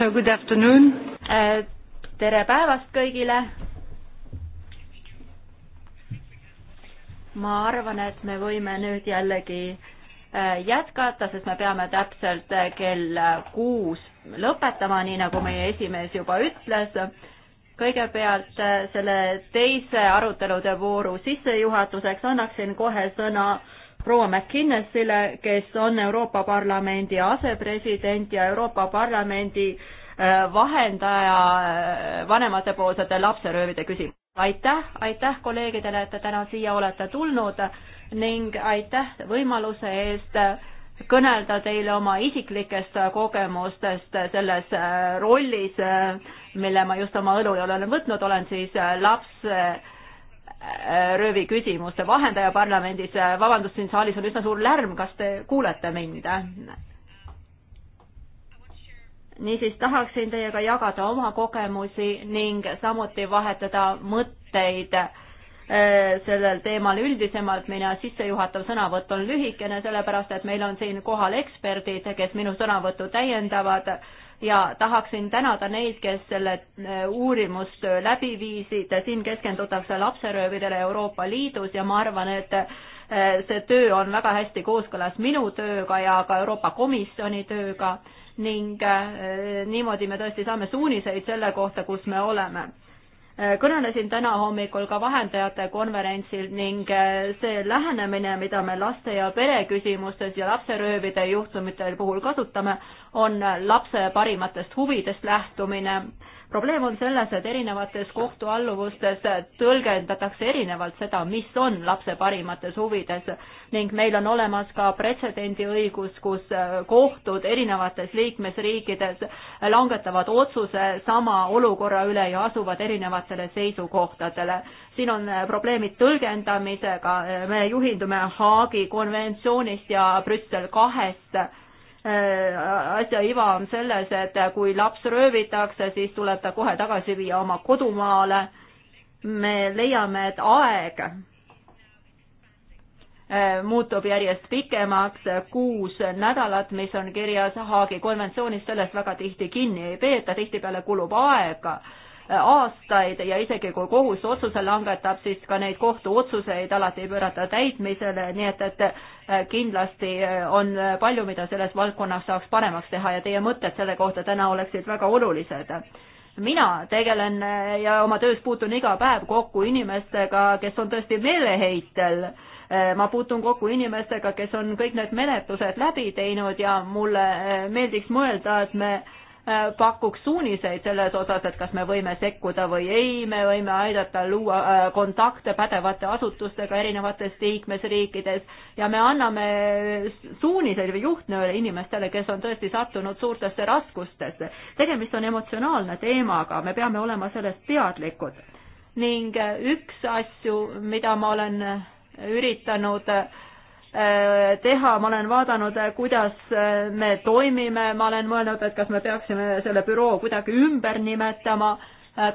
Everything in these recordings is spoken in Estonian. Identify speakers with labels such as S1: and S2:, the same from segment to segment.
S1: So good afternoon.
S2: Äh, tere päevast kõigile. ma arvan, et me võime nüüd jällegi äh, jätkata, sest me peame täpselt äh, kell kuus lõpetama, nii nagu meie esimees juba ütles. kõigepealt selle teise arutelude vooru sissejuhatuseks annaksin kohe sõna äh, proua McKinnesile, kes on Euroopa Parlamendi asepresident ja Euroopa Parlamendi äh, vahendaja äh, vanematepoolsete lapseröövide küsimus. aitäh, aitäh kolleegidele, et te täna siia olete tulnud ning aitäh võimaluse eest kõnelda teile oma isiklikest kogemustest selles äh, rollis, mille ma just oma õlule olen võtnud, olen siis laps Äh, röövi küsimuste vahendaja parlamendis. vabandust, siin saalis on üsna suur lärm, kas te kuulete mind? niisiis tahaksin teiega jagada oma kogemusi ning samuti vahetada mõtteid äh, sellel teemal üldisemalt. minu sissejuhatav sõnavõtt on lühikene, sellepärast et meil on siin kohal eksperdid, kes minu sõnavõttu täiendavad ja tahaksin tänada neid, kes selle äh, uurimustöö äh, läbi viisid, siin keskendutakse lapseröövidele Euroopa Liidus ja ma arvan, et äh, see töö on väga hästi kooskõlas minu tööga ja ka Euroopa Komisjoni tööga ning niimoodi me tõesti saame suuniseid selle kohta, kus me oleme Äh, kõnelesin täna hommikul ka vahendajate konverentsil ning äh, see lähenemine, mida me laste ja pere küsimustes ja lapseröövide juhtumite puhul kasutame, on äh, lapse parimatest huvidest lähtumine probleem on selles, et erinevates kohtualluvustes tõlgendatakse erinevalt seda, mis on lapse parimates huvides ning meil on olemas ka pretsedendiõigus, kus äh, kohtud erinevates liikmesriikides langetavad otsuse sama olukorra üle ja asuvad erinevatele seisukohtadele. siin on äh, probleemid tõlgendamisega, äh, me juhindume Haagi konventsioonist ja Brüssel kahest Äh, asja iva on selles, et kui laps röövitakse, siis tuleb ta kohe tagasi viia oma kodumaale. me leiame, et aeg äh, muutub järjest pikemaks, kuus nädalat, mis on kirjas Haagi konventsioonis, sellest väga tihti kinni ei peeta, tihtipeale kulub aega aastaid ja isegi kui kohus otsuse langetab, siis ka neid kohtuotsuseid alati ei pöörata täitmisele, nii et, et äh, kindlasti äh, on palju, mida selles valdkonnas saaks paremaks teha ja teie mõtted selle kohta täna oleksid väga olulised mina tegelen äh, ja oma töös puutun iga päev kokku inimestega, kes on tõesti meeleheitel. ma puutun kokku inimestega, kes on kõik need menetlused läbi teinud ja mulle meeldiks mõelda, et me Äh, pakuks suuniseid selles osas, et kas me võime sekkuda või ei, me võime aidata luua äh, kontakte pädevate asutustega erinevates liikmesriikides ja me anname suuniseid või juhtnööre inimestele, kes on tõesti sattunud suurtesse raskustesse. tegemist on emotsionaalne teemaga, me peame olema sellest teadlikud ning äh, üks asju, mida ma olen üritanud äh, Äh, teha, ma olen vaadanud, äh, kuidas äh, me toimime, ma olen mõelnud, et kas me peaksime selle büroo kuidagi ümber nimetama,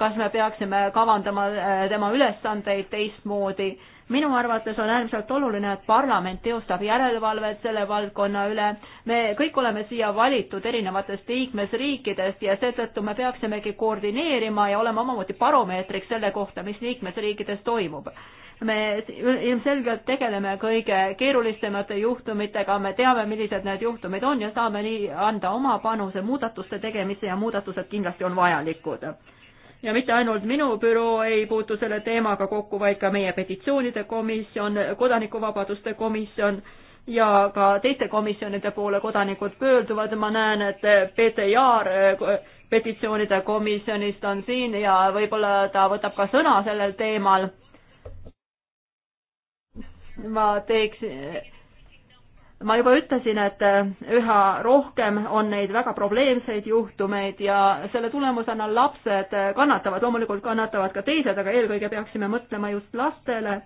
S2: kas me peaksime kavandama tema ülesandeid teistmoodi minu arvates on äärmiselt oluline, et parlament teostab järelevalvet selle valdkonna üle. me kõik oleme siia valitud erinevatest liikmesriikidest ja seetõttu me peaksimegi koordineerima ja olema omamoodi baromeetriks selle kohta, mis liikmesriikides toimub me ilmselgelt tegeleme kõige keerulisemate juhtumitega, me teame, millised need juhtumid on ja saame nii anda oma panuse muudatuste tegemisse ja muudatused kindlasti on vajalikud ja mitte ainult minu büroo ei puutu selle teemaga kokku, vaid ka meie petitsioonide komisjon, kodanikuvabaduste komisjon ja ka teiste komisjonide poole kodanikud pöörduvad, ma näen, et Peeter Jaar eh, petitsioonide komisjonist on siin ja võib-olla ta võtab ka sõna sellel teemal. ma teeksin ma juba ütlesin, et äh, üha rohkem on neid väga probleemseid juhtumeid ja selle tulemusena lapsed äh, kannatavad, loomulikult kannatavad ka teised, aga eelkõige peaksime mõtlema just lastele.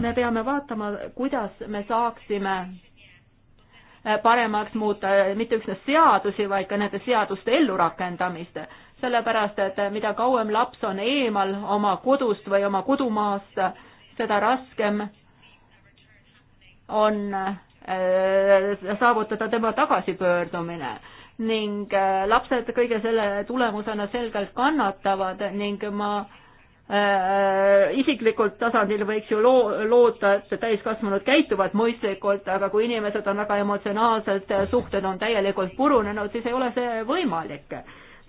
S2: me peame vaatama, kuidas me saaksime äh, paremaks muuta mitte üksnes seadusi, vaid ka nende seaduste ellurakendamist. sellepärast, et mida kauem laps on eemal oma kodust või oma kodumaast, seda raskem on Äh, saavutada tema tagasipöördumine ning äh, lapsed kõige selle tulemusena selgelt kannatavad ning ma äh, isiklikult tasandil võiks ju loo-, loota, et täiskasvanud käituvad mõistlikult, aga kui inimesed on väga emotsionaalsed, suhted on täielikult purunenud, siis ei ole see võimalik.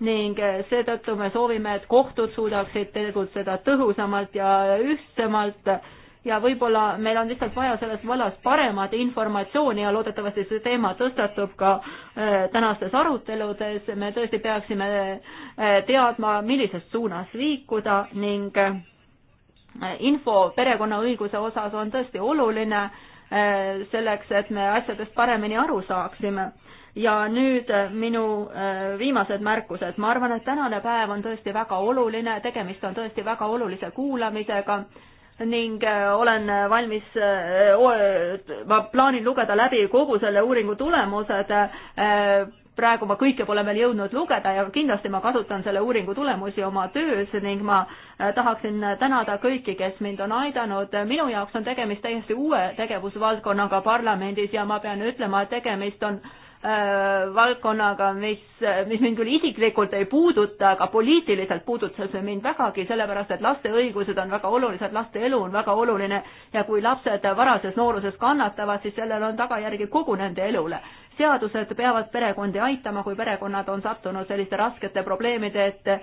S2: ning seetõttu me soovime, et kohtud suudaksid tegutseda tõhusamalt ja ühtsemalt äh, ja võib-olla meil on lihtsalt vaja selles vallas paremat informatsiooni ja loodetavasti see teema tõstatub ka äh, tänastes aruteludes. me tõesti peaksime äh, teadma, millises suunas liikuda ning äh, info perekonnaõiguse osas on tõesti oluline selleks, et me asjadest paremini aru saaksime ja nüüd minu viimased märkused. ma arvan, et tänane päev on tõesti väga oluline, tegemist on tõesti väga olulise kuulamisega ning äh, olen äh, valmis, äh, ma plaanin lugeda läbi kogu selle uuringu tulemused. praegu ma kõike pole veel jõudnud lugeda ja kindlasti ma kasutan selle uuringu tulemusi oma töös ning ma tahaksin tänada kõiki, kes mind on aidanud. minu jaoks on tegemist täiesti uue tegevusvaldkonnaga parlamendis ja ma pean ütlema, et tegemist on äh, Äh, valdkonnaga, mis, mis mind küll isiklikult ei puuduta, aga poliitiliselt puudutab see mind vägagi, sellepärast et laste õigused on väga olulised, laste elu on väga oluline ja kui lapsed varases nooruses kannatavad, siis sellel on tagajärgi kogu nende elule. seadused peavad perekondi aitama, kui perekonnad on sattunud selliste raskete probleemide ette,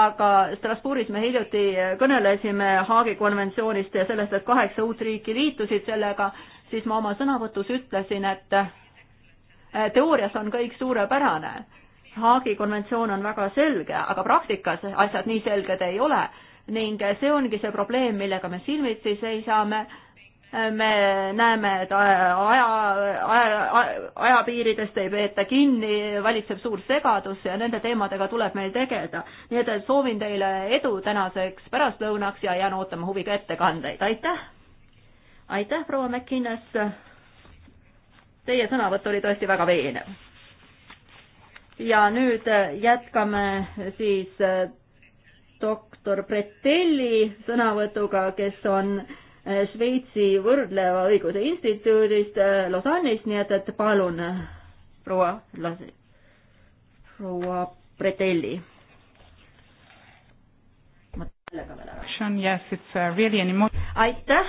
S2: aga Strasbourgis me hiljuti kõnelesime Haagi konventsioonist ja sellest, et kaheksa uut riiki liitusid sellega, siis ma oma sõnavõtus ütlesin, et Äh, teoorias on kõik suurepärane. Haagi konventsioon on väga selge, aga praktikas asjad nii selged ei ole ning see ongi see probleem, millega me silmitsi seisame äh, me näeme, et äh, aja, aja, ajapiiridest ei peeta kinni, valitseb suur segadus ja nende teemadega tuleb meil tegeleda. nii et soovin teile edu tänaseks pärastlõunaks ja jään ootama huviga ettekandeid, aitäh! aitäh, proua McInnes! Teie sõnavõtt oli tõesti väga veenev. ja nüüd äh, jätkame siis äh, doktor Pretelli sõnavõtuga, kes on äh, Šveitsi võrdleva õiguse instituudist Lausanne'is, nii et, et palun, proua, lase, proua Pretelli.
S3: Yes, uh, really
S2: aitäh,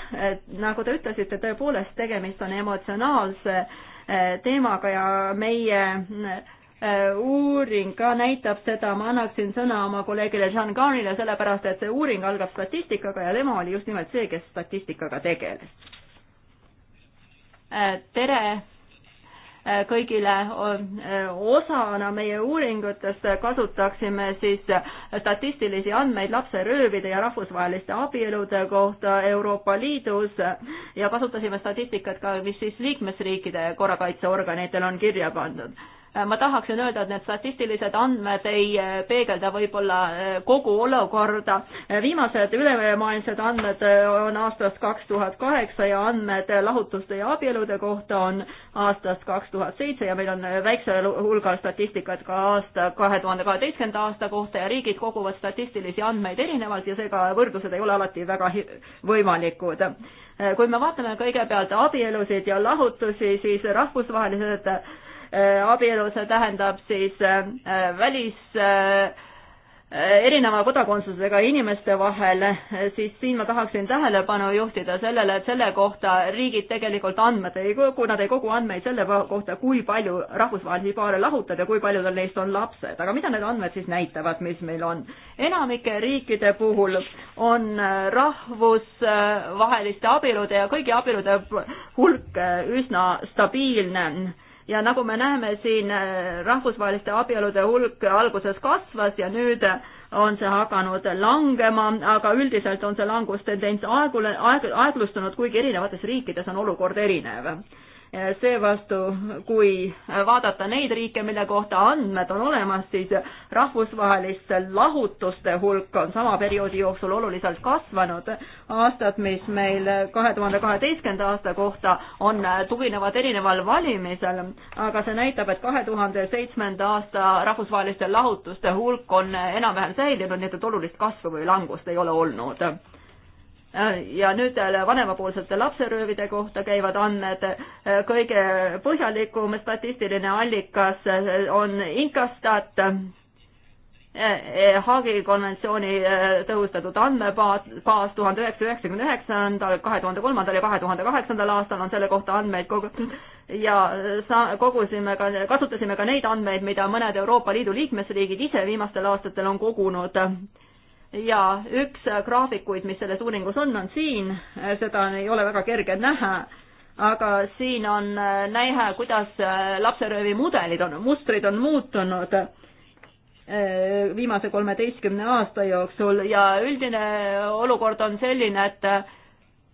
S2: nagu te ütlesite, tõepoolest tegemist on emotsionaalse äh, Eh, teemaga ja meie eh, uuring ka näitab seda, ma annaksin sõna oma kolleegile Jean Garnile, sellepärast et see uuring algab statistikaga ja tema oli just nimelt see, kes statistikaga tegeles. Eh, tere kõigile osana meie uuringutest kasutaksime siis statistilisi andmeid lapseröövide ja rahvusvaheliste abielude kohta Euroopa Liidus ja kasutasime statistikat ka, mis siis liikmesriikide korrakaitseorganitel on kirja pandud Äh, ma tahaksin öelda, et need statistilised andmed ei äh, peegelda võib-olla äh, kogu olukorda. viimased ülemaailmsed andmed on aastast kaks tuhat kaheksa ja andmed lahutuste ja abielude kohta on aastast kaks tuhat seitse ja meil on väiksel hulgal statistikat ka aasta, kahe tuhande kaheteistkümnenda aasta kohta ja riigid koguvad statistilisi andmeid erinevalt ja seega võrdlused ei ole alati väga võimalikud kui me vaatame kõigepealt abielusid ja lahutusi, siis rahvusvahelised äh, Äh, abielu, see tähendab siis äh, välis äh, erineva kodakondsusega inimeste vahel, siis siin ma tahaksin tähelepanu juhtida sellele, et selle kohta riigid tegelikult andmed ei kogu, nad ei kogu andmeid selle kohta, kui palju rahvusvahelisi paare lahutada, kui paljudel neist on lapsed, aga mida need andmed siis näitavad, mis meil on? enamike riikide puhul on rahvusvaheliste abielude ja kõigi abielude hulk üsna stabiilne ja nagu me näeme siin, äh, rahvusvaheliste abielude hulk alguses kasvas ja nüüd on see hakanud langema, aga üldiselt on see langustendents aegule, aeg-, aeglustunud, kuigi erinevates riikides on olukord erinev seevastu, kui vaadata neid riike, mille kohta andmed on olemas, siis rahvusvaheliste lahutuste hulk on sama perioodi jooksul oluliselt kasvanud. aastad, mis meil kahe tuhande kaheteistkümnenda aasta kohta on, tuginevad erineval valimisel, aga see näitab, et kahe tuhande seitsmenda aasta rahvusvaheliste lahutuste hulk on enam-vähem säilinud, nii et olulist kasvu või langust ei ole olnud Äh, ja nüüd äh, vanemapoolsete lapseröövide kohta käivad andmed. Äh, kõige põhjalikum statistiline allikas on Inkastat, Haagi konventsiooni tõhustatud andmebaas tuhande üheksasaja üheksakümne üheksandal, kahe tuhande kolmandal ja kahe tuhande kaheksandal aastal on selle kohta andmeid kogutud ja sa-, kogusime ka, kasutasime ka neid andmeid, mida mõned Euroopa Liidu liikmesriigid ise viimastel aastatel on kogunud ja üks graafikuid, mis selles uuringus on, on siin, seda ei ole väga kerge näha, aga siin on nähe, kuidas lapseröövi mudelid on, mustrid on muutunud eh, viimase kolmeteistkümne aasta jooksul ja üldine olukord on selline, et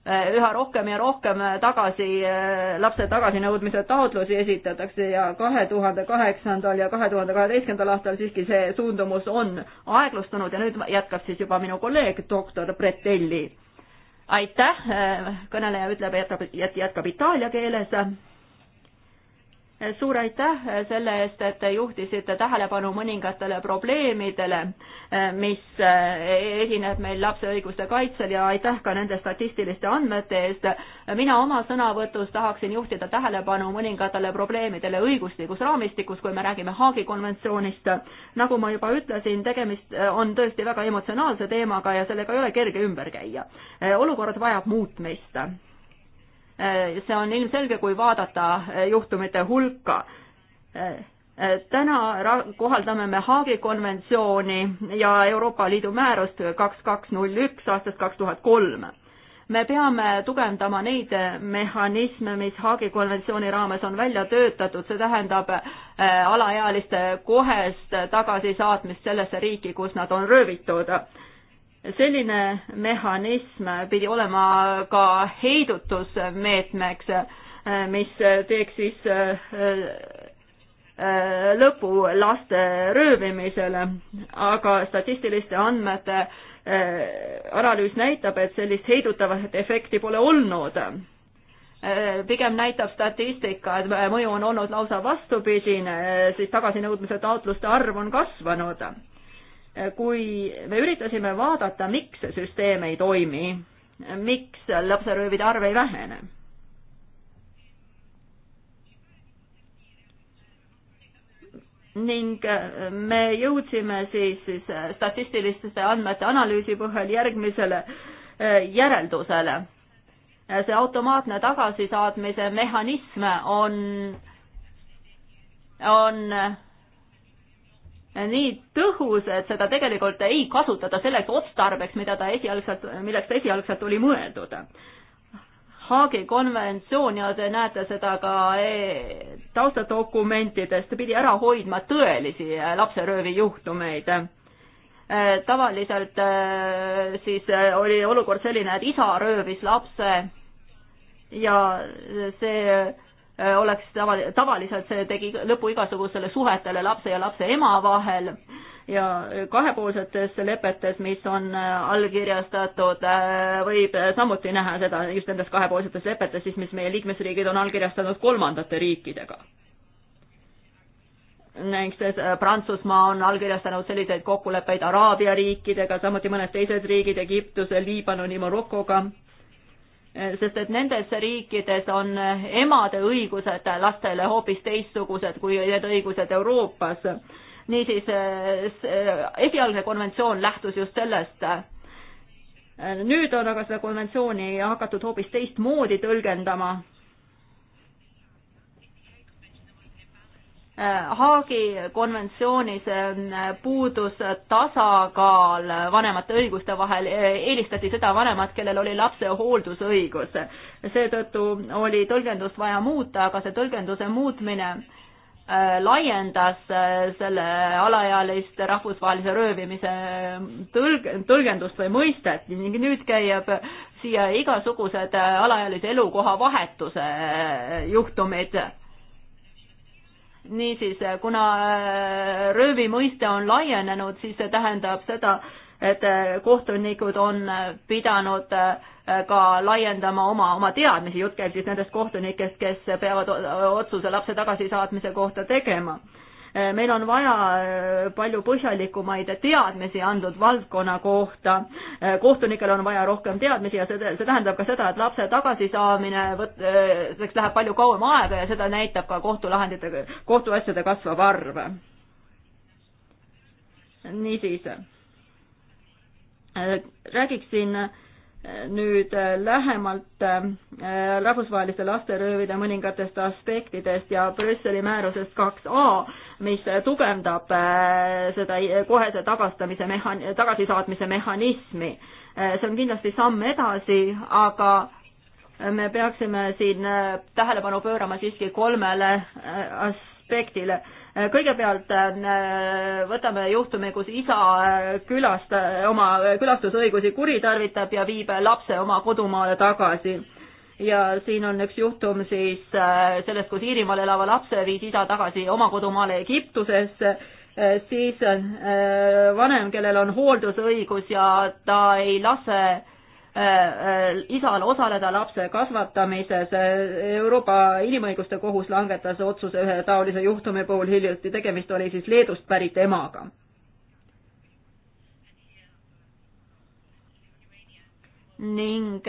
S2: Äh, üha rohkem ja rohkem äh, tagasi, äh, lapse tagasinõudmise taotlusi esitatakse ja kahe tuhande kaheksandal ja kahe tuhande kaheteistkümnendal aastal siiski see suundumus on aeglustunud ja nüüd jätkab siis juba minu kolleeg doktor Bretelli. aitäh, kõneleja ütleb, jätkab, jätkab itaalia keeles suur aitäh selle eest, et te juhtisite tähelepanu mõningatele probleemidele, mis äh, esineb meil lapse õiguste kaitsel ja aitäh ka nende statistiliste andmete eest. mina oma sõnavõtus tahaksin juhtida tähelepanu mõningatele probleemidele õiguslikus raamistikus, kui me räägime Haagi konventsioonist. nagu ma juba ütlesin, tegemist äh, on tõesti väga emotsionaalse teemaga ja sellega ei ole kerge ümber käia. Äh, olukord vajab muutmist Äh, see on ilmselge, kui vaadata äh, juhtumite hulka. Äh, täna kohaldame me Haagi konventsiooni ja Euroopa Liidu määrust kaks, kaks, null, üks aastast kaks tuhat kolm me peame tugevdama neid mehhanisme, mis Haagi konventsiooni raames on välja töötatud, see tähendab alaealiste kohest tagasisaatmist sellesse riiki, kus nad on röövitud selline mehhanism pidi olema ka heidutusmeetmeks, mis teeks siis äh, äh, lõpu laste röövimisele, aga statistiliste andmete äh, analüüs näitab, et sellist heidutavat efekti pole olnud. pigem näitab statistika, et mõju on olnud lausa vastupidine, siis tagasinõudmise taotluste arv on kasvanud kui me üritasime vaadata, miks see süsteem ei toimi, miks lapseröövide arv ei vähene. ning me jõudsime siis, siis statistiliste andmete analüüsi põhjal järgmisele eh, järeldusele. see automaatne tagasisaatmise mehhanism on, on nii tõhus, et seda tegelikult ei kasutata selleks otstarbeks, mida ta esialgselt, milleks ta esialgselt oli mõeldud. Haagi konventsioon ja te näete seda ka e taustadokumentidest, pidi ära hoidma tõelisi e, lapseröövi juhtumeid e, tavaliselt e, siis oli olukord selline, et isa röövis lapse ja see Äh, oleks tava, tavaliselt see tegi lõpu igasugusele suhetele lapse ja lapse ema vahel ja kahepoolsetes lepetes, mis on äh, allkirjastatud, äh, võib samuti näha seda just nendes kahepoolsetes lepetes siis, mis meie liikmesriigid on allkirjastanud kolmandate riikidega. näiteks Prantsusmaa on allkirjastanud selliseid kokkuleppeid Araabia riikidega, samuti mõned teised riigid Egiptuse, Liibanoni, Marokoga sest et nendes riikides on emade õigused lastele hoopis teistsugused kui need õigused Euroopas. niisiis, esialgne konventsioon lähtus just sellest. nüüd on aga seda konventsiooni hakatud hoopis teistmoodi tõlgendama Äh, Haagi konventsioonis äh, puudus tasakaal vanemate õiguste vahel, äh, eelistati seda vanemat, kellel oli lapse hooldusõigus. seetõttu oli tõlgendust vaja muuta, aga see tõlgenduse muutmine laiendas selle alaealiste rahvusvahelise röövimise tõlg-, tõlgendust või mõistet ning nüüd käib siia igasugused alaealise elukoha vahetuse juhtumid niisiis, eh, kuna eh, röövi mõiste on laienenud, siis see tähendab seda, et eh, kohtunikud on pidanud ka laiendama oma, oma teadmisi, jutt käib siis nendest kohtunikest, kes peavad otsuse lapse tagasisaatmise kohta tegema Äh, meil on vaja äh, palju põhjalikumaid teadmisi antud valdkonna kohta. Äh, kohtunikel on vaja rohkem teadmisi ja see, see tähendab ka seda, et lapse tagasisaamine võt-, selleks läheb palju kauem aega ja seda näitab ka kohtulahendite, kohtuasjade kasvav arv. niisiis, räägiksin nüüd lähemalt rahvusvaheliste lasteröövide mõningatest aspektidest ja Brüsseli määrusest kaks A, mis tugevdab äh, seda äh, kohese tagastamise mehan-, tagasisaatmise mehhanismi. Äh, see on kindlasti samm edasi, aga me peaksime siin tähelepanu pöörama siiski kolmele aspektile. kõigepealt võtame juhtumi, kus isa külast-, oma külastusõigusi kuritarvitab ja viib lapse oma kodumaale tagasi ja siin on üks juhtum siis äh, sellest, kus Iirimaal elava lapse viis isa tagasi oma kodumaale Egiptusesse, äh, siis äh, vanem, kellel on hooldusõigus ja ta ei lase isal osaleda lapse kasvatamises. Euroopa Inimõiguste Kohus langetas otsuse ühe taolise juhtumi puhul hiljuti, tegemist oli siis Leedust pärit emaga. ning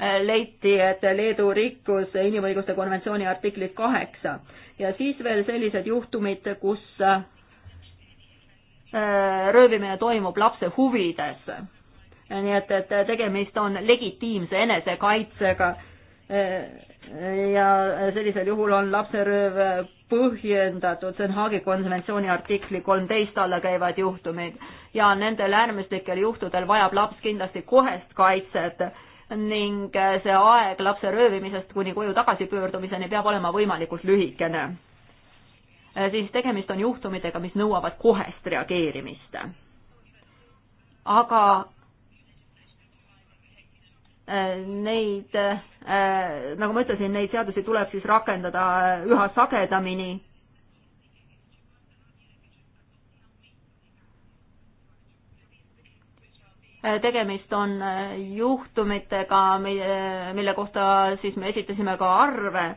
S2: Äh, leiti, et Leedu rikkus inimõiguste konventsiooni artiklit kaheksa ja siis veel sellised juhtumid, kus äh, röövimine toimub lapse huvides. nii et, et tegemist on legitiimse enesekaitsega äh, ja sellisel juhul on lapserööv põhjendatud, see on Haagi konventsiooni artikli kolmteist alla käivad juhtumid ja nendel äärmuslikel juhtudel vajab laps kindlasti kohest kaitset ning äh, see aeg lapse röövimisest kuni koju tagasipöördumiseni peab olema võimalikult lühikene. Äh, siis tegemist on juhtumitega, mis nõuavad kohest reageerimist. aga äh, neid, nagu ma ütlesin, neid seadusi tuleb siis rakendada üha sagedamini Äh, tegemist on äh, juhtumitega, äh, mille kohta siis me esitasime ka arve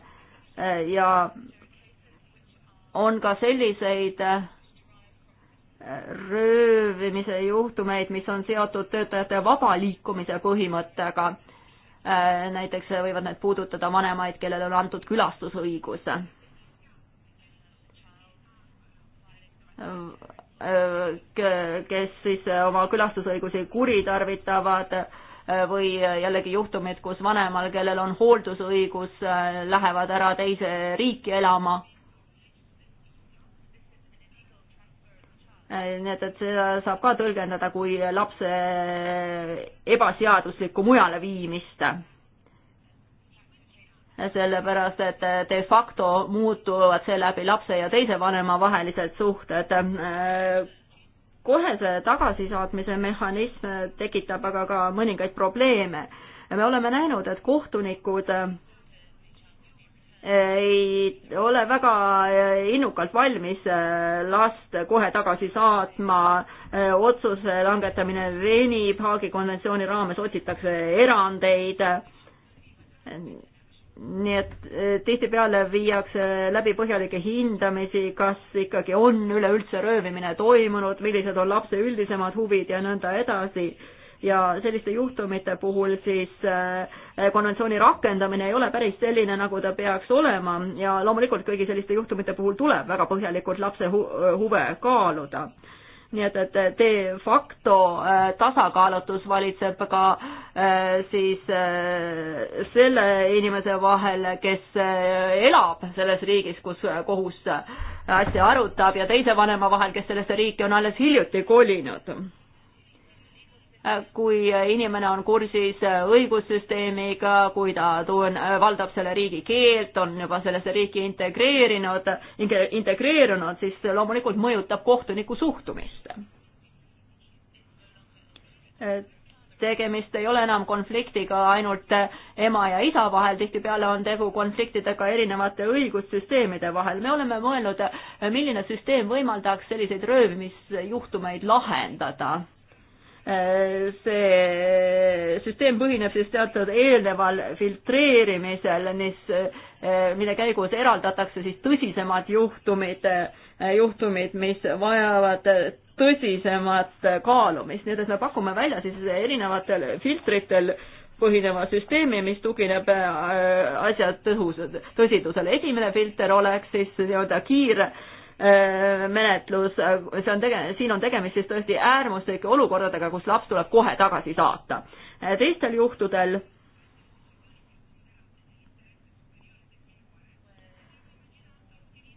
S2: ja on ka selliseid röövimise juhtumeid, mis on seotud töötajate vaba liikumise põhimõttega. näiteks võivad need puudutada vanemaid, kellele on antud külastusõigus Äh, kes siis oma külastusõigusi kuritarvitavad äh, või jällegi juhtumid, kus vanemal, kellel on hooldusõigus, äh, lähevad ära teise riiki elama. nii et, et seda saab ka tõlgendada kui lapse ebaseaduslikku mujale viimist sellepärast et de facto muutuvad seeläbi lapse ja teise vanema vahelised suhted. Äh, kohese tagasisaatmise mehhanism tekitab aga ka mõningaid probleeme. me oleme näinud, et kohtunikud äh, ei ole väga äh, innukalt valmis last kohe tagasi saatma, otsuse langetamine venib, Haagi konventsiooni raames otsitakse erandeid nii et eh, tihtipeale viiakse läbi põhjalikke hindamisi, kas ikkagi on üleüldse röövimine toimunud, millised on lapse üldisemad huvid ja nõnda edasi. ja selliste juhtumite puhul siis eh, konventsiooni rakendamine ei ole päris selline, nagu ta peaks olema ja loomulikult kõigi selliste juhtumite puhul tuleb väga põhjalikult lapse huve kaaluda nii et, et de facto äh, tasakaalutus valitseb ka äh, siis äh, selle inimese vahel, kes elab selles riigis, kus kohus asja arutab ja teise vanema vahel, kes sellesse riiki on alles hiljuti kolinud kui inimene on kursis õigussüsteemiga, kui ta tun-, valdab selle riigi keelt, on juba sellesse riiki integreerinud, integreerunud, siis loomulikult mõjutab kohtuniku suhtumist. tegemist ei ole enam konfliktiga ainult ema ja isa vahel, tihtipeale on tegu konfliktidega erinevate õigussüsteemide vahel. me oleme mõelnud, milline süsteem võimaldaks selliseid röövimisjuhtumeid lahendada Äh, see süsteem põhineb siis teatud eelneval filtreerimisel, mis, äh, mille käigus eraldatakse siis tõsisemad juhtumid, äh, juhtumid, mis vajavad tõsisemat kaalumist, nii et me pakume välja siis erinevatel filtritel põhineva süsteemi, mis tugineb asja tõhus, tõsidusele. esimene filter oleks siis nii-öelda kiire äh, Äh, menetlus, äh, see on tege-, siin on tegemist siis tõesti äärmuslike olukordadega, kus laps tuleb kohe tagasi saata. Äh, teistel juhtudel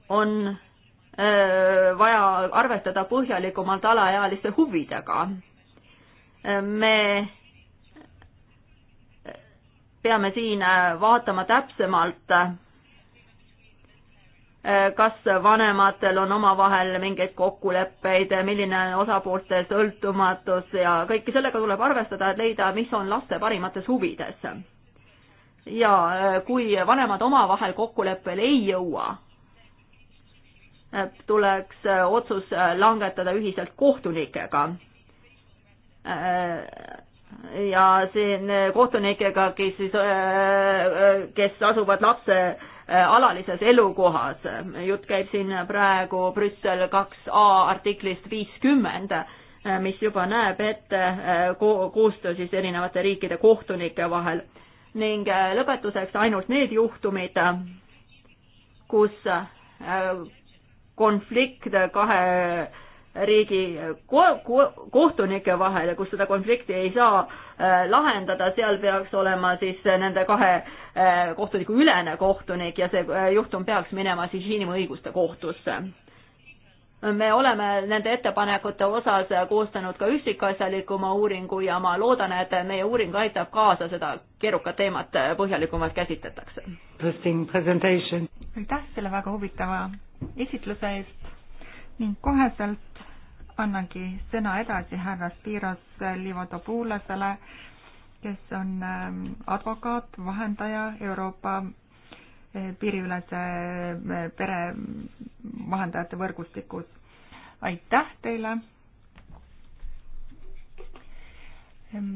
S2: on vaja arvestada põhjalikumalt alaealiste huvidega. me peame siin vaatama täpsemalt kas vanematel on omavahel mingeid kokkuleppeid, milline on osapoolte sõltumatus ja kõike sellega tuleb arvestada, et leida, mis on laste parimates huvides. ja äh, kui vanemad omavahel kokkuleppele ei jõua, äh, tuleks äh, otsus langetada ühiselt kohtunikega ja siin kohtunikega, kes siis, kes asuvad lapse Äh, alalises elukohas. jutt käib siin praegu Brüssel kaks A artiklist viiskümmend, äh, mis juba näeb ette äh, ko koostöö siis erinevate riikide kohtunike vahel. ning lõpetuseks ainult need juhtumid, kus konflikt kahe riigi ko-, ko-, kohtunike vahel ja kus seda konflikti ei saa äh, lahendada, seal peaks olema siis nende kahe äh, kohtuniku ülene kohtunik ja see äh, juhtum peaks minema siis inimõiguste kohtusse. me oleme nende ettepanekute osas koostanud ka üksikasjalikuma uuringu ja ma loodan, et meie uuring aitab kaasa seda keerukat teemat põhjalikumalt käsitletakse. aitäh
S4: selle väga huvitava esitluse eest ning koheselt annangi sõna edasi härra Spiros Liivodopuulasele, kes on ähm, advokaat, vahendaja Euroopa äh, piiriülese äh, perevahendajate võrgustikus. aitäh teile! Ähm,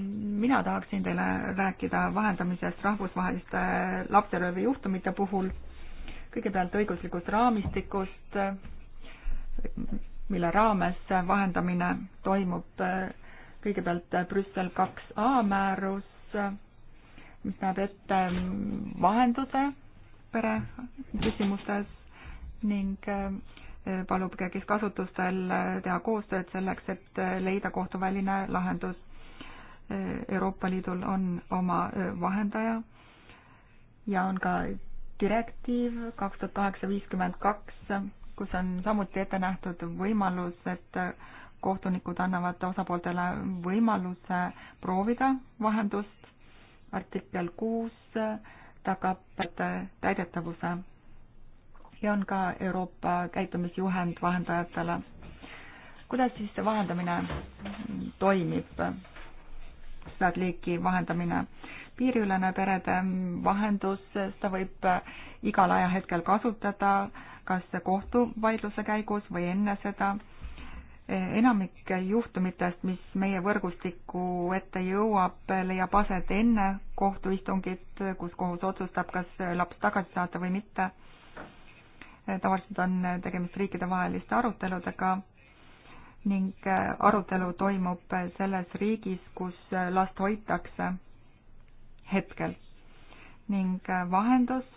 S4: mina tahaksin teile rääkida vahendamisest rahvusvaheliste lapseröövijuhtumite puhul, kõigepealt õiguslikust raamistikust, mille raames vahendamine toimub äh, kõigepealt äh, Brüssel 2A määrus, äh, mis näeb ette mm, vahenduse pere küsimustes ning palub keskasutustel teha koostööd selleks, et leida kohtuväline lahendus. Euroopa Liidul on oma vahendaja ja on ka direktiiv kaks tuhat kaheksa viiskümmend kaks kus on samuti ette nähtud võimalus, et kohtunikud annavad osapooltele võimaluse proovida vahendust. artikkel kuus tagab täidetavuse ja on ka Euroopa käitumisjuhend vahendajatele. kuidas siis see vahendamine toimib? seda liiki vahendamine piiriülene perede vahendus, seda võib igal ajahetkel kasutada, kas kohtuvaidluse käigus või enne seda. enamik juhtumitest, mis meie võrgustiku ette jõuab, leiab aset enne kohtuistungit, kus kohus otsustab, kas laps tagasi saata või mitte. tavaliselt on tegemist riikidevaheliste aruteludega ning arutelu toimub selles riigis, kus last hoitakse hetkel ning vahendus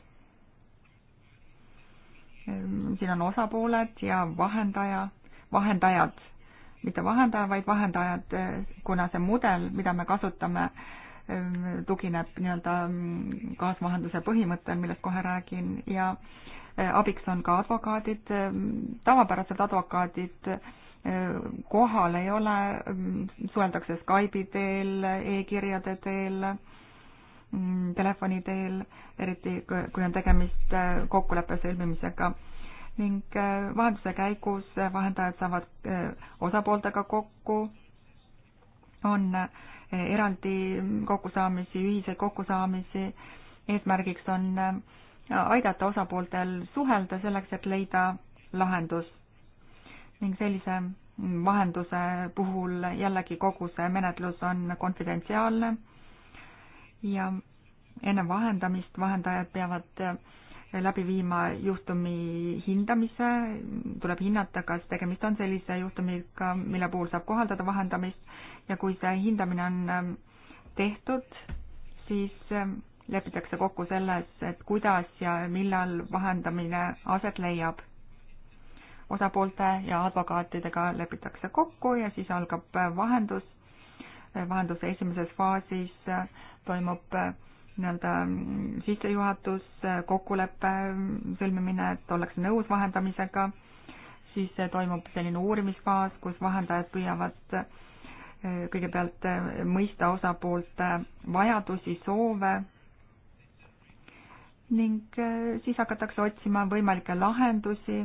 S4: Ehm, siin on osapooled ja vahendaja, vahendajad, mitte vahendaja, vaid vahendajad, eh, kuna see mudel, mida me kasutame, ehm, tugineb nii-öelda mm, kaasvahenduse põhimõttel, millest kohe räägin ja eh, abiks on ka advokaadid, ehm, tavapärased advokaadid eh, kohal ei ole, mm, suheldakse Skype'i teel e, e-kirjade teel Mm, telefoni teel, eriti kui on tegemist äh, kokkuleppe sõlmimisega ning äh, vahenduse käigus vahendajad saavad äh, osapooltega kokku, on eraldi kokkusaamisi, ühiseid kokkusaamisi, eesmärgiks on aidata osapooltel suhelda selleks, et leida lahendus. ning sellise mm, vahenduse puhul jällegi kogu see menetlus on konfidentsiaalne ja enne vahendamist vahendajad peavad eh, läbi viima juhtumi hindamise, tuleb hinnata, kas tegemist on sellise juhtumiga, mille puhul saab kohaldada vahendamist ja kui see hindamine on eh, tehtud, siis eh, lepitakse kokku selles, et kuidas ja millal vahendamine aset leiab. osapoolte ja advokaatidega lepitakse kokku ja siis algab vahendus vahenduse esimeses faasis toimub äh, nii-öelda mm, sissejuhatus, äh, kokkuleppe mm, sõlmimine, et ollakse nõus vahendamisega, siis äh, toimub selline uurimisfaas, kus vahendajad püüavad kõigepealt mõista osapoolte vajadusi, soove ning siis hakatakse otsima võimalikke lahendusi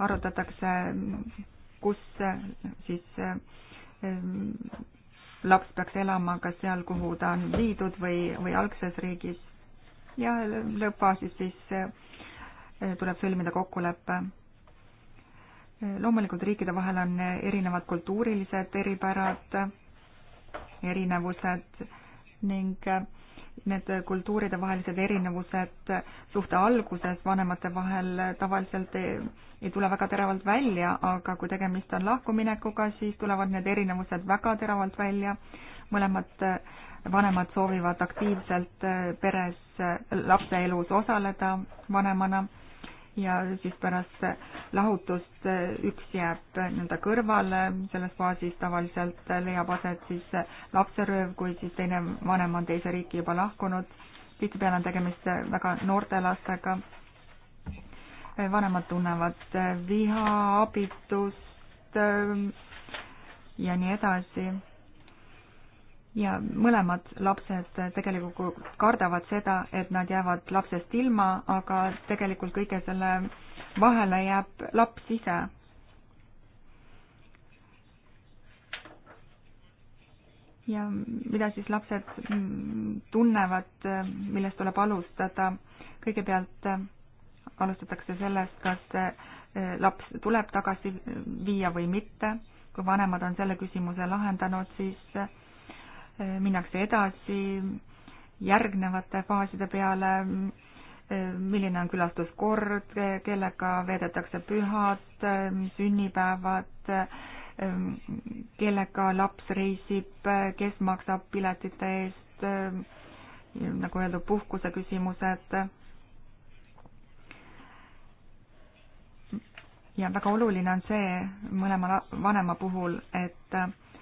S4: arutatakse, kus siis eh, laps peaks elama, kas seal, kuhu ta on viidud või, või algses riigis. ja lõppfaasis siis eh, tuleb sõlmida kokkulepe. Eh, loomulikult riikide vahel on erinevad kultuurilised eripärad, erinevused ning need kultuuride vahelised erinevused suhte alguses vanemate vahel tavaliselt ei, ei tule väga teravalt välja, aga kui tegemist on lahkuminekuga, siis tulevad need erinevused väga teravalt välja. mõlemad vanemad soovivad aktiivselt peres lapse elus osaleda vanemana ja siis pärast lahutust üks jääb nii-öelda kõrvale, selles faasis tavaliselt leiab aset siis lapserööv, kui siis teine vanem on teise riiki juba lahkunud. tihtipeale on tegemist väga noorte lastega. vanemad tunnevad viha, abitust ja nii edasi ja mõlemad lapsed tegelikult kardavad seda, et nad jäävad lapsest ilma, aga tegelikult kõige selle vahele jääb laps ise. ja mida siis lapsed mm, tunnevad, millest tuleb alustada, kõigepealt äh, alustatakse sellest, kas äh, laps tuleb tagasi äh, viia või mitte, kui vanemad on selle küsimuse lahendanud, siis minnakse edasi järgnevate faaside peale, milline on külastuskord, kellega veedetakse pühad, sünnipäevad, kellega laps reisib, kes maksab piletite eest, nagu öeldud, puhkuse küsimused ja väga oluline on see mõlema vanema puhul, et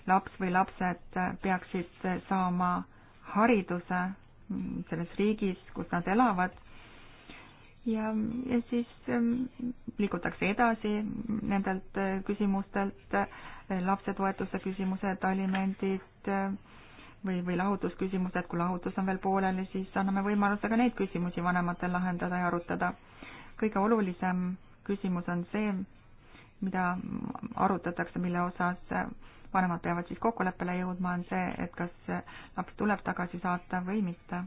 S4: laps või lapsed peaksid saama hariduse selles riigis, kus nad elavad. ja, ja siis ähm, liigutakse edasi nendelt äh, küsimustelt, äh, lapsetoetuse küsimused, alimendid äh, või, või lahutusküsimused, kui lahutus on veel pooleli, siis anname võimaluse ka neid küsimusi vanematel lahendada ja arutada. kõige olulisem küsimus on see, mida arutatakse, mille osas vanemad peavad siis kokkuleppele jõudma, on see, et kas laps tuleb tagasi saata või mitte.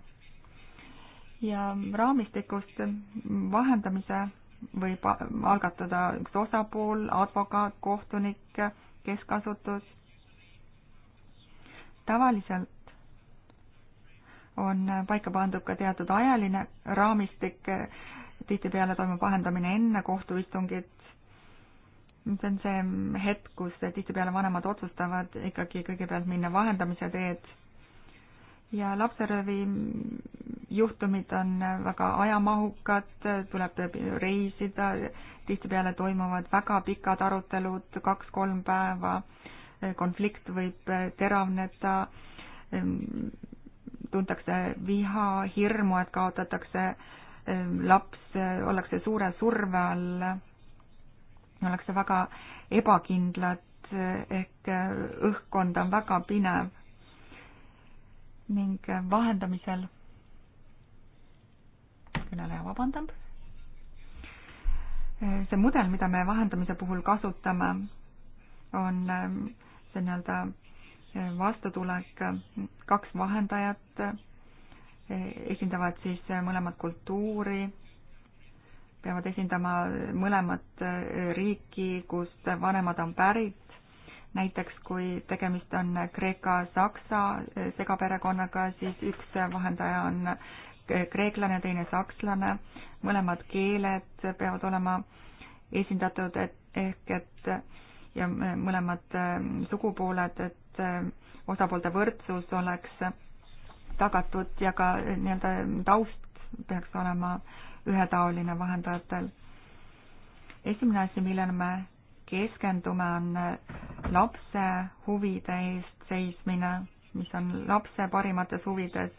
S4: ja raamistikust vahendamise võib algatada üks osapool, advokaat, kohtunik, keskasutus. tavaliselt on paika pandud ka teatud ajaline raamistik, tihtipeale toimub vahendamine enne kohtuistungit see on see hetk, kus tihtipeale vanemad otsustavad ikkagi kõigepealt minna vahendamise teed. ja lapseröövi juhtumid on väga ajamahukad, tuleb reisida, tihtipeale toimuvad väga pikad arutelud, kaks-kolm päeva, konflikt võib teravneda, tuntakse viha, hirmu, et kaotatakse laps, ollakse suure surve all ollakse väga ebakindlad ehk õhkkond on väga pinev ning vahendamisel kõneleja vabandab. see mudel, mida me vahendamise puhul kasutame, on ähm, see nii-öelda äh, vastutulek, kaks vahendajat äh, esindavad siis äh, mõlemat kultuuri peavad esindama mõlemat äh, riiki, kust vanemad on pärit. näiteks kui tegemist on Kreeka-Saksa äh, segaperekonnaga, siis üks vahendaja on äh, kreeklane, teine sakslane, mõlemad keeled peavad olema esindatud, et ehk et ja mõlemad sugupooled, et osapoolte võrdsus oleks tagatud ja ka nii-öelda taust peaks olema äh, ühetaoline vahendajatel. esimene asi, millele me keskendume, on lapse huvide eest seismine, mis on lapse parimates huvides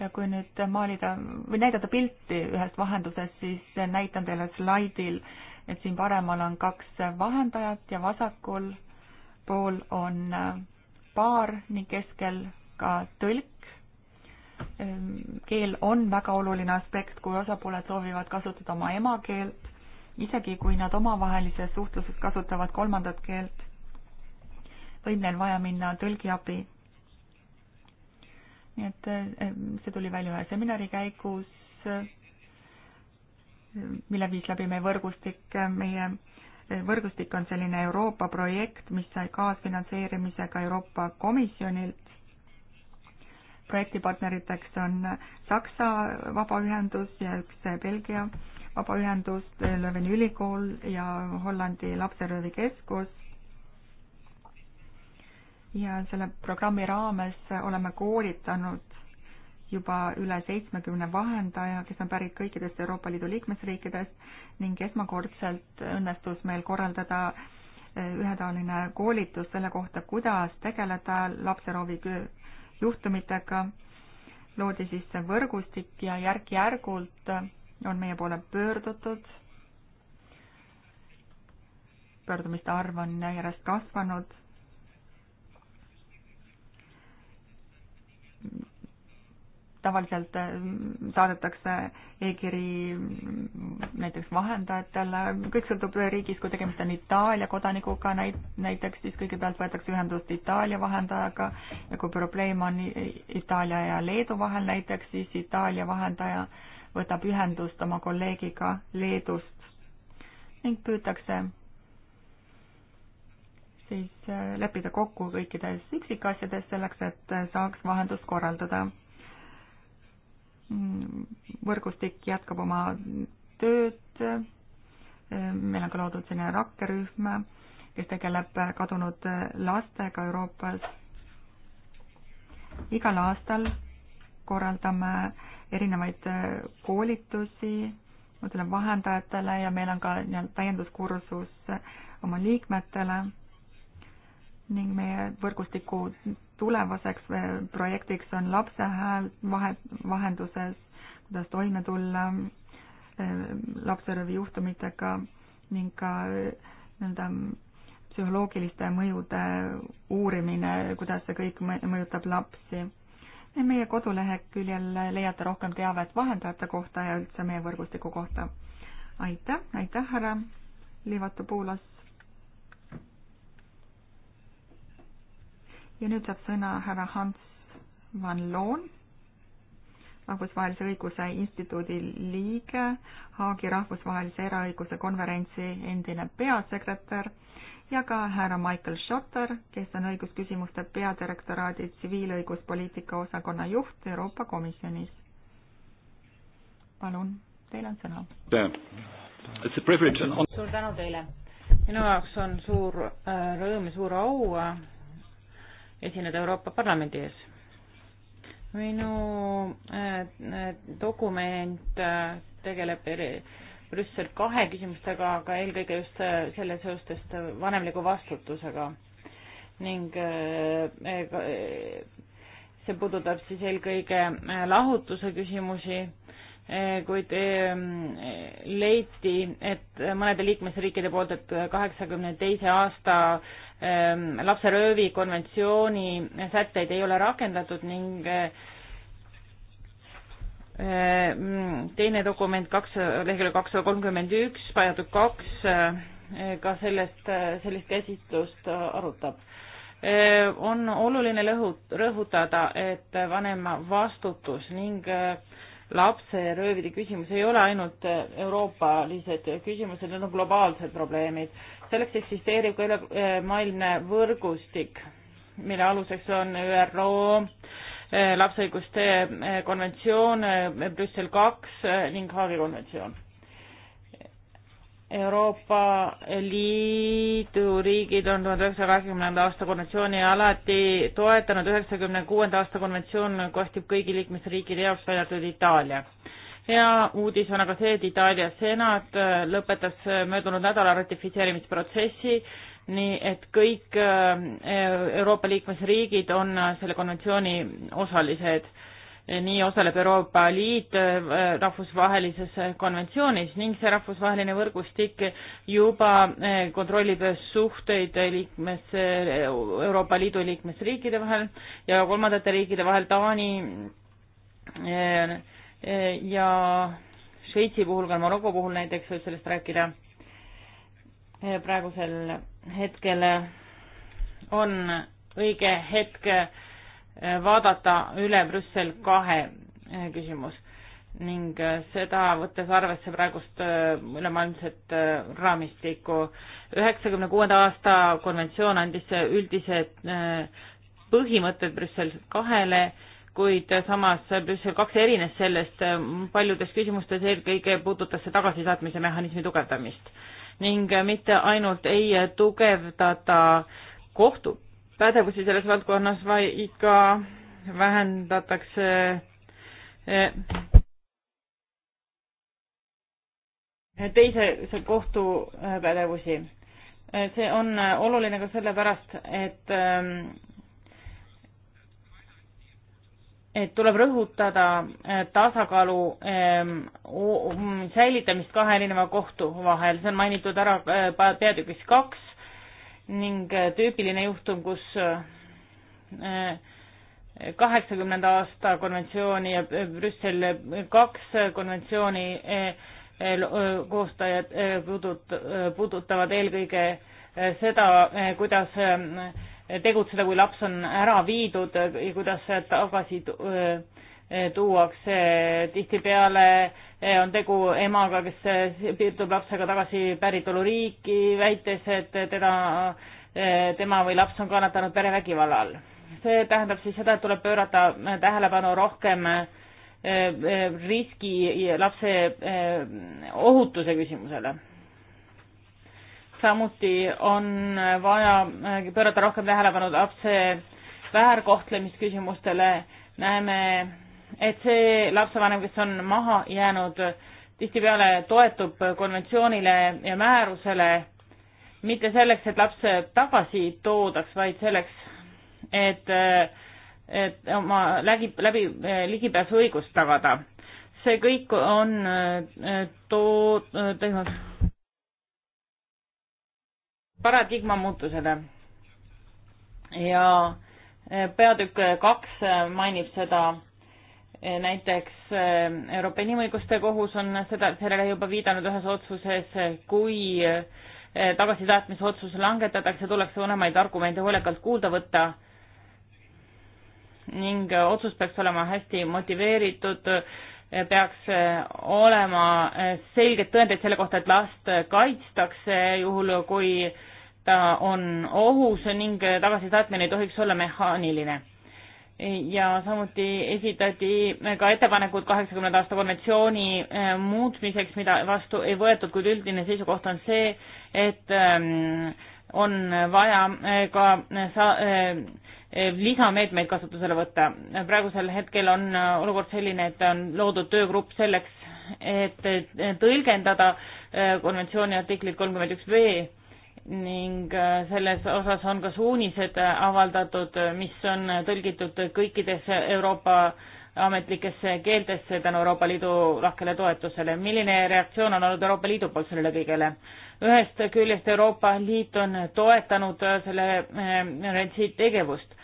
S4: ja kui nüüd maalida või näidata pilti ühest vahendusest, siis näitan teile slaidil, et siin paremal on kaks vahendajat ja vasakul pool on paar ning keskel ka tõlk keel on väga oluline aspekt, kui osapooled soovivad kasutada oma emakeelt, isegi kui nad omavahelises suhtluses kasutavad kolmandat keelt, võib neil vaja minna tõlgiabi. nii et see tuli välja ühe seminari käigus, mille viis läbi meie võrgustik, meie eh, võrgustik on selline Euroopa projekt, mis sai kaasfinantseerimisega Euroopa Komisjonilt projektipartneriteks on Saksa vabaühendus ja üks Belgia vabaühendus, Lööveni ülikool ja Hollandi lapseröövikeskus. ja selle programmi raames oleme koolitanud juba üle seitsmekümne vahendaja, kes on pärit kõikidest Euroopa Liidu liikmesriikidest ning esmakordselt õnnestus meil korraldada eh, ühetaoline koolitus selle kohta, kuidas tegeleda lapseroovi juhtumitega. loodi siis see võrgustik ja järk-järgult on meie poole pöördutud. pöördumiste arv on järjest kasvanud tavaliselt äh, saadetakse e-kiri mm, näiteks vahendajatele, kõik sõltub riigist, kui tegemist on Itaalia kodanikuga näit-, näiteks, siis kõigepealt võetakse ühendust Itaalia vahendajaga ja kui probleem on Itaalia ja Leedu vahel näiteks, siis Itaalia vahendaja võtab ühendust oma kolleegiga Leedust ning püütakse siis äh, leppida kokku kõikides üksikasjades selleks, et äh, saaks vahendust korraldada Mm, võrgustik jätkab oma tööd. meil on ka loodud selline rakkerühm, kes tegeleb kadunud lastega Euroopas. igal aastal korraldame erinevaid koolitusi nendele vahendajatele ja meil on ka nii-öelda täienduskursus oma liikmetele ning meie võrgustiku tulevaseks eh, projektiks on lapse hääl vahe, vahenduses, kuidas toime tulla eh, lapseröövi juhtumitega ning ka eh, nii-öelda psühholoogiliste mõjude uurimine, kuidas see kõik mõjutab lapsi. meie koduleheküljel leiate rohkem teavet vahendajate kohta ja üldse meie võrgustiku kohta. aitäh, aitäh, härra Liivatu Puulas ja nüüd saab sõna härra Hans van Loon, rahvusvahelise õiguse instituudi liige, Haagi rahvusvahelise eraõiguse konverentsi endine peasekretär ja ka härra Michael Schotter, kes on õigusküsimuste peadirektoraadi tsiviilõiguspoliitika osakonna juht Euroopa Komisjonis. palun, teil on sõna.
S1: suur
S3: tänu teile. minu jaoks on suur äh, rõõm ja suur au äh, esineda Euroopa Parlamendi ees. minu äh, äh, dokument äh, tegeleb Brüssel kahe küsimustega, aga eelkõige just selle seostest vanemliku vastutusega ning see puudutab siis eelkõige lahutuse küsimusi, kuid ähm, leiti, et mõnede liikmesriikide poolt, et kaheksakümne teise aasta Ehm, lapseröövi konventsiooni sätteid ei ole rakendatud ning ehm, teine dokument kaks, lehekülg kakssada kolmkümmend üks, pajatud kaks, eh, ka sellest, eh, sellist käsitlust eh, arutab. on oluline lõhut-, rõhutada, et vanema vastutus ning lapseröövide küsimus ei ole ainult euroopalised küsimused, need on globaalsed probleemid selleks eksisteerib ka ülemaailmne võrgustik, mille aluseks on ÜRO eh, lapse õiguste eh, konventsioon, eh, Brüssel kaks ning Haagi konventsioon. Euroopa Liidu riigid on tuhande üheksasaja kaheksakümnenda aasta konventsiooni alati toetanud, üheksakümne kuuenda aasta konventsioon kohtib kõigi liikmesriikide jaoks, välja arvatud Itaalia hea uudis on aga see, et Itaalia senat äh, lõpetas äh, möödunud nädala ratifitseerimisprotsessi, nii et kõik äh, Euroopa liikmesriigid on selle konventsiooni osalised. nii osaleb Euroopa Liit rahvusvahelises konventsioonis ning see rahvusvaheline võrgustik juba kontrollib suhteid liikmes, Euroopa Liidu liikmesriikide vahel ja kolmandate riikide vahel Taani Eh, ja Šveitsi puhul, ka Maroko puhul näiteks võib sellest rääkida. Eh, praegusel hetkel on õige hetk eh, vaadata üle Brüssel kahe küsimus ning seda võttes arvesse praegust ülemaailmset raamistikku. üheksakümne kuuenda aasta konventsioon andis üldised põhimõtted Brüssel kahele kuid samas Brüssel kaks erines sellest paljudes küsimustes, eelkõige puudutas see tagasisaatmise mehhanismi tugevdamist ning mitte ainult ei tugevdata kohtupädevusi selles valdkonnas, vaid ka vähendatakse eh, teise kohtu eh, pädevusi. Eh, see on oluline ka sellepärast, et et tuleb rõhutada eh, tasakaalu eh, säilitamist kahe erineva kohtu vahel, see on mainitud ära eh, peatükis kaks ning tüüpiline juhtum, kus kaheksakümnenda aasta konventsiooni ja Brüssel kaks konventsiooni koostajad puudutavad eelkõige seda, kuidas tegutseda, kui laps on ära viidud ja kuidas tagasi tuuakse. tihtipeale on tegu emaga, kes piirdub lapsega tagasi päritoluriiki, väites, et teda, tema või laps on kannatanud perevägivalla all. see tähendab siis seda, et tuleb pöörata äh, tähelepanu rohkem riski lapse ohutuse küsimusele samuti on vaja äh, pöörata rohkem tähelepanu lapse väärkohtlemisküsimustele. näeme, et see lapsevanem, kes on maha jäänud, tihtipeale toetub konventsioonile ja määrusele mitte selleks, et laps tagasi toodaks, vaid selleks, et, et oma läbi, läbi äh, ligipääsuõigust tagada. see kõik on äh, too-, paradigma muutusele. ja e, peatükk kaks mainib seda, e, näiteks e, Euroopa Inimõiguste Kohus on seda, sellele juba viidanud ühes otsuses, kui tagasitaatmise otsus langetatakse, tuleks vanemaid argumente hoolikalt kuulda võtta ning otsus peaks olema hästi motiveeritud, peaks olema selged tõendid selle kohta, et last kaitstakse juhul, kui ta on ohus ning tagasisaatmine ei tohiks olla mehaaniline. ja samuti esitati ka ettepanekud kaheksakümnenda aasta konventsiooni eh, muutmiseks, mida vastu ei võetud, kuid üldine seisukoht on see, et ehm, on vaja eh, ka sa-, eh, lisameetmeid kasutusele võtta. praegusel hetkel on olukord selline, et on loodud töögrupp selleks, et tõlgendada konventsiooni artiklit kolmkümmend üks B ning äh, selles osas on ka suunised äh, avaldatud, äh, mis on tõlgitud kõikidesse Euroopa ametlikesse keeltesse tänu Euroopa Liidu lahkele toetusele. milline reaktsioon on olnud Euroopa Liidu poolt sellele kõigele? ühest küljest Euroopa Liit on toetanud selle Rensi tegevust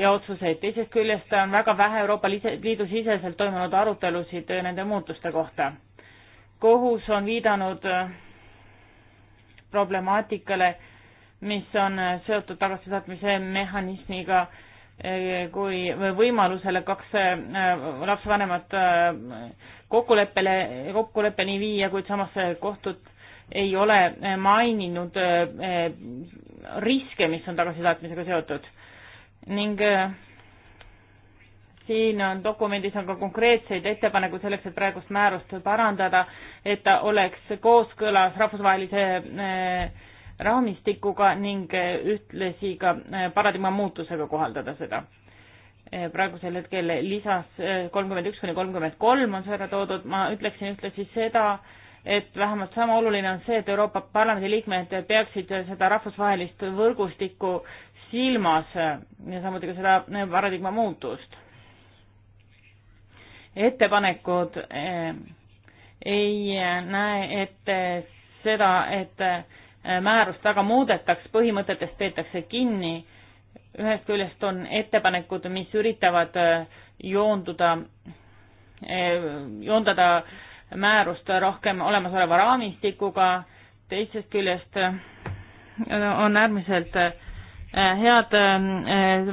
S3: ja otsuseid, teisest küljest on väga vähe Euroopa Liidu siseselt toimunud arutelusid nende muutuste kohta. kohus on viidanud problemaatikale, mis on seotud tagasisaatmise mehhanismiga eh, kui võimalusele kaks eh, lapsevanemat eh, kokkuleppele, kokkuleppeni viia, kuid samas kohtud ei ole maininud riske, mis on tagasisaatmisega seotud. ning siin on dokumendis on ka konkreetseid ettepanekuid selleks, et praegust määrust parandada, et ta oleks kooskõlas rahvusvahelise eh, raamistikuga ning eh, ühtlasi ka eh, paradigma muutusega kohaldada seda. praegusel hetkel lisas kolmkümmend üks kuni kolmkümmend kolm on see ära toodud, ma ütleksin ühtlasi seda, et vähemalt sama oluline on see, et Euroopa Parlamendi liikmed peaksid seda rahvusvahelist võrgustikku silmas ja samuti ka seda paradigma muutust ettepanekud eh, ei näe ette seda, et eh, määrust väga muudetaks, põhimõtetest peetakse kinni. ühest küljest on ettepanekud, mis üritavad eh, joonduda, joondada määrust rohkem olemasoleva raamistikuga, teisest küljest on äärmiselt head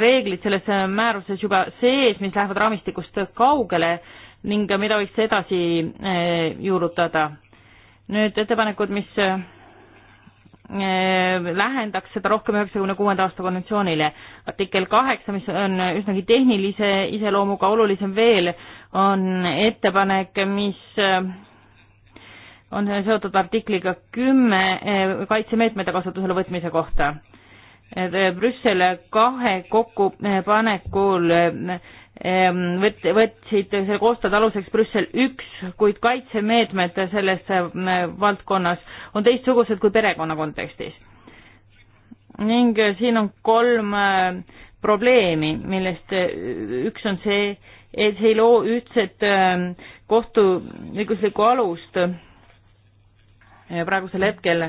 S3: reeglid selles määruses juba sees, mis lähevad raamistikust kaugele ning mida võiks edasi eh, juurutada. nüüd ettepanekud, mis eh, lähendaks seda rohkem üheksakümne kuuenda aasta konventsioonile. artikkel kaheksa, mis on üsnagi tehnilise iseloomuga, olulisem veel on ettepanek, mis eh, on seotud artikliga kümme kaitsemeetmete kasutusele võtmise kohta. Brüssel kahe kokkupanekul äh, võt-, võtsid selle koostööd aluseks Brüssel üks, kuid kaitsemeetmed selles valdkonnas on teistsugused kui perekonna kontekstis. ning eh, siin on kolm eh, probleemi, millest eh, üks on see, et see ei loo ühtset kohtuõiguslikku alust praegusel hetkel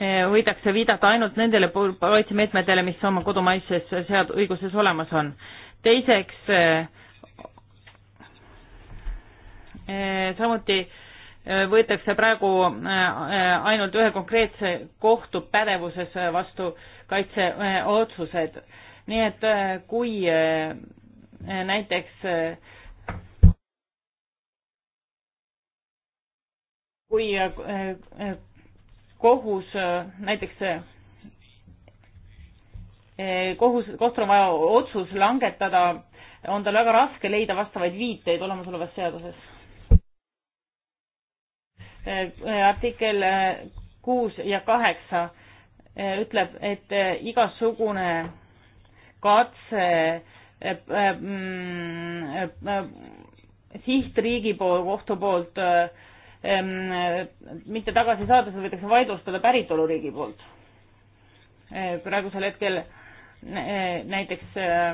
S3: võidakse viidata ainult nendele kaitsemeetmetele, mis oma kodumaises sead-, õiguses olemas on teiseks, eh, eh, samuti eh, võetakse praegu ainult ühe konkreetse kohtu pädevuses vastu kaitseotsused. nii et kui näiteks kui kohus näiteks Eh, kohus, kohtul on vaja otsus langetada, on tal väga raske leida vastavaid viiteid olemasolevas seaduses. Eh, eh, artikkel kuus ja kaheksa ütleb, et igasugune katse mm, sihtriigi pool, kohtu poolt mitte tagasi saada, seda võidakse vaidlustada päritoluriigi poolt. praegusel hetkel näiteks äh,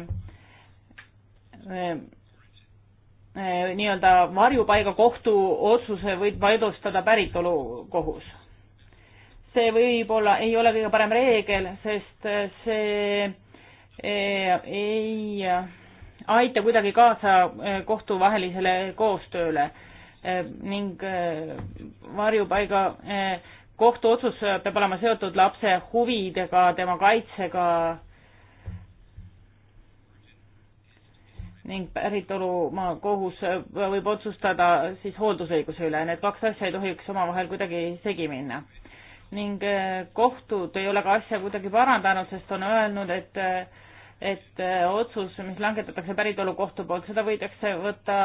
S3: äh, äh, nii-öelda varjupaiga kohtu otsuse võib vaidlustada päritolukohus. see võib-olla ei ole kõige parem reegel, sest see ei aita kuidagi kaasa kohtuvahelisele koostööle ning varjupaiga kohtuotsus peab olema seotud lapse huvidega, tema kaitsega ning päritolumaa kohus võib otsustada siis hooldusõiguse üle, need kaks asja ei tohiks omavahel kuidagi segi minna. ning äh, kohtud ei ole ka asja kuidagi parandanud, sest on öelnud, et äh, et äh, otsus, mis langetatakse päritolukohtu poolt, seda võidakse võtta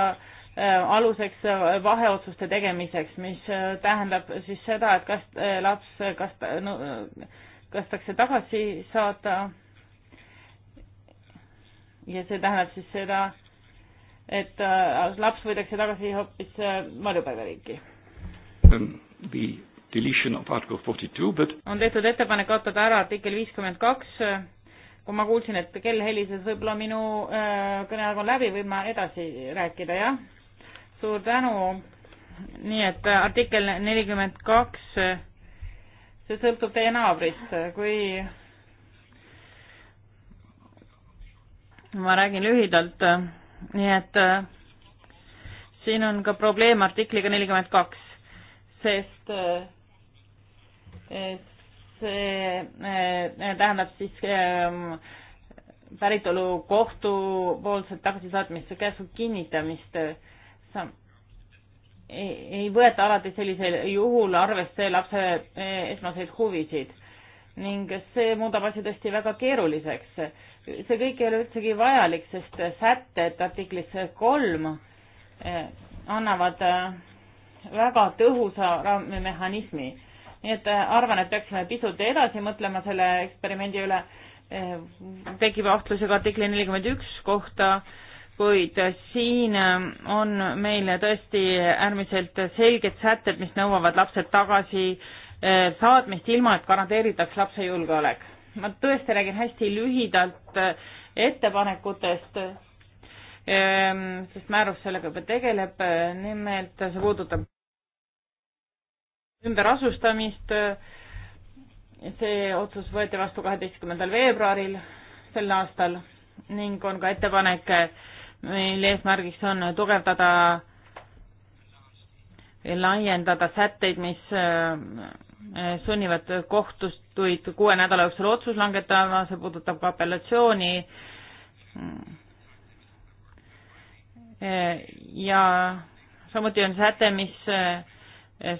S3: aluseks vaheotsuste tegemiseks, mis tähendab siis seda, et kas laps, kas ta no,, kas takse tagasi saata ja see tähendab siis seda, et äh, laps võidakse tagasi hoopis varjupaigariiki. Äh, um, on tehtud ettepanek kaotada ära artikkel viiskümmend kaks, kui ma kuulsin, et kell helises, võib-olla minu äh, kõneaeg on läbi, võin ma edasi rääkida, jah? suur tänu, nii et artikkel nelikümmend kaks, see sõltub teie naabrist, kui ma räägin lühidalt, nii et äh, siin on ka probleem artikliga nelikümmend kaks, sest äh, see äh, tähendab siis ähm, päritolu kohtupoolset tagasisaatmist või käsu kinnitamist. ei võeta alati sellisel juhul arvesse lapse esmaseid huvisid ning see muudab asja tõesti väga keeruliseks see kõik ei ole üldsegi vajalik, sest sätted artiklis kolm eh, annavad eh, väga tõhusa raamimehhanismi. nii et eh, arvan, et peaksime pisut edasi mõtlema selle eksperimendi üle. tekib ahtlusi ka artikli nelikümmend üks kohta, kuid siin on meil tõesti äärmiselt selged sätted, mis nõuavad lapsed tagasi saatmist, ilma et garanteeritaks lapse julgeolek ma tõesti räägin hästi lühidalt äh, ettepanekutest, ähm, sest määrus sellega juba tegeleb, äh, nimelt see puudutab ümberasustamist. Äh, see otsus võeti vastu kaheteistkümnendal veebruaril sel aastal ning on ka ettepanek, mille eesmärgiks on tugevdada, laiendada sätteid, mis Eh, sunnivad kohtustuid kuue nädala jooksul otsus langetama, see puudutab ka apellatsiooni. Eh, ja samuti on säte, mis eh,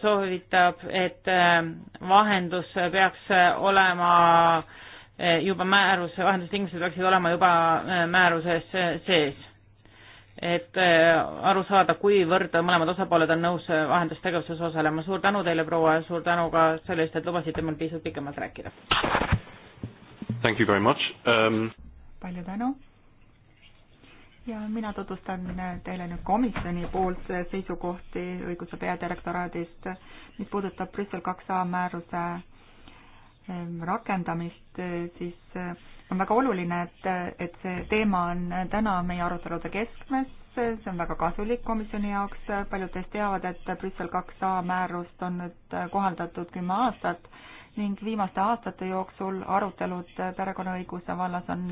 S3: soovitab, et vahendus peaks olema juba määruse, vahendustingimused peaksid olema juba määruses sees et äh, aru saada, kuivõrd mõlemad osapooled on nõus äh, vahendustegevuses osalema. suur tänu teile, proua, ja suur tänu ka selle eest, et lubasite mul pisut pikemalt rääkida.
S1: Thank you very much um....
S4: palju tänu. ja mina tutvustan äh, teile nüüd komisjoni poolt seisukohti õiguse peadirektoraadist, mis puudutab Brüssel kaks A määruse rakendamist, siis on väga oluline, et, et see teema on täna meie arutelude keskmes, see on väga kasulik komisjoni jaoks, paljud teist teavad, et Brüssel kaks A määrust on nüüd kohaldatud kümme aastat ning viimaste aastate jooksul arutelud perekonnaõiguse vallas on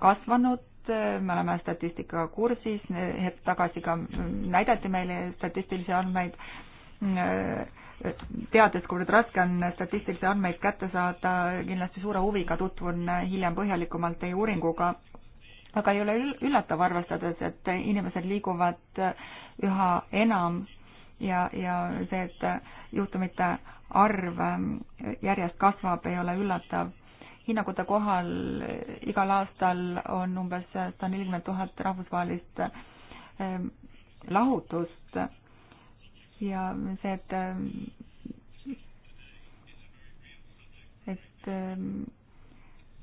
S4: kasvanud, me oleme statistikaga kursis, hetk tagasi ka näidati meile statistilisi andmeid teades, kuivõrd raske on statistilisi andmeid kätte saada, kindlasti suure huviga tutvun hiljem põhjalikumalt teie uuringuga. aga ei ole üllatav, arvestades, et inimesed liiguvad üha enam ja, ja see, et juhtumite arv järjest kasvab, ei ole üllatav. hinnangute kohal igal aastal on umbes sada nelikümmend tuhat rahvusvahelist eh, lahutust ja see, et, ähm, et ähm,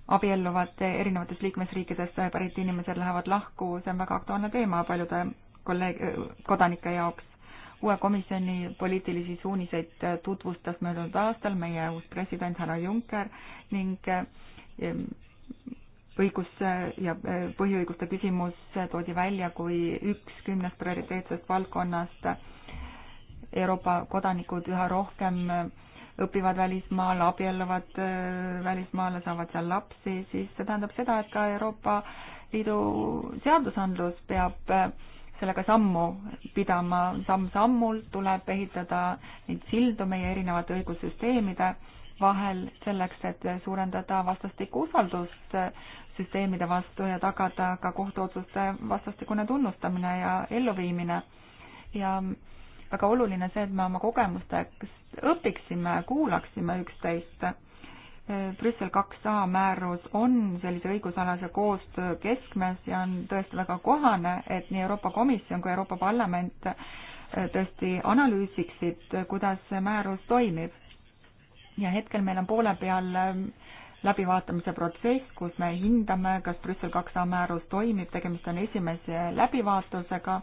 S4: abielluvad erinevatest liikmesriikidest pärit inimesed lähevad lahku, see on väga aktuaalne teema paljude kolleeg-, kodanike jaoks. uue komisjoni poliitilisi suuniseid tutvustas möödunud aastal meie uus president härra Juncker ning ähm, õigus- ja äh, põhiõiguste küsimus toodi välja kui üks kümnest prioriteetsest valdkonnast Euroopa kodanikud üha rohkem äh, õpivad välismaal, abielluvad äh, välismaale, saavad seal lapsi, siis see tähendab seda, et ka Euroopa Liidu seadusandlus peab äh, sellega sammu pidama, samm-sammult tuleb ehitada neid sildu meie erinevate õigussüsteemide vahel selleks, et suurendada vastastikku usaldust süsteemide vastu ja tagada ka kohtuotsuste vastastikune tunnustamine ja elluviimine. ja väga oluline see, et me oma kogemustest õpiksime, kuulaksime üksteist. Brüssel kaks A määrus on sellise õigusalase koostöö keskmes ja on tõesti väga kohane, et nii Euroopa Komisjon kui Euroopa Parlament tõesti analüüsiksid, kuidas see määrus toimib. ja hetkel meil on poole peal läbivaatamise protsess, kus me hindame, kas Brüssel kaks A määrus toimib, tegemist on esimese läbivaatusega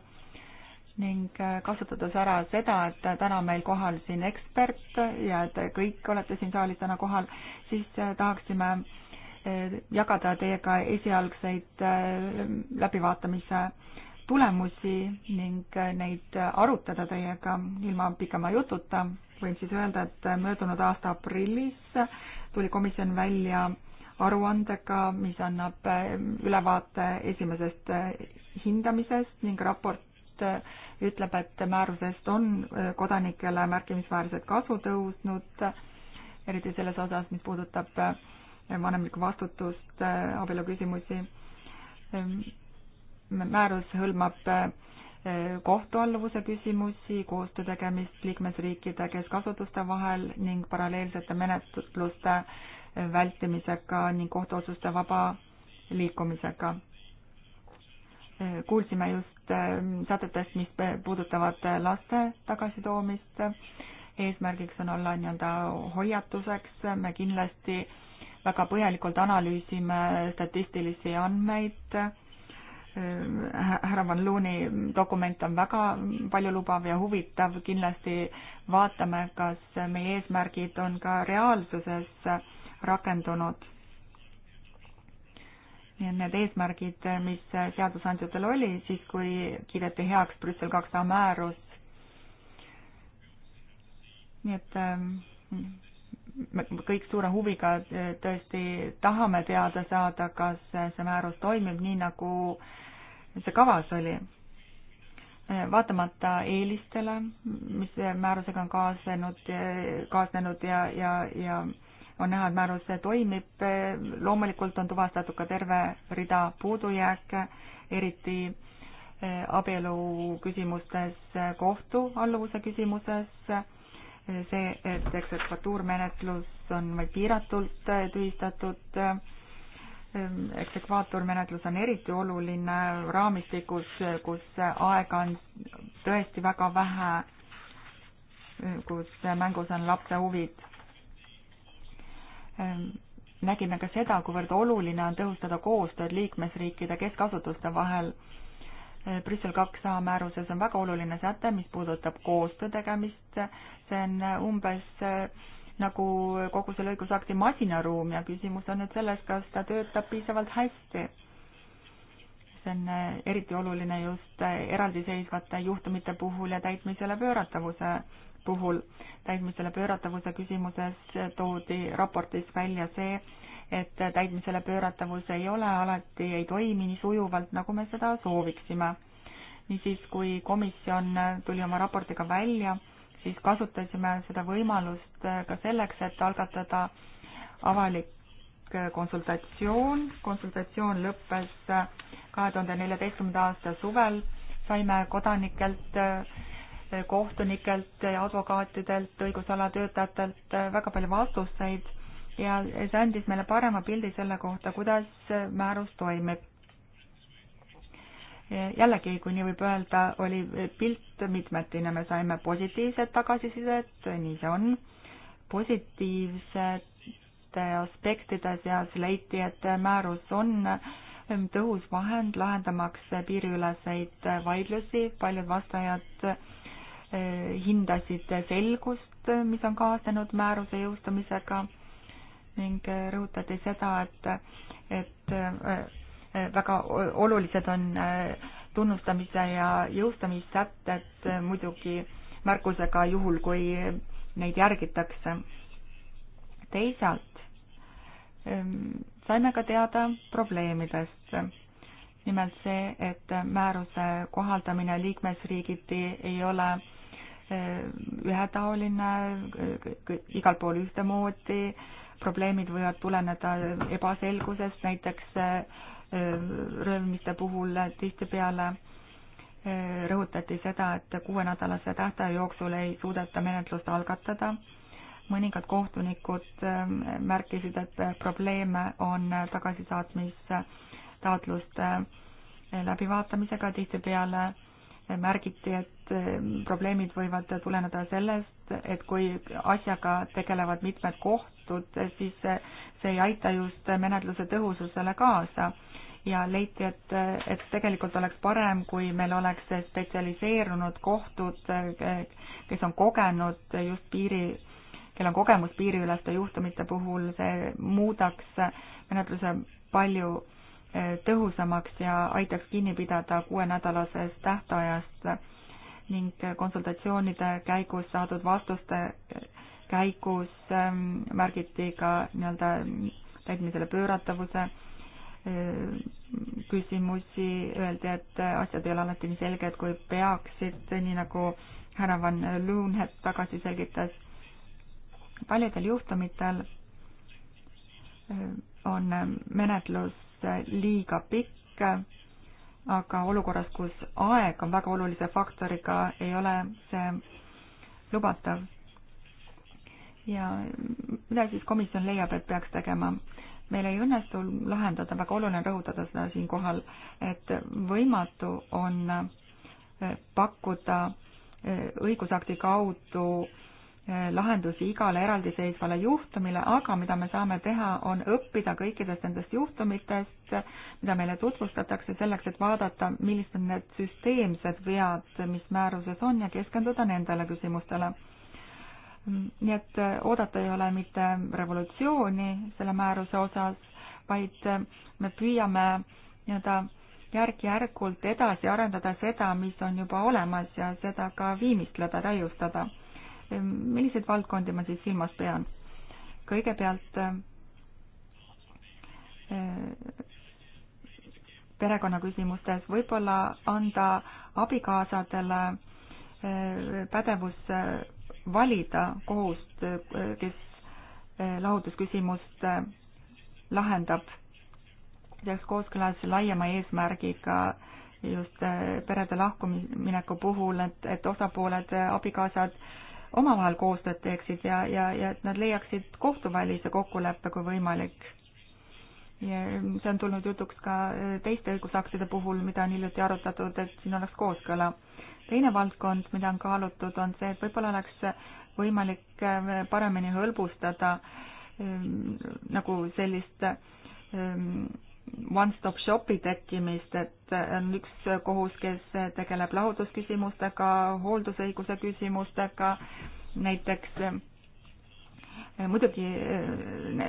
S4: ning äh, kasutades ära seda, et täna on meil kohal siin ekspert ja et kõik olete siin saalis täna kohal, siis äh, tahaksime äh, jagada teiega esialgseid läbivaatamise tulemusi ning neid arutada teiega ilma pikema jututa. võin siis öelda, et möödunud aasta aprillis tuli komisjon välja aruandega, mis annab ülevaate esimesest hindamisest ning raport Liit äh, ütleb, et määrusest on äh, kodanikele märkimisväärset kasu tõusnud, eriti selles osas, mis puudutab äh, vanemlikku vastutust, abielu küsimusi. Ähm, määrus hõlmab kohtualluvuse küsimusi, koostöö tegemist liikmesriikide keskasutuste vahel ning paralleelsete menetluste vältimisega ning kohtuotsuste vaba liikumisega kuulsime just ähm, sätetest, mis puudutavad äh, laste tagasitoomist. eesmärgiks on olla nii-öelda hoiatuseks, me kindlasti väga põhjalikult analüüsime statistilisi andmeid. Ähm, härra Van Looni dokument on väga paljulubav ja huvitav, kindlasti vaatame, kas meie eesmärgid on ka reaalsuses rakendunud nii et need eesmärgid, mis seadusandjatel oli siis, kui kiideti heaks Brüssel 2A määrus. nii et ähm, me kõik suure huviga äh, tõesti tahame teada saada, kas see määrus toimib nii, nagu see kavas oli. Äh, vaatamata eelistele, mis määrusega on kaasnenud, äh, kaasnenud ja, ja, ja on näha, et määrus toimib, loomulikult on tuvastatud ka terve rida puudujääke, eriti eh, abielu küsimustes, eh, kohtualluvuse küsimuses, eh, see, et eksekvatuurmenetlus on vaid piiratult tühistatud, eksekvaatormenetlus on eriti oluline raamistikus, kus aega on tõesti väga vähe, kus mängus on lapse huvid Ähm, nägime ka seda, kuivõrd oluline on tõhustada koostööd liikmesriikide keskasutuste vahel. Äh, Brüssel kaks A määruses on väga oluline säte, mis puudutab koostöö tegemist, see on äh, umbes äh, nagu kogu selle õigusakti masinaruum ja küsimus on nüüd selles, kas ta töötab piisavalt hästi. see on eriti oluline just eraldiseisvate juhtumite puhul ja täitmisele pööratavuse puhul täitmisele pööratavuse küsimuses toodi raportis välja see, et täitmisele pööratavus ei ole alati, ei toimi nii sujuvalt, nagu me seda sooviksime. niisiis, kui komisjon tuli oma raportiga välja, siis kasutasime seda võimalust ka selleks, et algatada avalik konsultatsioon. konsultatsioon lõppes kahe tuhande neljateistkümnenda aasta suvel, saime kodanikelt Äh, kohtunikelt ja advokaatidelt, õigusala töötajatelt äh, väga palju vastuseid ja see andis meile parema pildi selle kohta, kuidas äh, määrus toimib. jällegi, kui nii võib öelda, oli pilt mitmetine, me saime positiivset tagasisidet, nii see on, positiivsete aspektide seas leiti, et määrus on tõhus vahend lahendamaks piiriüleseid vaidlusi, paljud vastajad hindasid selgust, mis on kaasnenud määruse jõustamisega ning rõhutati seda, et, et äh, väga olulised on äh, tunnustamise ja jõustamissätted muidugi märkusega juhul, kui neid järgitakse. teisalt ähm, saime ka teada probleemidest. nimelt see, et määruse kohaldamine liikmesriigiti ei ole Äh, ühetaoline, äh, igal pool ühtemoodi, probleemid võivad tuleneda ebaselgusest, näiteks äh, röövimiste puhul tihtipeale rõhutati seda, et kuuenädalase tähtaja jooksul ei suudeta menetlust algatada. mõningad kohtunikud märkisid, et probleeme on tagasisaatmistaotluste läbivaatamisega, tihtipeale märgiti, et Eh, probleemid võivad tuleneda sellest, et kui asjaga tegelevad mitmed kohtud, siis see ei aita just menetluse tõhususele kaasa ja leiti, et, et tegelikult oleks parem, kui meil oleks spetsialiseerunud kohtud, eh, kes on kogenud just piiri, kel on kogemus piiriüleste juhtumite puhul, see muudaks menetluse palju eh, tõhusamaks ja aitaks kinni pidada kuuenädalasest tähtajast ning konsultatsioonide käigus saadud vastuste käigus ähm, märgiti ka nii-öelda täitmisele pööratavuse äh, küsimusi, öeldi, et asjad ei ole alati nii selged, kui peaksid, nii nagu härra Van Loonhead tagasi selgitas. paljudel juhtumitel äh, on menetlus liiga pikk aga olukorras, kus aeg on väga olulise faktoriga, ei ole see lubatav. ja mida siis komisjon leiab, et peaks tegema? meil ei õnnestu lahendada, väga oluline rõhutada seda siinkohal, et võimatu on eh, pakkuda eh, õigusakti kaudu äh, Eh, lahendusi igale eraldiseisvale juhtumile, aga mida me saame teha, on õppida kõikidest nendest juhtumitest, mida meile tutvustatakse, selleks et vaadata, millised on need süsteemsed vead, mis määruses on ja keskenduda nendele küsimustele. nii et eh, oodata ei ole mitte revolutsiooni selle määruse osas, vaid eh, me püüame nii-öelda järk-järgult edasi arendada seda, mis on juba olemas ja seda ka viimistleda, täiustada milliseid valdkondi ma siis silmas pean? kõigepealt äh, perekonnaküsimustes võib-olla anda abikaasadele äh, pädevus äh, valida kohust, kes lahutusküsimust lahendab. see oleks kooskõlas laiema eesmärgiga just perede lahkumineku puhul, et, et osapooled, abikaasad omavahel koostööd teeksid ja, ja, ja et nad leiaksid kohtuvälise kokkuleppe, kui võimalik. ja see on tulnud jutuks ka äh, teiste õigusaktide puhul, mida on hiljuti arutatud, et siin oleks kooskõla. teine valdkond, mida on kaalutud, on see, et võib-olla oleks võimalik äh, paremini hõlbustada ähm, nagu sellist ähm, one-stop shopi tekkimist, et on üks kohus, kes tegeleb lahutusküsimustega, hooldusõiguse küsimustega, näiteks eh, muidugi eh,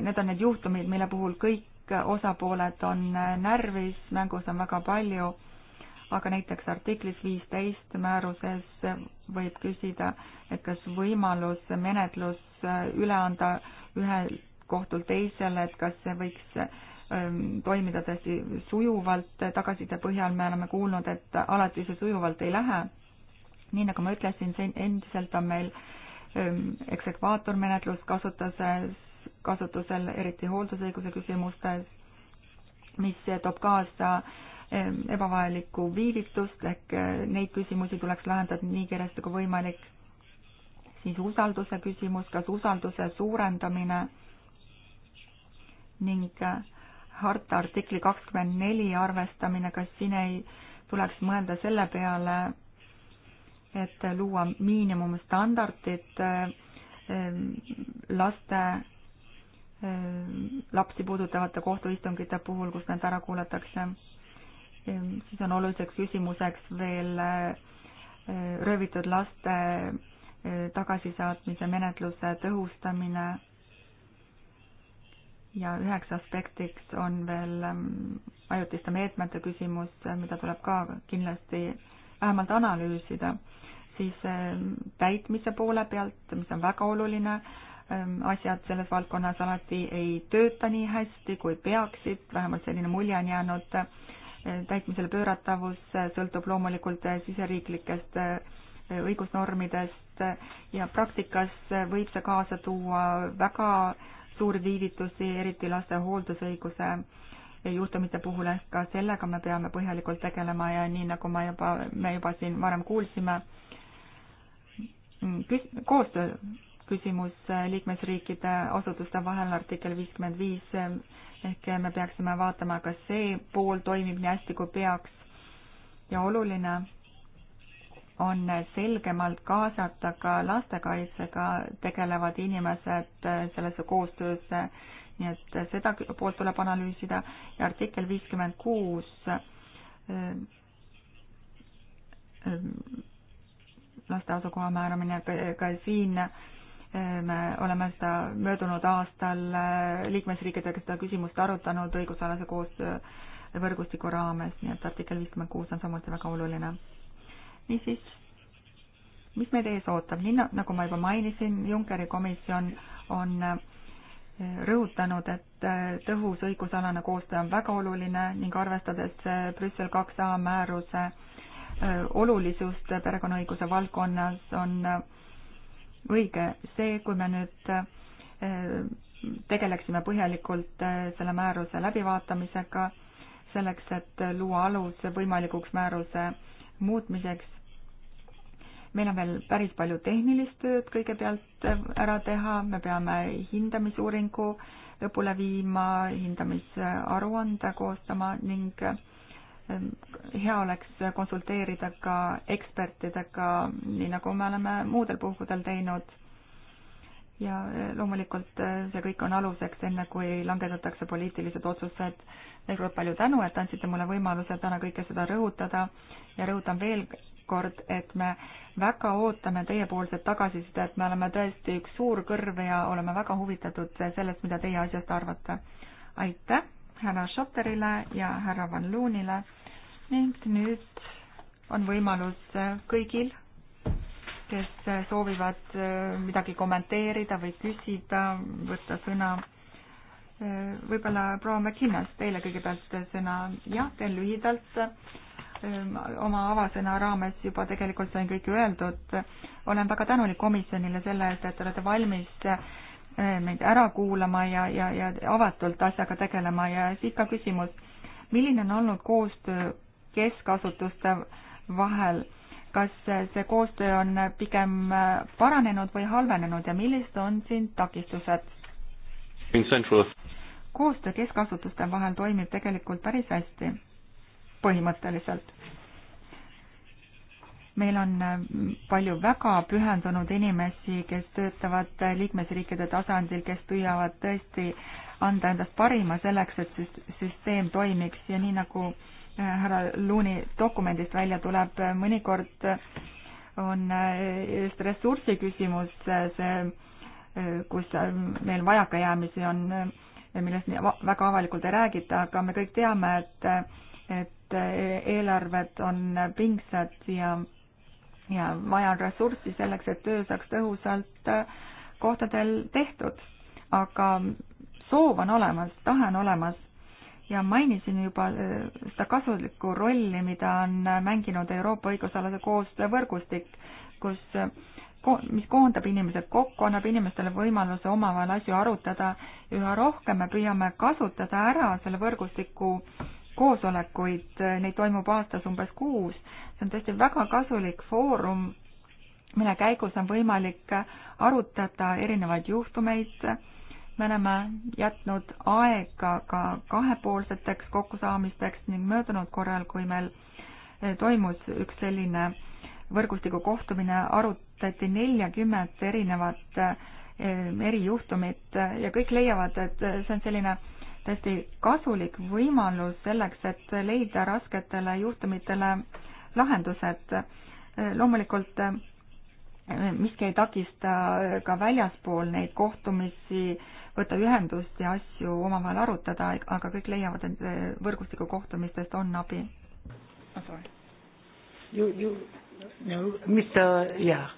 S4: need on need juhtumid, mille puhul kõik osapooled on eh, närvis, mängus on väga palju, aga näiteks artiklis viisteist määruses võib küsida, et kas võimalus menetlus üle anda ühelt kohtult teisele, et kas see võiks Ähm, toimida tõesti sujuvalt, äh, tagasiside põhjal me oleme kuulnud, et alati see sujuvalt ei lähe. nii nagu ma ütlesin, see endiselt on meil ähm, eksekvaatormenetlus kasutuses, kasutusel eriti hooldusõiguse küsimustes, mis toob kaasa ähm, ebavajalikku viivitust ehk äh, neid küsimusi tuleks lahendada nii kiiresti kui võimalik. siis usalduse küsimus, kas usalduse suurendamine ning äh, harta artikli kakskümmend neli arvestamine, kas siin ei tuleks mõelda selle peale, et luua miinimumstandardid ähm, laste, ähm, lapsi puudutavate kohtuistungite puhul, kus nad ära kuulatakse. Ähm, siis on oluliseks küsimuseks veel äh, röövitud laste äh, tagasisaatmise menetluse tõhustamine ja üheks aspektiks on veel ähm, ajutiste meetmete küsimus, äh, mida tuleb ka kindlasti vähemalt analüüsida, siis ähm, täitmise poole pealt, mis on väga oluline, ähm, asjad selles valdkonnas alati ei tööta nii hästi, kui peaksid, vähemalt selline mulje on jäänud. Äh, täitmisele pööratavus äh, sõltub loomulikult siseriiklikest õigusnormidest ja praktikas võib see kaasa tuua väga suuri viivitusi, eriti laste hooldusõiguse juhtumite puhul, ehk ka sellega me peame põhjalikult tegelema ja nii, nagu ma juba, me juba siin varem kuulsime, küs-, koostöö küsimus liikmesriikide asutuste vahel, artikkel viiskümmend viis, ehk me peaksime vaatama, kas see pool toimib nii hästi, kui peaks. ja oluline on selgemalt kaasata ka lastekaitsega tegelevad inimesed äh, sellesse koostöösse, nii et äh, seda poolt tuleb analüüsida ja artikkel viiskümmend kuus äh, ähm, laste asukoha määramine, ka siin me oleme seda möödunud aastal liikmesriikidega seda küsimust arutanud õigusalase koostöö võrgustiku raames, nii et artikkel viiskümmend kuus on samuti väga oluline niisiis, mis meid ees ootab, nii nagu ma juba mainisin, Junckeri komisjon on äh, rõhutanud, et äh, tõhus õigusalane koostöö on väga oluline ning arvestades äh, Brüssel kaks A määruse olulisust perekonnaõiguse valdkonnas, on õige see, kui me nüüd tegeleksime põhjalikult selle määruse läbivaatamisega, selleks et luua alus võimalikuks määruse muutmiseks meil on veel päris palju tehnilist tööd kõigepealt ära teha, me peame hindamisuuringu lõpule viima, hindamisaruande koostama ning ähm, hea oleks konsulteerida ka ekspertidega, nii nagu me oleme muudel puhkudel teinud. ja äh, loomulikult äh, see kõik on aluseks, enne kui langetatakse poliitilised otsused. veel kord palju tänu, et andsite mulle võimaluse täna kõike seda rõhutada ja rõhutan veel kord, et me väga ootame teiepoolset tagasisidet, me oleme tõesti üks suur kõrv ja oleme väga huvitatud sellest, mida teie asjast arvate. aitäh härra Schotterile ja härra Van Loonile ning nüüd on võimalus kõigil, kes soovivad äh, midagi kommenteerida või küsida, võtta sõna äh, võib-olla proua McKinnas, teile kõigepealt sõna. jah, teen lühidalt. Ehm, oma avasõna raames juba tegelikult sain kõik öeldud. olen väga tänulik komisjonile selle eest, et olete valmis ehm, meid ära kuulama ja, ja, ja avatult asjaga tegelema ja siit ka küsimus, milline on olnud koostöö keskasutuste vahel, kas see koostöö on pigem paranenud või halvenenud ja millised on siin takistused? koostöö keskasutuste vahel toimib tegelikult päris hästi põhimõtteliselt. meil on äh, palju väga pühendunud inimesi, kes töötavad äh, liikmesriikide tasandil, kes püüavad tõesti anda endast parima selleks, et süsteem toimiks ja nii nagu äh, härra Luuni dokumendist välja tuleb, mõnikord on just ressursi küsimus see, kus meil vajakajäämisi on, millest väga avalikult ei räägita, aga me kõik teame, et, et eh, eelarved on pingsad ja, ja vaja on ressurssi selleks, et töö saaks tõhusalt eh, kohtadel tehtud. aga soov on olemas, tahe on olemas ja mainisin juba eh, seda kasulikku rolli, mida on mänginud Euroopa õigusalase koostöövõrgustik, kus mis koondab inimesed kokku, annab inimestele võimaluse omavahel asju arutada. üha rohkem me püüame kasutada ära selle võrgustiku koosolekuid, neid toimub aastas umbes kuus. see on tõesti väga kasulik foorum, mille käigus on võimalik arutada erinevaid juhtumeid. me oleme jätnud aega ka kahepoolseteks kokkusaamisteks ning möödunud korral, kui meil toimus üks selline võrgustiku kohtumine, arutati neljakümmet erinevat eh, erijuhtumit ja kõik leiavad, et see on selline tõesti kasulik võimalus selleks, et leida rasketele juhtumitele lahendused. loomulikult eh, miski ei takista ka väljaspool neid kohtumisi võtta ühendust ja asju omavahel arutada, aga kõik leiavad, et eh, võrgustiku kohtumistest on abi.
S5: mis ta, jah.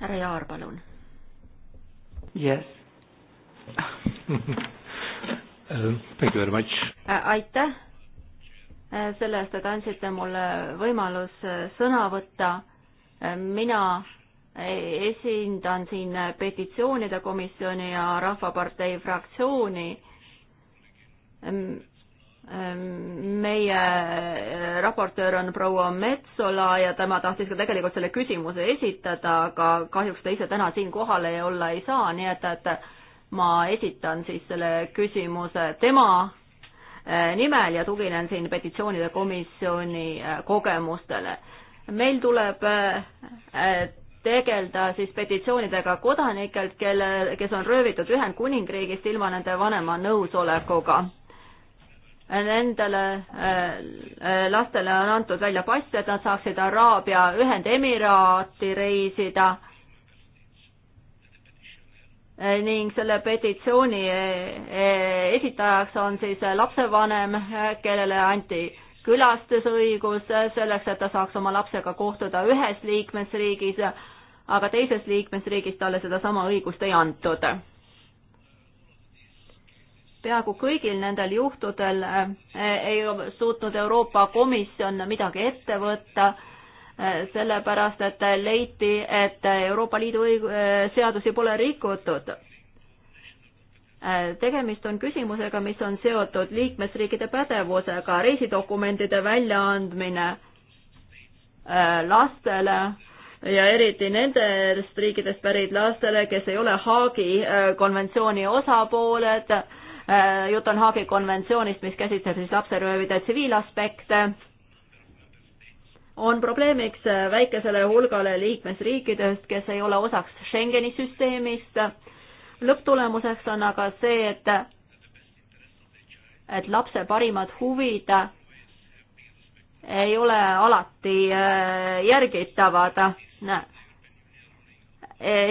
S5: härra Jaar, palun.
S1: jah. Um, thank you very much.
S2: aitäh selle eest, et andsite mulle võimaluse sõna võtta. mina e, esindan siin petitsioonide komisjoni ja Rahvapartei fraktsiooni. meie raportöör on proua Metsola ja tema tahtis ka tegelikult selle küsimuse esitada, aga kahjuks ta ise täna siin kohal ei olla ei saa, nii et, et ma esitan siis selle küsimuse tema äh, nimel ja tuginen siin petitsioonide komisjoni äh, kogemustele. meil tuleb äh, tegeleda siis petitsioonidega kodanikelt, kelle, kes on röövitud Ühendkuningriigist ilma nende vanema nõusolekuga. Nendele lastele on antud välja pass, et nad saaksid Araabia Ühendemiraati reisida Eh, ning selle petitsiooni eh, eh, esitajaks on siis lapsevanem, kellele anti külastusõigus selleks, et ta saaks oma lapsega kohtuda ühes liikmesriigis, aga teises liikmesriigis talle sedasama õigust ei antud. peaaegu kõigil nendel juhtudel ei suutnud Euroopa Komisjon midagi ette võtta Eh, sellepärast et leiti, et Euroopa Liidu eh, seadusi pole rikutud. Eh, tegemist on küsimusega, mis on seotud liikmesriikide pädevusega, reisidokumentide väljaandmine lastele ja eriti nendest riikidest pärit lastele, kes ei ole Haagi konventsiooni osapooled. jutt on Haagi konventsioonist, mis käsitleb siis lapseröövide tsiviilaspekte on probleemiks väikesele hulgale liikmesriikidest, kes ei ole osaks Schengeni süsteemist. lõpptulemuseks on aga see, et, et lapse parimad huvid ei ole alati äh, järgitavad.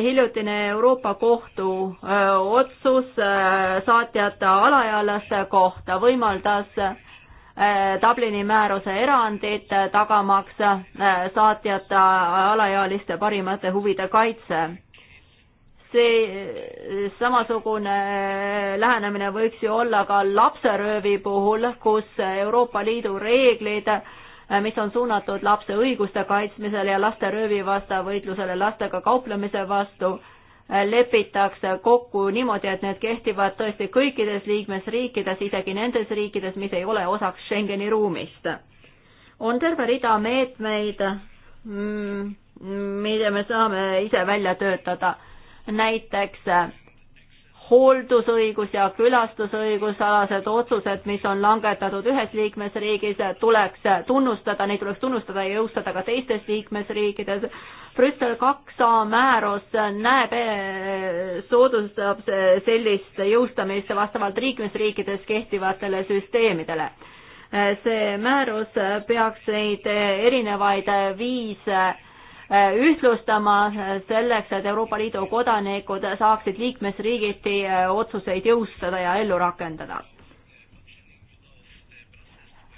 S2: hiljutine Euroopa Kohtu äh, otsus äh, saatjate alaealiste kohta võimaldas Äh, Dublini määruse erandid, äh, tagamaks äh, saatjate alaealiste parimate huvide kaitse. see samasugune lähenemine võiks ju olla ka lapseröövi puhul, kus Euroopa Liidu reeglid mis on suunatud lapse õiguste kaitsmisele ja lasteröövi vastu võitlusele lastega kauplemise vastu lepitakse kokku niimoodi, et need kehtivad tõesti kõikides liikmesriikides, isegi nendes riikides, mis ei ole osaks Schengeni ruumist. on terve rida meetmeid, mm, mida me saame ise välja töötada, näiteks hooldusõigus ja külastusõigusalased otsused, mis on langetatud ühes liikmesriigis, tuleks tunnustada, neid tuleks tunnustada ja jõustada ka teistes liikmesriikides. Brüssel kaks A määrus näeb, e, soodustab sellist jõustamist vastavalt liikmesriikides kehtivatele süsteemidele. E, see määrus peaks neid erinevaid viise Äh, ühtlustama selleks, et Euroopa Liidu kodanikud saaksid liikmesriigiti äh, otsuseid jõustada ja ellu rakendada.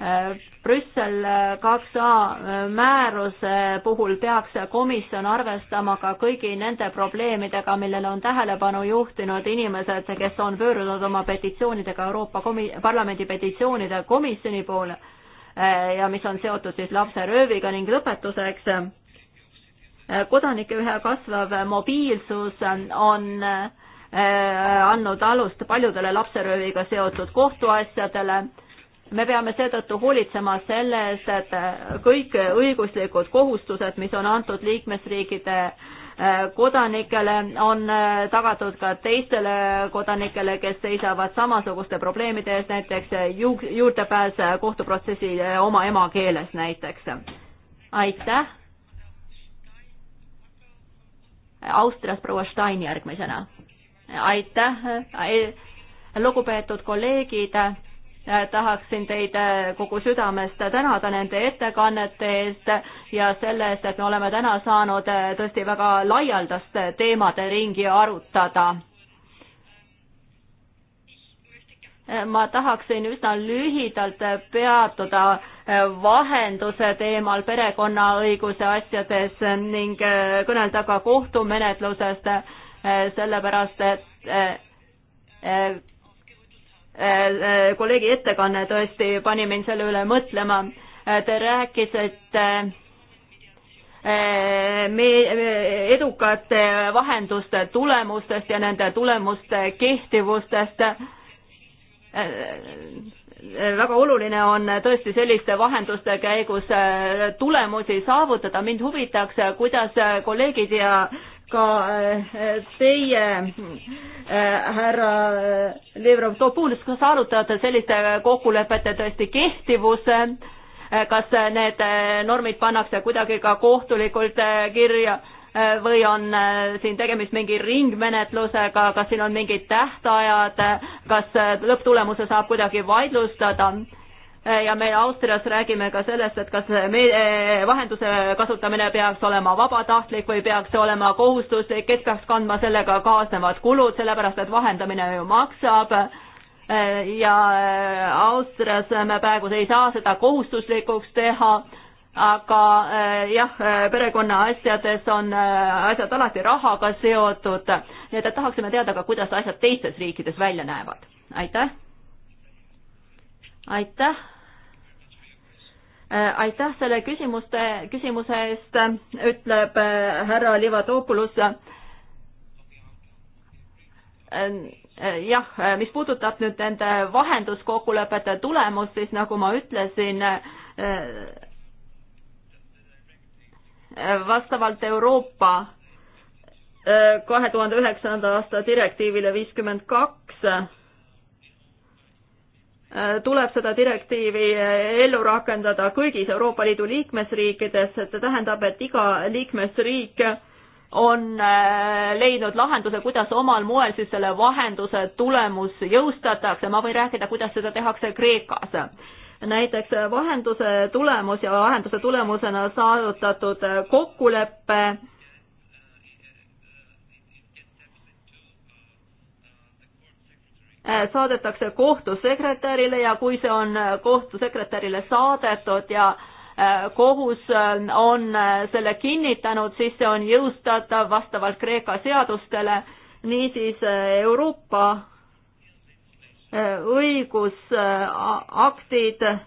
S2: Äh, Brüssel 2A määruse puhul peaks komisjon arvestama ka kõigi nende probleemidega, millele on tähelepanu juhtinud inimesed, kes on pöördunud oma petitsioonidega Euroopa komi-, Parlamendi petitsioonide komisjoni poole ja mis on seotud siis lapserööviga ning lõpetuseks Äh, kodanike üha kasvav äh, mobiilsus on äh, andnud alust paljudele lapserööviga seotud kohtuasjadele. me peame seetõttu hoolitsema selle eest, et kõik õiguslikud kohustused, mis on antud liikmesriikide kodanikele, on tagatud ka teistele kodanikele, kes seisavad samasuguste probleemide ees, näiteks ju-, juurdepääs kohtuprotsessi oma emakeeles näiteks. aitäh! Austrias proua Stein järgmisena. aitäh, eh, lugupeetud kolleegid, eh, tahaksin teid eh, kogu südamest tänada nende ettekannete eest ja selle eest, et me oleme täna saanud tõesti väga laialdast teemade ringi arutada ma tahaksin üsna lühidalt peatuda eh, vahenduse teemal perekonnaõiguse asjades ning eh, kõnelda ka kohtumenetlusest, eh, sellepärast et kolleegi ettekanne tõesti pani mind selle üle mõtlema. Te rääkisite me edukate vahenduste tulemustest ja nende tulemuste kehtivustest Äh, äh, väga oluline on tõesti selliste vahenduste käigus äh, tulemusi saavutada. mind huvitaks, kuidas kolleegid ja ka teie, härra Levrov Topulis, kas arutate selliste kokkulepete tõesti kehtivuse, kas need normid pannakse kuidagi ka kohtulikult kirja Äh, või on äh, siin tegemist mingi ringmenetlusega, kas siin on mingid tähtajad, kas äh, lõpptulemuse saab kuidagi vaidlustada? ja me Austrias räägime ka sellest, et kas vahenduse kasutamine peaks olema vabatahtlik või peaks see olema kohustuslik, kes peaks kandma sellega kaasnevad kulud, sellepärast et vahendamine ju maksab ja Austrias me praegu ei saa seda kohustuslikuks teha aga eh, jah, eh, perekonnaasjades on eh, asjad alati rahaga seotud, nii et tahaksime teada ka, kuidas asjad teistes riikides välja näevad. aitäh! aitäh! aitäh selle küsimuste, küsimuse eest, ütleb härra Livatopoulos jah, mis puudutab nüüd nende vahenduskokkulepete tulemust, siis nagu ma ütlesin, vastavalt Euroopa äh, kahe tuhande üheksanda aasta direktiivile viiskümmend kaks äh, tuleb seda direktiivi äh, ellu rakendada kõigis Euroopa Liidu liikmesriikides, see tähendab, et iga liikmesriik on leidnud lahenduse, kuidas omal moel siis selle vahenduse tulemus jõustatakse, ma võin rääkida, kuidas seda tehakse Kreekas näiteks vahenduse tulemus ja vahenduse tulemusena saavutatud kokkulepe saadetakse kohtusekretärile ja kui see on kohtusekretärile saadetud ja äh, kohus äh, on äh, selle kinnitanud, siis see on jõustatav vastavalt Kreeka seadustele, niisiis Euroopa õigusaktid äh,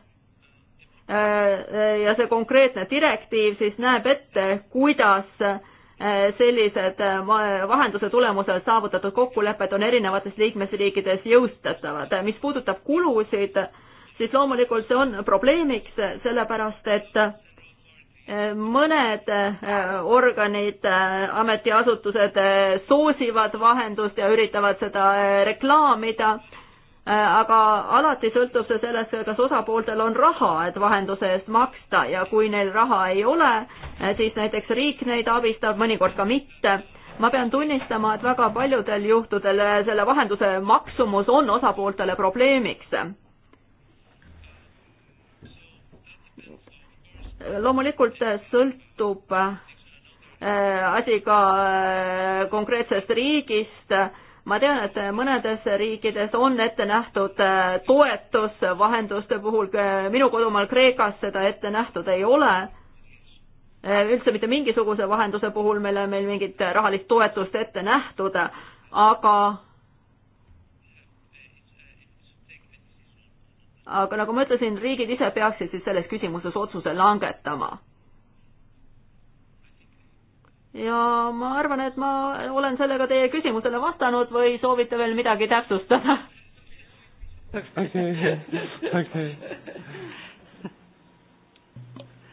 S2: äh, ja see konkreetne direktiiv siis näeb ette, kuidas äh, sellised vahenduse tulemusel saavutatud kokkulepped on erinevates liikmesriikides jõustatavad. mis puudutab kulusid, siis loomulikult see on probleemiks, sellepärast et mõned organid, ametiasutused soosivad vahendust ja üritavad seda reklaamida Äh, aga alati sõltub see sellest, kas osapooltel on raha, et vahenduse eest maksta ja kui neil raha ei ole, äh, siis näiteks riik neid abistab, mõnikord ka mitte. ma pean tunnistama, et väga paljudel juhtudel äh, selle vahenduse maksumus on osapooltele probleemiks. loomulikult sõltub asi ka konkreetsest riigist ma tean, et mõnedes riikides on ette nähtud äh, toetus vahenduste puhul, äh, minu kodumaal Kreekas seda ette nähtud ei ole. Äh, üldse mitte mingisuguse vahenduse puhul meil on meil mingit rahalist toetust ette nähtud, aga aga nagu ma ütlesin, riigid ise peaksid siis selles küsimuses otsuse langetama ja ma arvan, et ma olen sellega teie küsimusele vastanud või soovite veel midagi täpsustada?
S1: okei, okei.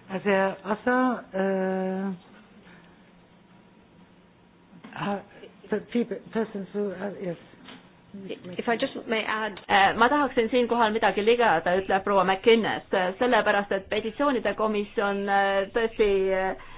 S5: Also, also äh, ah, the people, persons who are, yes. If
S2: I just may add. Äh, ma tahaksin siinkohal midagi ligada, ütleb proua McInnes, sellepärast et petitsioonide komisjon äh, tõesti äh,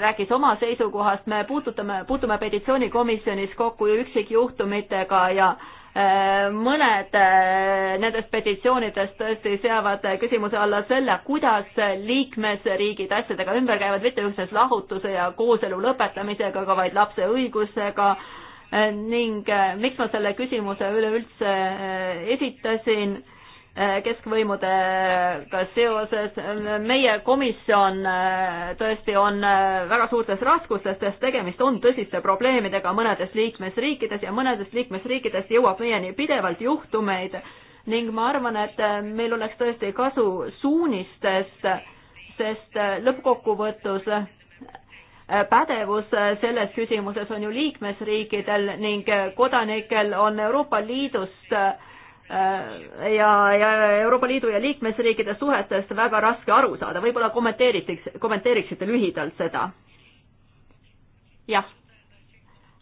S2: rääkis oma seisukohast, me puudutame, puutume petitsioonikomisjonis kokku üksikjuhtumitega ja äh, mõned äh, nendest petitsioonidest tõesti seavad küsimuse alla selle, kuidas liikmesriigid asjadega ümber käivad, mitte üksnes lahutuse ja kooselu lõpetamisega, aga vaid lapse õigusega äh, ning miks ma selle küsimuse üleüldse esitasin Äh, keskvõimudega seoses. meie komisjon äh, tõesti on äh, väga suurtes raskustes, sest tegemist on tõsiste probleemidega mõnedes liikmesriikides ja mõnedes liikmesriikides jõuab meieni pidevalt juhtumeid ning ma arvan, et meil oleks tõesti kasu suunistest, sest lõppkokkuvõttes pädevus selles küsimuses on ju liikmesriikidel ning kodanikel on Euroopa Liidust äh, Äh, ja, ja Euroopa Liidu ja liikmesriikide suhetest väga raske aru saada, võib-olla kommenteeritakse, kommenteeriksite lühidalt seda? jah,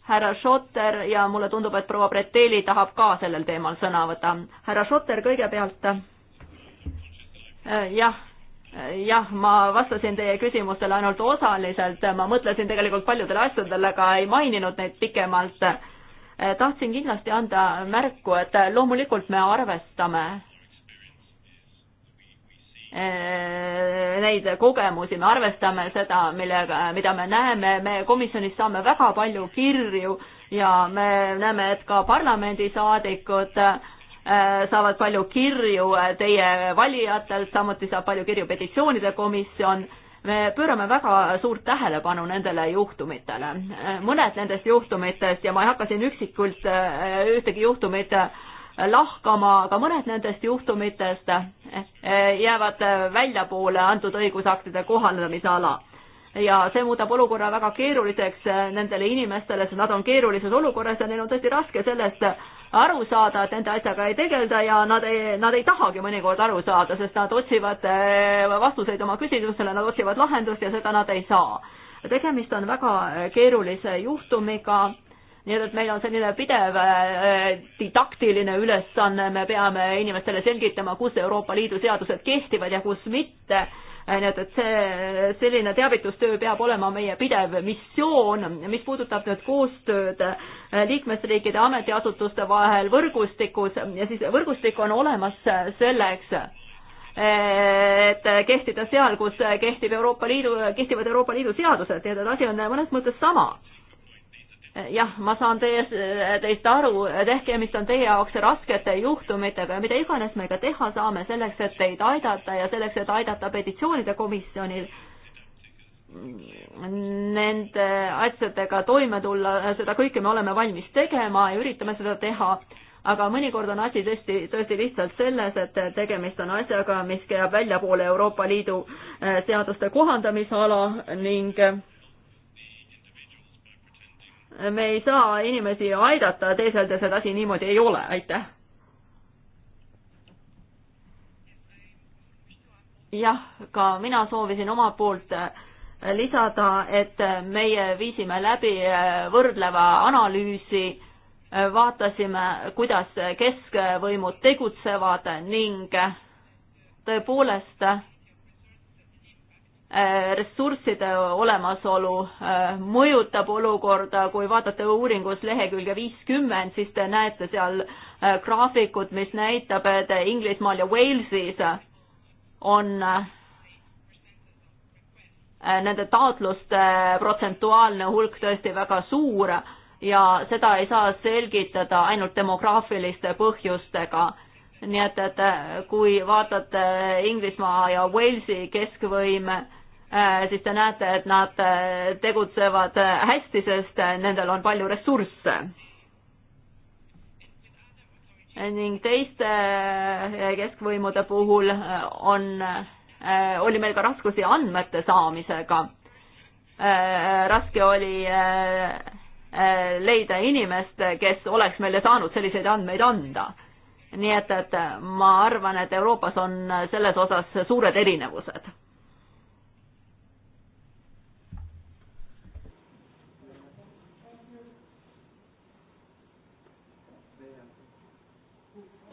S2: härra Schotter ja mulle tundub, et proua Breteli tahab ka sellel teemal sõna võtta. härra Schotter kõigepealt. Äh, jah äh, jah, ma vastasin teie küsimustele ainult osaliselt, ma mõtlesin tegelikult paljudele asjadele, aga ei maininud neid pikemalt Eh, tahtsin kindlasti anda märku, et loomulikult me arvestame eh, neid kogemusi, me arvestame seda, millega, mida me näeme, me komisjonis saame väga palju kirju ja me näeme, et ka parlamendisaadikud eh, saavad palju kirju teie valijatelt, samuti saab palju kirju petitsioonide komisjon me pöörame väga suurt tähelepanu nendele juhtumitele. mõned nendest juhtumitest ja ma ei hakka siin üksikult äh, ühtegi juhtumit äh, lahkama, aga mõned nendest juhtumitest äh, jäävad väljapoole antud õigusaktide kohaldamisala. ja see muudab olukorra väga keeruliseks nendele inimestele, sest nad on keerulises olukorras ja neil on tõesti raske sellest aru saada, et nende asjaga ei tegelda ja nad ei, nad ei tahagi mõnikord aru saada, sest nad otsivad eh, vastuseid oma küsimusele, nad otsivad lahendust ja seda nad ei saa. tegemist on väga eh, keerulise juhtumiga, nii et meil on selline pidev eh, didaktiline ülesanne, me peame inimestele selgitama, kus Euroopa Liidu seadused kehtivad ja kus mitte Äh, nii et, et see, selline teavitustöö peab olema meie pidev missioon, mis puudutab nüüd koostööd äh, liikmesriikide ametiasutuste vahel võrgustikus ja siis võrgustik on olemas selleks, äh, et kehtida seal, kus kehtib Euroopa Liidu, kehtivad Euroopa Liidu seadused, nii et asi on mõnes mõttes sama jah, ma saan teie, teist aru, tehke, mis on teie jaoks raskete juhtumitega ja mida iganes me ka teha saame selleks, et teid aidata ja selleks, et aidata petitsioonide komisjonil nende asjadega toime tulla, seda kõike me oleme valmis tegema ja üritame seda teha, aga mõnikord on asi tõesti, tõesti lihtsalt selles, et tegemist on asjaga, mis käib väljapoole Euroopa Liidu eh, seaduste kohandamisala ning äh, me ei saa inimesi aidata teeseldes, et asi niimoodi ei ole, aitäh. jah, ka mina soovisin omalt poolt äh, lisada, et äh, meie viisime läbi äh, võrdleva analüüsi, vaatasime, kuidas keskvõimud tegutsevad ning tõepoolest Äh, ressursside olemasolu äh, mõjutab olukorda, kui vaatate uuringus lehekülge viiskümmend, siis te näete seal äh, graafikut, mis näitab, et Inglismaal ja Walesis on nende taotluste protsentuaalne hulk tõesti väga suur ja seda ei saa selgitada ainult demograafiliste põhjustega nii et, et kui vaatate Inglismaa ja Walesi keskvõime, Äh, siis te näete, et nad äh, tegutsevad äh, hästi, sest nendel on palju ressursse. ning teiste keskvõimude puhul on, oli meil ka raskusi andmete saamisega. raske oli leida inimest, kes oleks meile saanud selliseid andmeid anda. nii et, et ma arvan, et Euroopas on selles osas suured erinevused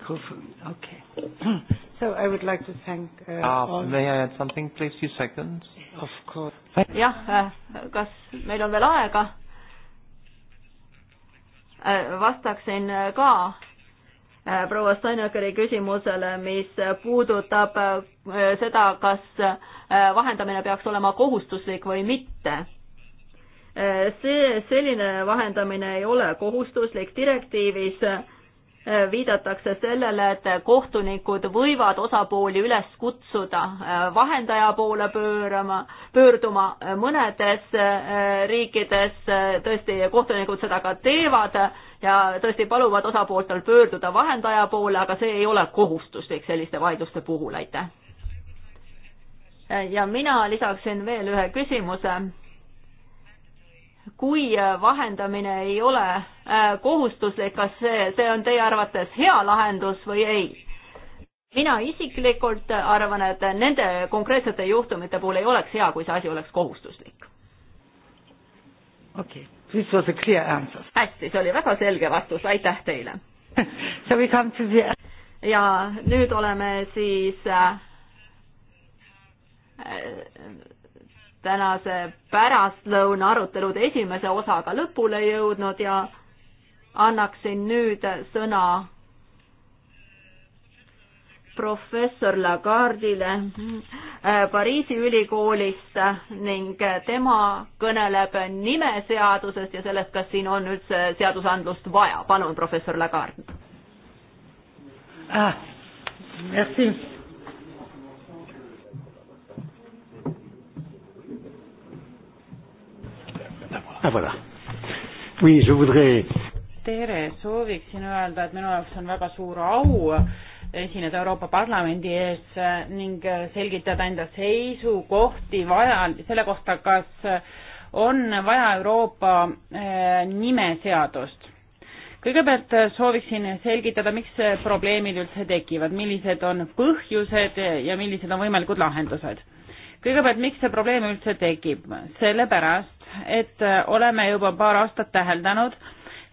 S5: Okay. So I would like to thank uh, ah, all. May
S1: I add something, please? Few seconds. Of
S5: course. jah, uh, kas
S2: meil on veel aega? Äh, vastaksin äh, ka äh, proua Steinakeri küsimusele, mis puudutab seda, kas vahendamine peaks olema kohustuslik või mitte see, selline vahendamine ei ole kohustuslik direktiivis äh, viidatakse sellele, et kohtunikud võivad osapooli üles kutsuda äh, vahendaja poole pöörama, pöörduma, äh, mõnedes äh, riikides tõesti kohtunikud seda ka teevad ja tõesti paluvad osapooltel pöörduda vahendaja poole, aga see ei ole kohustuslik selliste vaidluste puhul, aitäh. ja mina lisaksin veel ühe küsimuse kui äh, vahendamine ei ole äh, kohustuslik, kas see, see on teie arvates hea lahendus või ei? mina isiklikult äh, arvan, et nende konkreetsete juhtumite puhul ei oleks hea, kui see asi oleks kohustuslik.
S5: okei okay., this was a clear answer.
S2: hästi, see oli väga selge vastus, aitäh teile
S5: So we come to the
S2: ja nüüd oleme siis äh, tänase pärastlõuna arutelude esimese osaga lõpule jõudnud ja annaksin nüüd sõna professor Lagardile äh, Pariisi ülikoolist ning tema kõneleb nimeseadusest ja sellest, kas siin on üldse seadusandlust vaja. palun, professor Lagard
S5: ah,.
S1: Merci ah, voilà. Oui, je voudrais...
S3: tere, sooviksin öelda, et minu jaoks on väga suur au esineda Euroopa Parlamendi ees ning selgitada enda seisukohti vaja, selle kohta, kas on vaja Euroopa eh, nimeseadust. kõigepealt sooviksin selgitada, miks probleemid üldse tekivad, millised on põhjused ja millised on võimalikud lahendused kõigepealt, miks see probleem üldse tekib? sellepärast, et äh, oleme juba paar aastat täheldanud,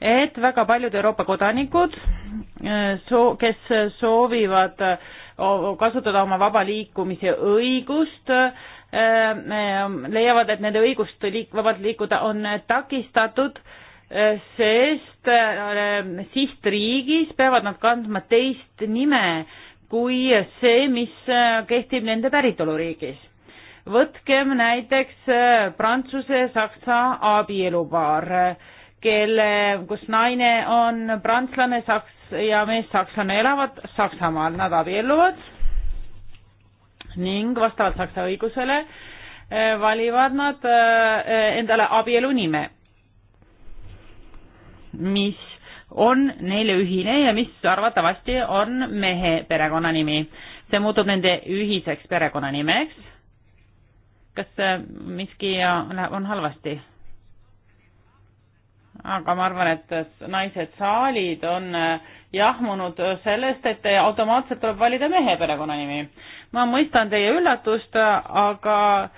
S3: et väga paljud Euroopa kodanikud, äh, kes soovivad äh, kasutada oma vaba liikumise õigust, leiavad, et nende õigust liik-, vabalt liikuda on takistatud, sest sihtriigis peavad nad kandma teist nime kui see, mis kehtib nende päritoluriigis võtkem näiteks äh, Prantsuse ja Saksa abielupaar, kelle, kus naine on prantslane, saks- ja mees sakslane elavad Saksamaal, nad abielluvad ning vastavalt Saksa õigusele äh, valivad nad äh, endale abielu nime, mis on neile ühine ja mis arvatavasti on mehe perekonnanimi. see muutub nende ühiseks perekonnanimeks kas äh, miski on halvasti? aga ma arvan, et äh, naised saalid on äh, jahmunud sellest, et automaatselt tuleb valida mehe perekonnanimi. ma mõistan teie üllatust, aga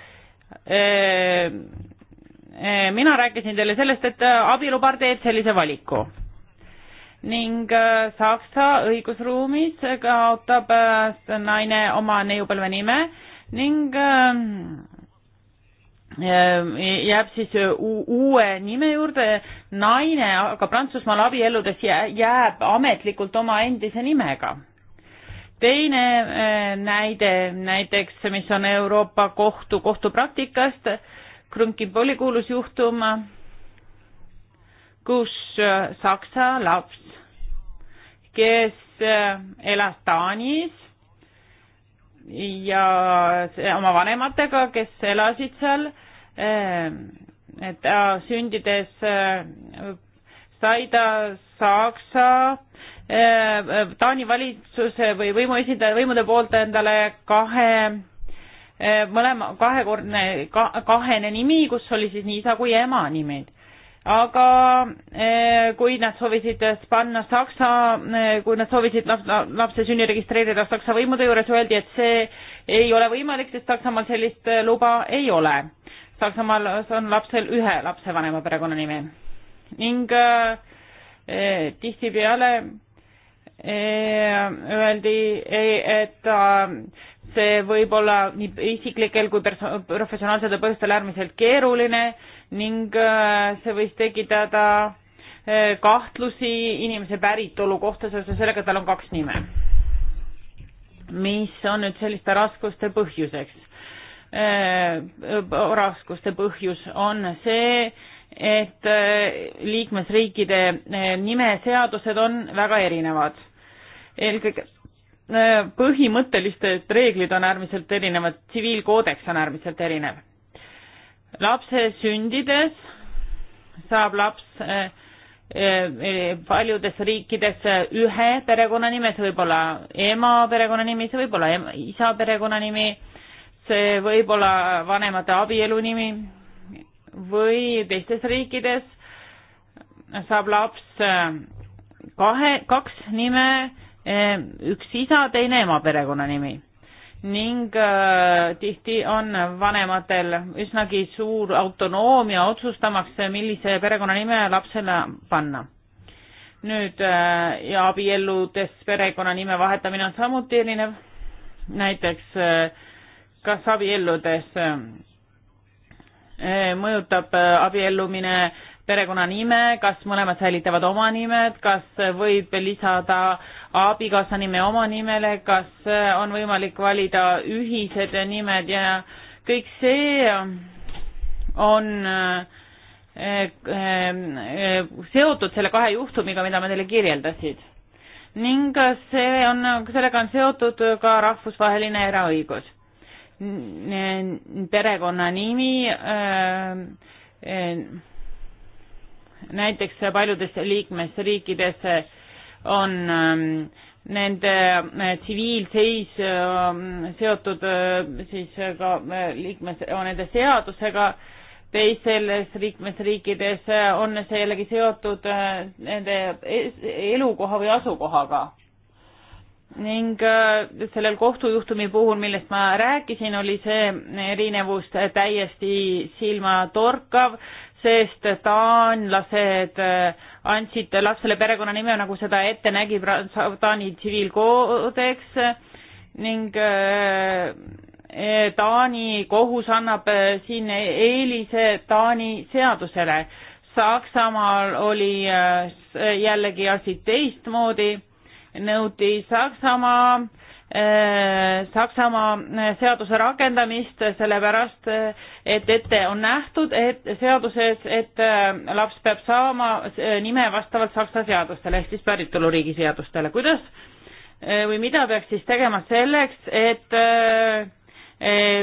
S3: mina rääkisin teile sellest, et abielupaar teeb sellise valiku. ning Saksa õigusruumis kaotab naine oma neiupõlve nime ning Ehm, jääb siis äh, uue nime juurde, naine aga Prantsusmaal abielludes jääb ametlikult oma endise nimega. teine äh, näide näiteks, mis on Euroopa Kohtu kohtupraktikast, Krõnkipoli kuulus juhtum, kus äh, saksa laps, kes elas Taanis ja oma vanematega, kes elasid seal Ehm, et ta äh, sündides äh, sai ta Saksa äh, Taani valitsuse või võimuesindaja, võimude poolt endale kahe mõlema kahekordne ka,, kahene nimi, kus oli siis nii isa kui ema nimed. aga kui nad soovisid panna Saksa, kui nad soovisid laps, lapse sünni registreerida Saksa võimude juures, öeldi, et see ei ole võimalik, sest Saksamaal sellist luba ei ole Saksamaal on lapsel ühe lapsevanema perekonnanime ning eh, tihtipeale eh, öeldi, et eh, see võib olla nii isiklikel kui professionaalsetel põhjustel äärmiselt keeruline ning see võis tekitada kahtlusi inimese päritolu kohta seoses sellega, et tal on kaks nime. mis on nüüd selliste raskuste põhjuseks? Äh, äh, raskuste põhjus on see, et äh, liikmesriikide nimeseadused on väga erinevad. eelkõige põhimõttelised reeglid on äärmiselt erinevad, tsiviilkoodeks on äärmiselt erinev. lapse sündides saab laps paljudes riikides ühe perekonnanime, see võib olla ema perekonnanimi, see võib olla isa perekonnanimi see võib olla vanemate abielu nimi või teistes riikides saab laps äh, kahe, kaks nime, äh, üks isa, teine ema perekonnanimi ning äh, tihti on vanematel üsnagi suur autonoomia otsustamaks, millise perekonnanime lapsele panna. nüüd äh, ja abielludes perekonnanime vahetamine on samuti erinev, näiteks äh, kas abielludes eh, mõjutab eh, abiellumine perekonnanime, kas mõlemad säilitavad oma nimed, kas võib lisada abikaasa nime oma nimele, kas eh, on võimalik valida ühised nimed ja kõik see on seotud selle kahe juhtumiga, mida ma teile kirjeldasid. ning see on, sellega on seotud ka rahvusvaheline eraõigus perekonnanimi äh, äh, näiteks paljudes liikmesriikides on ähm, nende äh, tsiviilseis ähm, seotud siis ka liikmes, nende seadusega, teises liikmesriikides on see jällegi seotud nende elukoha või asukohaga ning äh, sellel kohtujuhtumi puhul, millest ma rääkisin, oli see erinevus täiesti silmatorkav, sest taanlased äh, andsid lapsele perekonnanime, nagu seda ette nägi Taani tsiviilkoodeks ning äh, e, Taani kohus annab siin eelise Taani seadusele. Saksamaal oli jällegi asi teistmoodi nõuti Saksamaa äh, Saksamaa äh, seaduse rakendamist, sellepärast äh, et ette on nähtud, et seaduses, et laps peab saama nime vastavalt Saksa seadustele ehk siis päritoluriigi seadustele. kuidas või mida peaks siis tegema selleks, et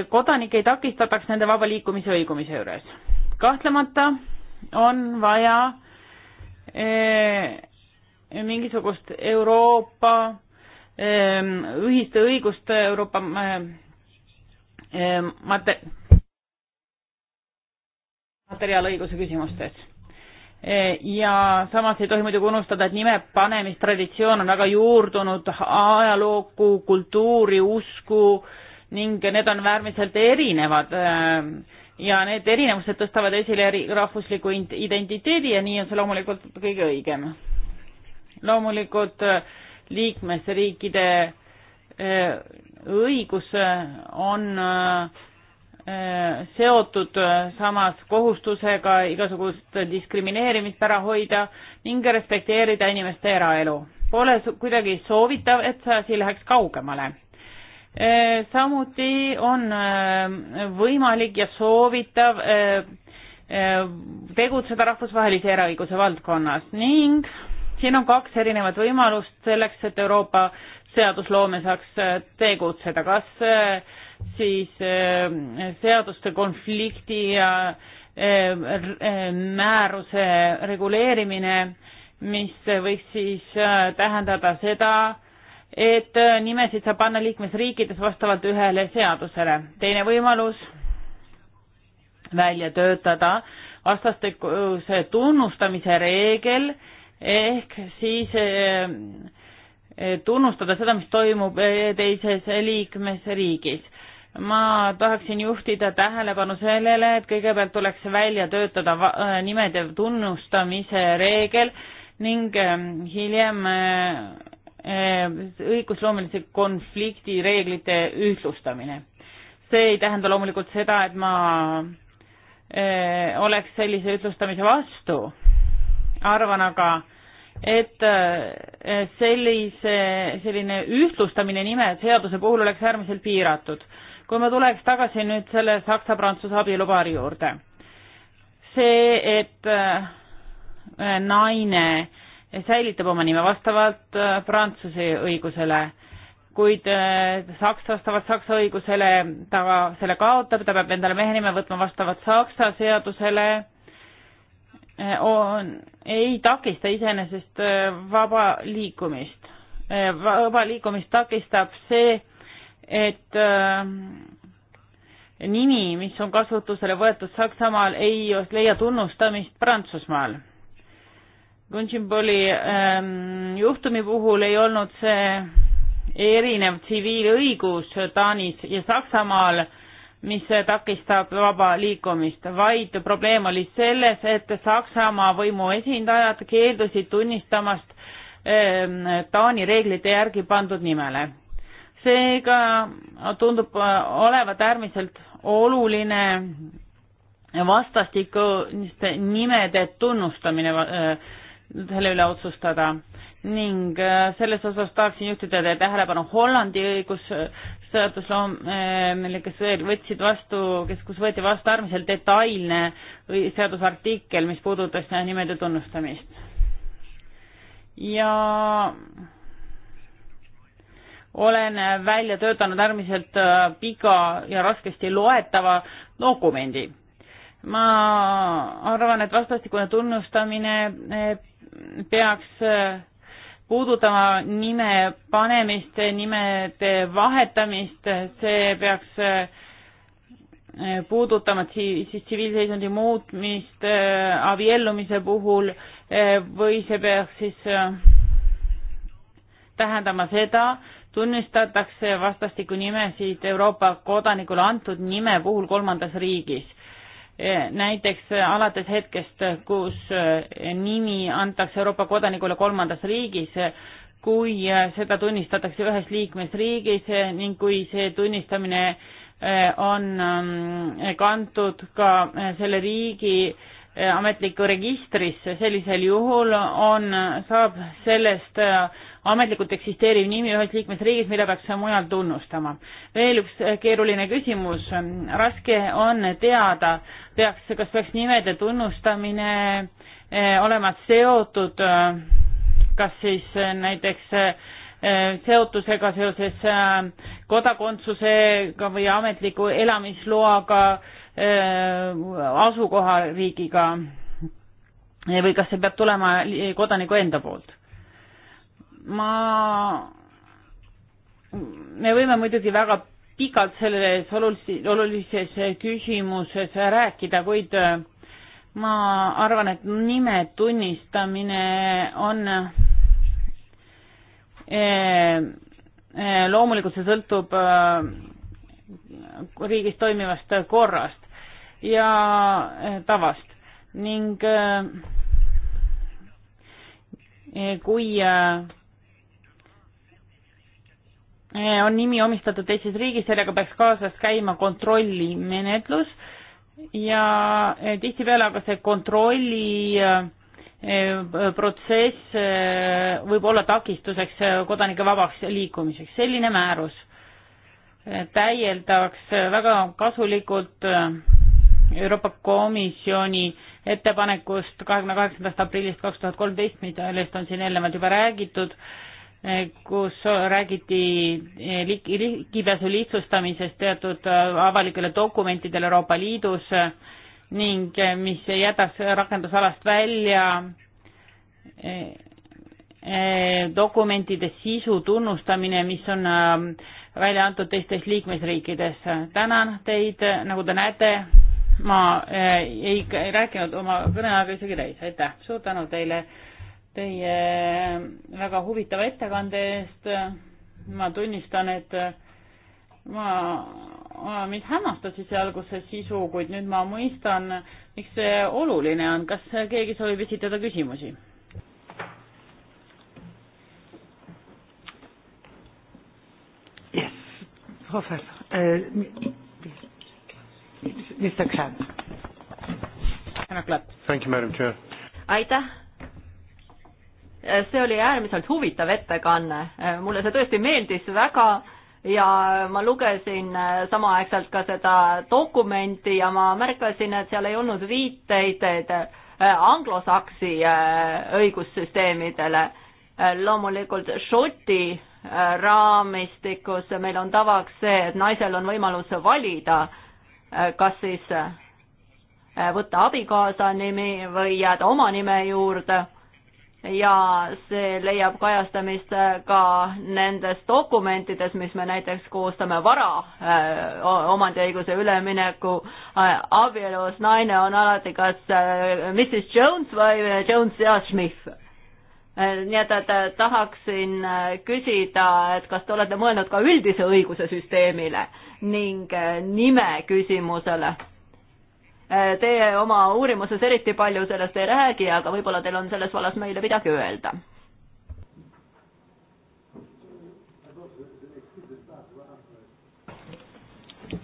S3: kodanikke ei takistataks nende vaba liikumise õigumise juures? kahtlemata on vaja mingisugust Euroopa ehm, ühiste õiguste Euroopa ehm, ehm, mate-, materiaalõiguse küsimustes. Eh, ja samas ei tohi muidugi unustada, et nime panemistraditsioon on väga juurdunud ajalooku, kultuuri, usku ning need on äärmiselt erinevad ja need erinevused tõstavad esile rahvusliku identiteedi ja nii on see loomulikult kõige õigem loomulikult äh, liikmesriikide äh, õigus äh, on seotud samas kohustusega igasugust diskrimineerimist ära hoida ning respekteerida inimeste eraelu. Pole kuidagi soovitav, et see asi läheks kaugemale. samuti on võimalik ja soovitav tegutseda rahvusvahelise eraõiguse valdkonnas ning siin on kaks erinevat võimalust selleks, et Euroopa seadusloome saaks äh, tegutseda, kas äh, siis äh, seaduste konflikti ja määruse reguleerimine, mis võiks siis tähendada seda, et nimesid saab panna liikmesriikides vastavalt ühele seadusele. teine võimalus välja töötada vastastikuse tunnustamise reegel äh, ehk siis ehm, eh, tunnustada seda, mis toimub eh, teises liikmesriigis. ma tahaksin juhtida tähelepanu sellele, et kõigepealt tuleks välja töötada eh, nimede tunnustamise reegel ning ehm, hiljem õigusloomelise konflikti reeglite ühtlustamine. see ei tähenda loomulikult seda, et ma oleks sellise ütlustamise vastu arvan aga, et äh, sellise, selline ühtlustamine nime seaduse puhul oleks äärmiselt piiratud. kui ma tuleks tagasi nüüd selle saksa-prantsuse abielupaari juurde, see, et äh, naine säilitab oma nime vastavalt äh, Prantsuse õigusele, kuid Saks vastavalt Saksa õigusele ta selle kaotab, ta peab endale mehe nime võtma vastavalt Saksa seadusele on, ei takista iseenesest äh, vaba liikumist. Äh, vaba liikumist takistab see, et äh, nimi, mis on kasutusele võetud Saksamaal, ei leia tunnustamist Prantsusmaal. Gunsimboli ähm, juhtumi puhul ei olnud see erinev tsiviilõigus Taanis ja Saksamaal äh, mis takistab vaba liikumist, vaid probleem oli selles, et Saksamaa võimu esindajad keeldusid tunnistamast ehm, Taani reeglite järgi pandud nimele. seega tundub äh, olevat äärmiselt oluline vastastikuste nimede tunnustamine äh, selle üle otsustada ning äh, selles osas tahaksin juhtida teie tähelepanu Hollandi õigus seadusloomele, äh, kes võtsid vastu, kes, kus võeti vastu äärmiselt detailne seadusartikkel, mis puudutas nimede tunnustamist. ja olen välja töötanud äärmiselt äh, pika ja raskesti loetava dokumendi. ma arvan, et vastastikune tunnustamine äh, peaks puudutama nime panemist, nimede vahetamist, see peaks eh, puudutama siis tsiviilseisundi muutmist eh, abiellumise puhul eh, või see peaks siis tähendama seda, tunnistatakse vastastikku nimesid Euroopa kodanikule antud nime puhul kolmandas riigis näiteks äh, alates hetkest, äh, kus äh, nimi antakse Euroopa kodanikule kolmandas riigis, kui seda tunnistatakse ühes liikmesriigis ning kui see tunnistamine on ähm, kantud ka selle riigi ametlikku registrisse, sellisel juhul on, saab sellest ametlikult eksisteeriv nimi ühes liikmesriigis, mida peaks mujal tunnustama. veel üks keeruline küsimus, raske on teada, peaks, kas peaks nimede tunnustamine eh, olema seotud eh, kas siis eh, näiteks seotusega seoses kodakondsusega või ametliku elamisloaga, asukohariigiga või kas see peab tulema kodaniku enda poolt? ma, me võime muidugi väga pikalt selles olulises, olulises eh, küsimuses eh, rääkida, kuid eh, ma arvan, et nime tunnistamine on loomulikult see sõltub riigis toimivast korrast ja tavast ning kui Eh, on nimi omistatud teises riigis, sellega peaks kaasas käima kontrollimenetlus ja eh, tihtipeale aga see kontrolli eh, protsess võib olla takistuseks kodanike vabaks liikumiseks. selline määrus täieldaks väga kasulikult Euroopa Komisjoni ettepanekust kahekümne kaheksandast aprillist kaks tuhat kolmteist, millest on siin eelnevalt juba räägitud kus räägiti ligipääsu lihtsustamisest teatud äh, avalikele dokumentidele Euroopa Liidus ning äh, mis jätaks rakendusalast välja äh, dokumentide sisu tunnustamine, mis on välja antud teistes liikmesriikides. tänan teid, nagu te näete, ma ei rääkinud oma kõneaega isegi täis, aitäh, suur tänu teile teie väga huvitava ettekande eest. ma tunnistan, et ma, ma, mind hämmastas ise alguses sisu, kuid nüüd ma mõistan, miks see oluline on. kas keegi soovib esitada küsimusi?
S5: Yes, professor uh,. Eh, Mr Klapp.
S1: härra Klapp.
S2: aitäh Eh, see oli äärmiselt huvitav ettekanne, eh, mulle see tõesti meeldis väga ja ma lugesin eh, samaaegselt ka seda dokumenti ja ma märkasin, et seal ei olnud viiteid anglosaksi õigussüsteemidele. loomulikult Šoti raamistikus meil on tavaks see, et naisel on võimalus valida, kas siis võtta abikaasa nimi või jääda oma nime juurde ja see leiab kajastamist ka nendes dokumentides, mis me näiteks koostame vara äh, omandiõiguse ülemineku äh, abielus. naine on alati kas äh, Mrs Jones või Jones ja Smith. nii et, et tahaksin küsida, et kas te olete mõelnud ka üldise õiguse süsteemile ning nime küsimusele Eh, Teie oma uurimuses eriti palju sellest ei räägi, aga võib-olla teil on selles vallas meile midagi öelda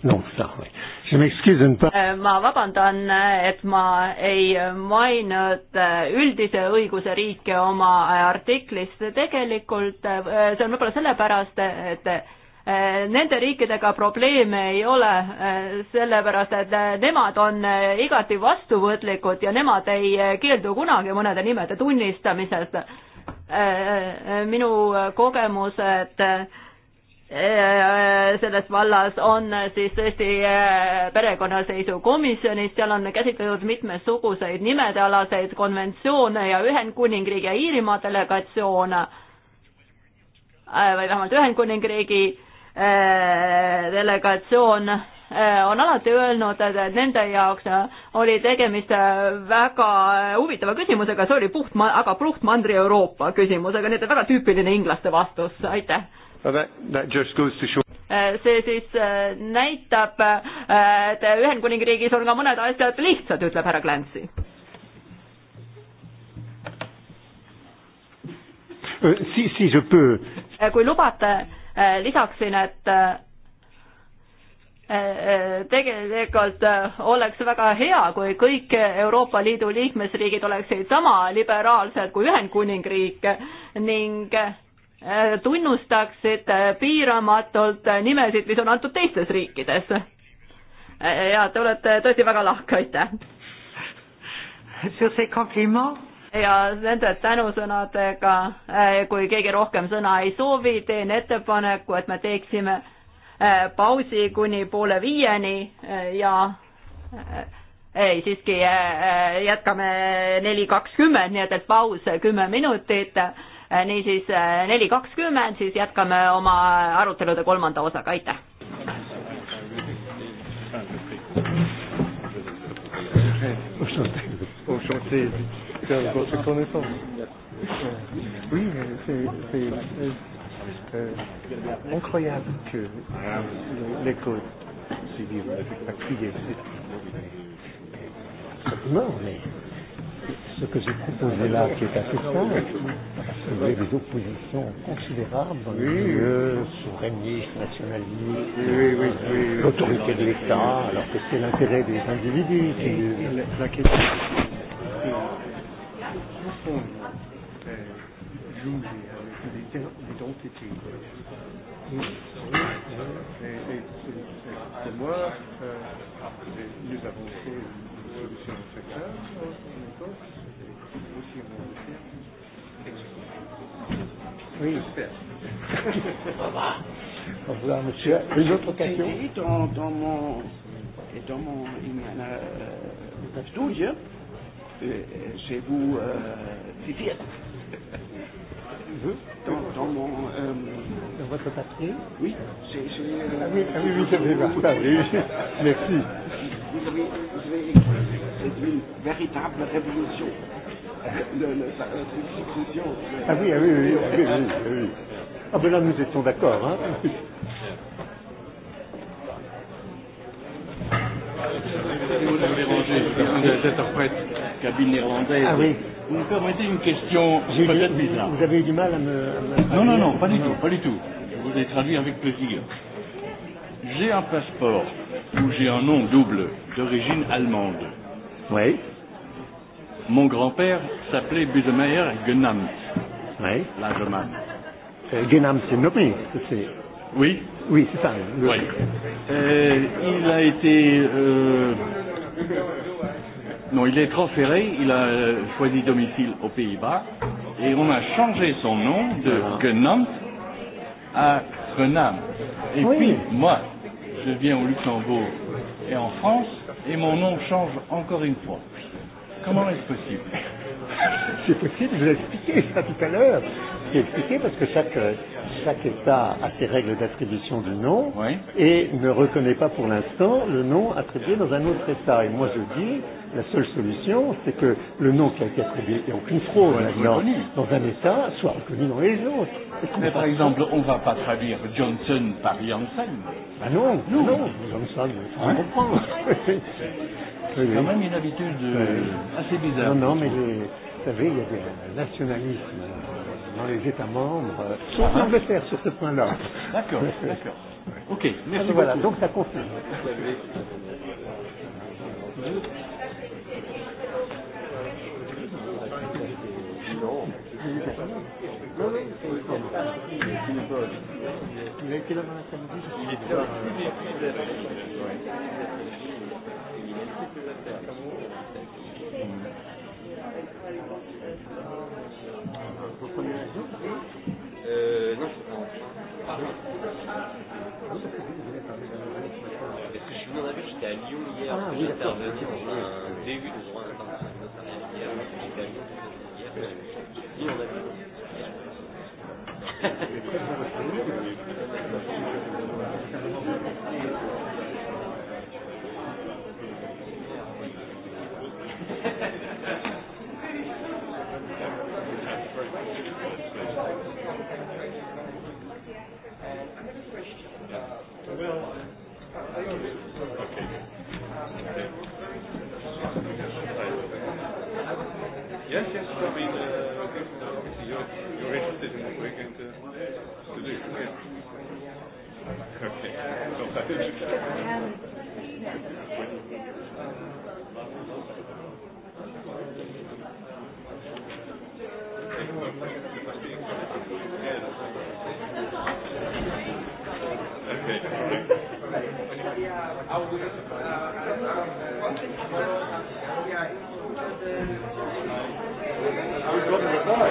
S1: no,. Eh,
S2: ma vabandan, eh, et ma ei maininud üldise õiguse riike oma artiklis, tegelikult see on võib-olla sellepärast, et Eh, nende riikidega probleeme ei ole, eh, sellepärast et eh, nemad on igati vastuvõtlikud ja nemad ei keeldu kunagi mõnede nimede tunnistamisest. minu kogemused selles vallas on siis tõesti perekonnaseisukomisjonis, seal on käsitletud mitmesuguseid nimedealaseid konventsioone ja Ühendkuningriigi ja Iirimaa delegatsioon või vähemalt Ühendkuningriigi Äh, delegatsioon äh, on alati öelnud, et nende jaoks oli tegemist äh, väga huvitava küsimusega, see oli puht, aga puht Mandri-Euroopa küsimusega, nii et väga tüüpiline inglaste vastus, aitäh. see siis näitab, et Ühendkuningriigis on ka mõned asjad lihtsad, ütleb härra Clancy.
S1: Euh, si, si je peux.
S2: kui lubate Äh, lisaksin, et äh, äh, tegelikult oleks väga hea, kui kõik Euroopa Liidu liikmesriigid oleksid sama liberaalsed kui Ühendkuningriik ning tunnustaksid piiramatult nimesid, mis on antud teistes riikides. ja te olete tõesti väga lahke, aitäh!
S5: sur ces compliments
S2: ja nende tänusõnadega, äh, kui keegi rohkem sõna ei soovi, teen ettepaneku, et me teeksime äh, pausi kuni poole viieni äh, ja ei, siiski jätkame neli kakskümmend, nii et, et paus kümme minutit. niisiis neli kakskümmend, siis jätkame oma arutelude kolmanda osaga, aitäh.
S1: Aujourd'hui, C'est à votre connaissance. Oui, mais c'est, c'est euh, incroyable que les causes suivies la prière. Simplement, mais ce que j'ai proposé là, qui est assez simple, il y a des oppositions considérables dans le milieu souverainiste, nationaliste, oui, oui, oui, l'autorité de l'État, alors que c'est l'intérêt des individus. Et, et la, la question fond euh, joue avec l'identité. Et, et, et pour moi, euh, nous avons fait une solution au secteur en Écosse, aussi en Angleterre. Oui, j'espère. Au revoir, monsieur. Une autre question Dans, dans mon, dans mon euh, euh studio, Euh, chez vous, euh, Cécile. Mhm. Dans, dans mon. Euh, dans votre papier Oui, j'ai. Euh, ah oui, ah oui, oui, ça fait partage. Oui, merci. Vous avez, vous avez c'est une véritable révolution. Le, le, sa, succession. Euh, ah oui, ah oui, oui, oui, oui, oui. Ah ben là, nous étions d'accord. Hein. des interprètes cabine irlandaise. Ah oui. Vous me permettez une question peut-être bizarre. Vous avez eu du mal à me. À me non, non, non, pas du non. tout, pas du tout. Je vous ai traduit avec plaisir. J'ai un passeport où j'ai un nom double d'origine allemande. Oui. Mon grand-père s'appelait Busemeyer Genamt. Oui. L'Allemagne. Euh, Genamt, c'est nommé. C'est Oui Oui, c'est ça. Le... Oui. Euh, il a été. Euh... Non, il est transféré, il a euh, choisi domicile aux Pays-Bas et on a changé son nom de voilà. Genant à Renam. Et oui. puis, moi, je viens au Luxembourg et en France et mon nom change encore une fois. Comment est-ce possible C'est possible, je vous ai expliqué ça tout à l'heure. Je l'ai expliqué parce que chaque chaque État a ses règles d'attribution du nom oui. et ne reconnaît pas pour l'instant le nom attribué dans un autre État. Et moi je dis, la seule solution, c'est que le nom qui a été attribué, il n'y a aucune fraude ouais, maintenant, dans un État, soit reconnu dans les autres. Mais par exemple, on ne va pas traduire Johnson par Janssen. Ah non, non, non, Johnson, on hein? comprend. C'est quand même une habitude euh, assez bizarre. Non, non, mais les, vous savez, il y a des nationalismes. Là dans les États membres, sauf ah, l'Angleterre sur ce point-là. D'accord, d'accord. Ok, merci. Alors, ah, voilà, donc ça confirme. Il est quelle heure dans l'après-midi Parce que je me rappelle, j'étais à Lyon hier. Ah, oui, intervenu en euh, début de droit international hier. J'étais à Lyon hier. Et on a vu. I was going to reply.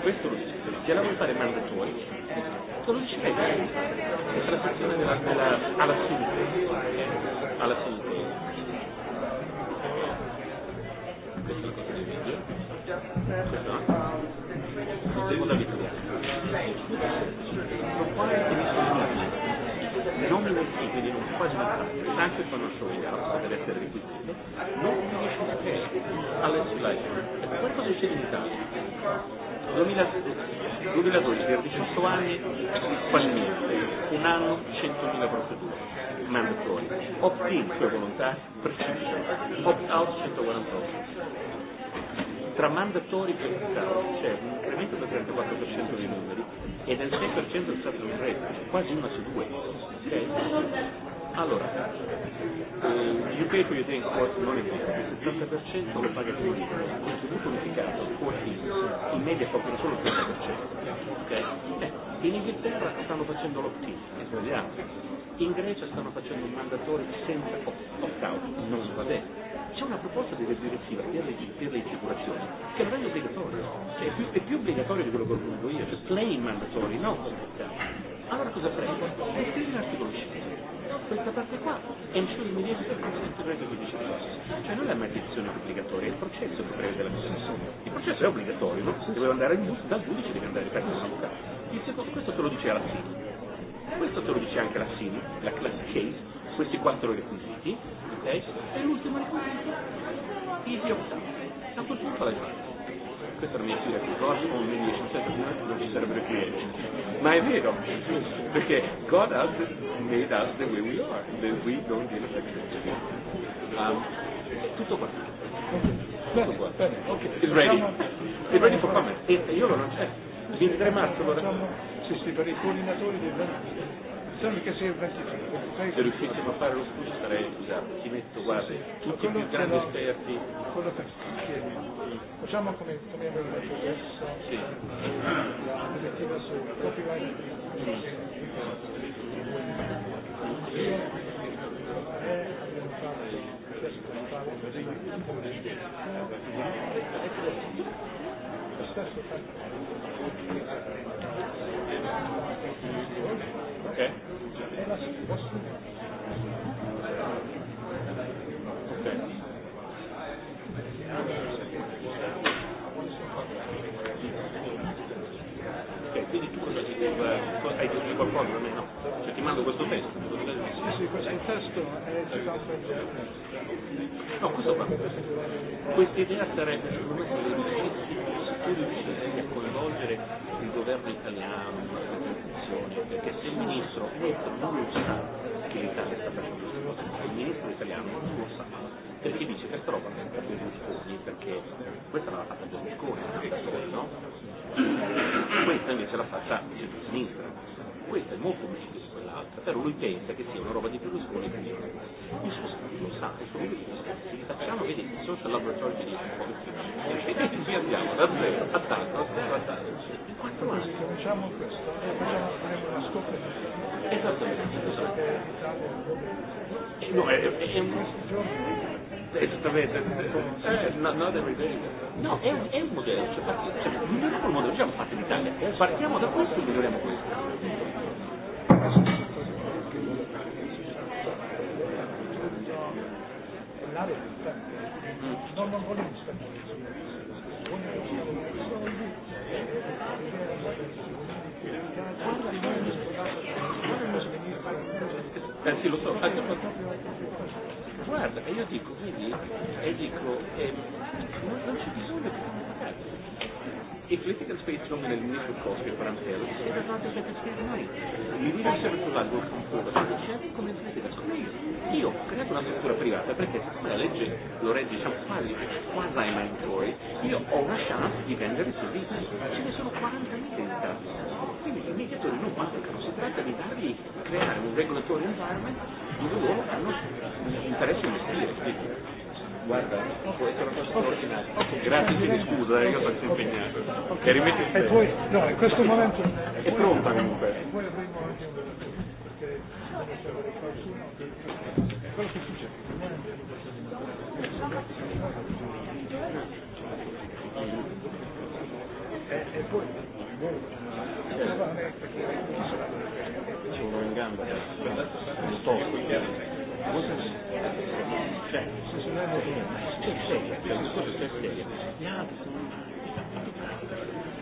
S1: questo lo dice sia la volontà dei mandatori questo lo dice lei è trattazione della, della, alla sintesi alla sintesi questa è la cosa del video questo no? devo la vita non può essere non minuscoli, quindi non si può smettere, anche quando showing up deve essere requisito, non minuscoli all'esulation. E poi cosa succede in Italia? 2000, 2012 per 18 anni fallito, un anno 100.000 procedure mandatori, opt-in sue volontà precisa, opt-out 148 tra mandatori e opt-out c'è un incremento del 34% dei numeri e del 6% del stato di cioè quasi una su due. Okay? Allora, eh, you pay for your thing, course, non è vero, il 70% lo paga il produttore, il contributo unificato, forse in media coprono solo il 30%. Okay? Eh, in Inghilterra stanno facendo l'opt-in, è sbagliato. In Grecia stanno facendo un mandatorio senza opt-out, non va bene. C'è una proposta di direttiva per le, per le assicurazioni che non è obbligatorio, cioè è più, è più obbligatorio di quello che ho voluto io, cioè plain mandatory, non opt-out. Allora cosa prendo? Scrivi l'articolo 5 questa parte qua è e in solo immediato consente il reddito di cittadinanza. Cioè non è la maledizione obbligatoria, è il processo che prevede la concessione. Il processo è obbligatorio, no? Se devo andare in, dal giudice devi andare per l'avvocato. Il secondo, questo te lo dice la SIN, questo te lo dice anche la SIN, la class case, questi quattro requisiti, ok? E l'ultimo requisito, easy opt A quel punto la gente. Questa è la mia teoria che ho, ho un mediation, non ci sarebbero più mediation Ma è vero, perché God has made us the way we are, the way we don't deal with um, Tutto qua. Tutto qua. Bene, okay. It's ready. It's ready for comment. E io non c'è. 23 marzo allora. Diciamo, sì, sì, per i coordinatori del 20 diciamo che sei un Se riuscissimo a fare lo studio sarei scusato, ci metto guarda, tutti i più grandi esperti. Quello che chiedi Facciamo come, come avevo detto adesso, sì. la direttiva su copyright. Mm. l'idea sarebbe secondo me se tu riuscirei a coinvolgere il governo italiano in questa discussione, perché se il ministro non lo sa che l'Italia sta facendo queste cose, il ministro italiano non lo sa, perché dice questa roba è per Berlusconi, perché questa l'ha fatta Berlusconi, no? Questa invece l'ha fatta il sinistra, questa è molto meglio piazza, però lui pensa che sia una roba di Berlusconi e Pino. Io sono lo sa, è solo lui che li facciamo, vedi, il social laboratorio di e così andiamo da zero a tanto, a zero a tanto. In quattro anni. Facciamo questo, eh, facciamo, faremo una scoperta. Esattamente, esatto. Eh, no, è, è, è un... Esattamente, eh, eh, not, not every day. No, è un, è un modello, cioè, cioè, miglioriamo il modello, diciamo fatto in Italia, partiamo da questo e miglioriamo questo. seminare no non volevo stare Eh sì, lo so, anche guarda, e io dico, vedi, e dico, eh, non, non c'è bisogno di η political space των ελληνικού κόσμου, what I'm saying, era tanto que te escribe noi. Mi dire sempre sull'albo cultura, c'è come politica scommessa. Io ho creato una struttura privata perché siccome la legge lo regge diciamo, quasi quasi ai mentori, io ho una chance di vendere servizi. Ce ne sono 40.000 in Italia. Quindi i mediatori non mancano, si tratta di dargli creare un regulatory environment dove loro hanno interesse a investire. Guarda, può essere una cosa straordinaria. Grazie, chiedi scusa, eh, io sono impegnato. E rimetti E poi, no, in questo momento... È pronta comunque. E poi avremo anche un... perché qualcuno... quello che succede. E poi... Sono in gamba. Non eh. sto. Cioè, se sono andato bene, ma c'è seria, cioè il discorso c'è seria. Gli altri sono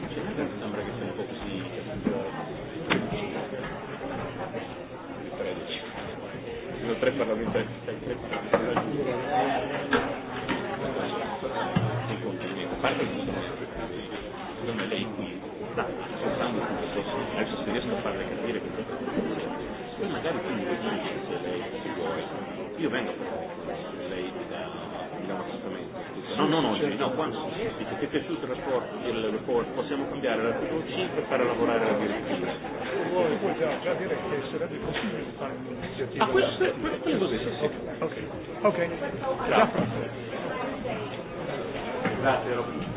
S1: Cioè, non sembra che sia un po' così, capito? Sono tre parlamentari, stai tre parlamentari. E complimenti, a parte il secondo me lei qui sta soltanto questo, adesso se riesco a farle capire che poi magari tu mi dici se lei vuoi, io vengo per No, non oggi, no, quando si se ti è piaciuto il report, il report possiamo cambiare l'articolo 5 e fare lavorare la direttiva. Tu puoi già, già dire che sarebbe possibile fare un'iniziativa. Ah, questo è così, sì, sì. Ok, ok. Grazie. Grazie Roberto.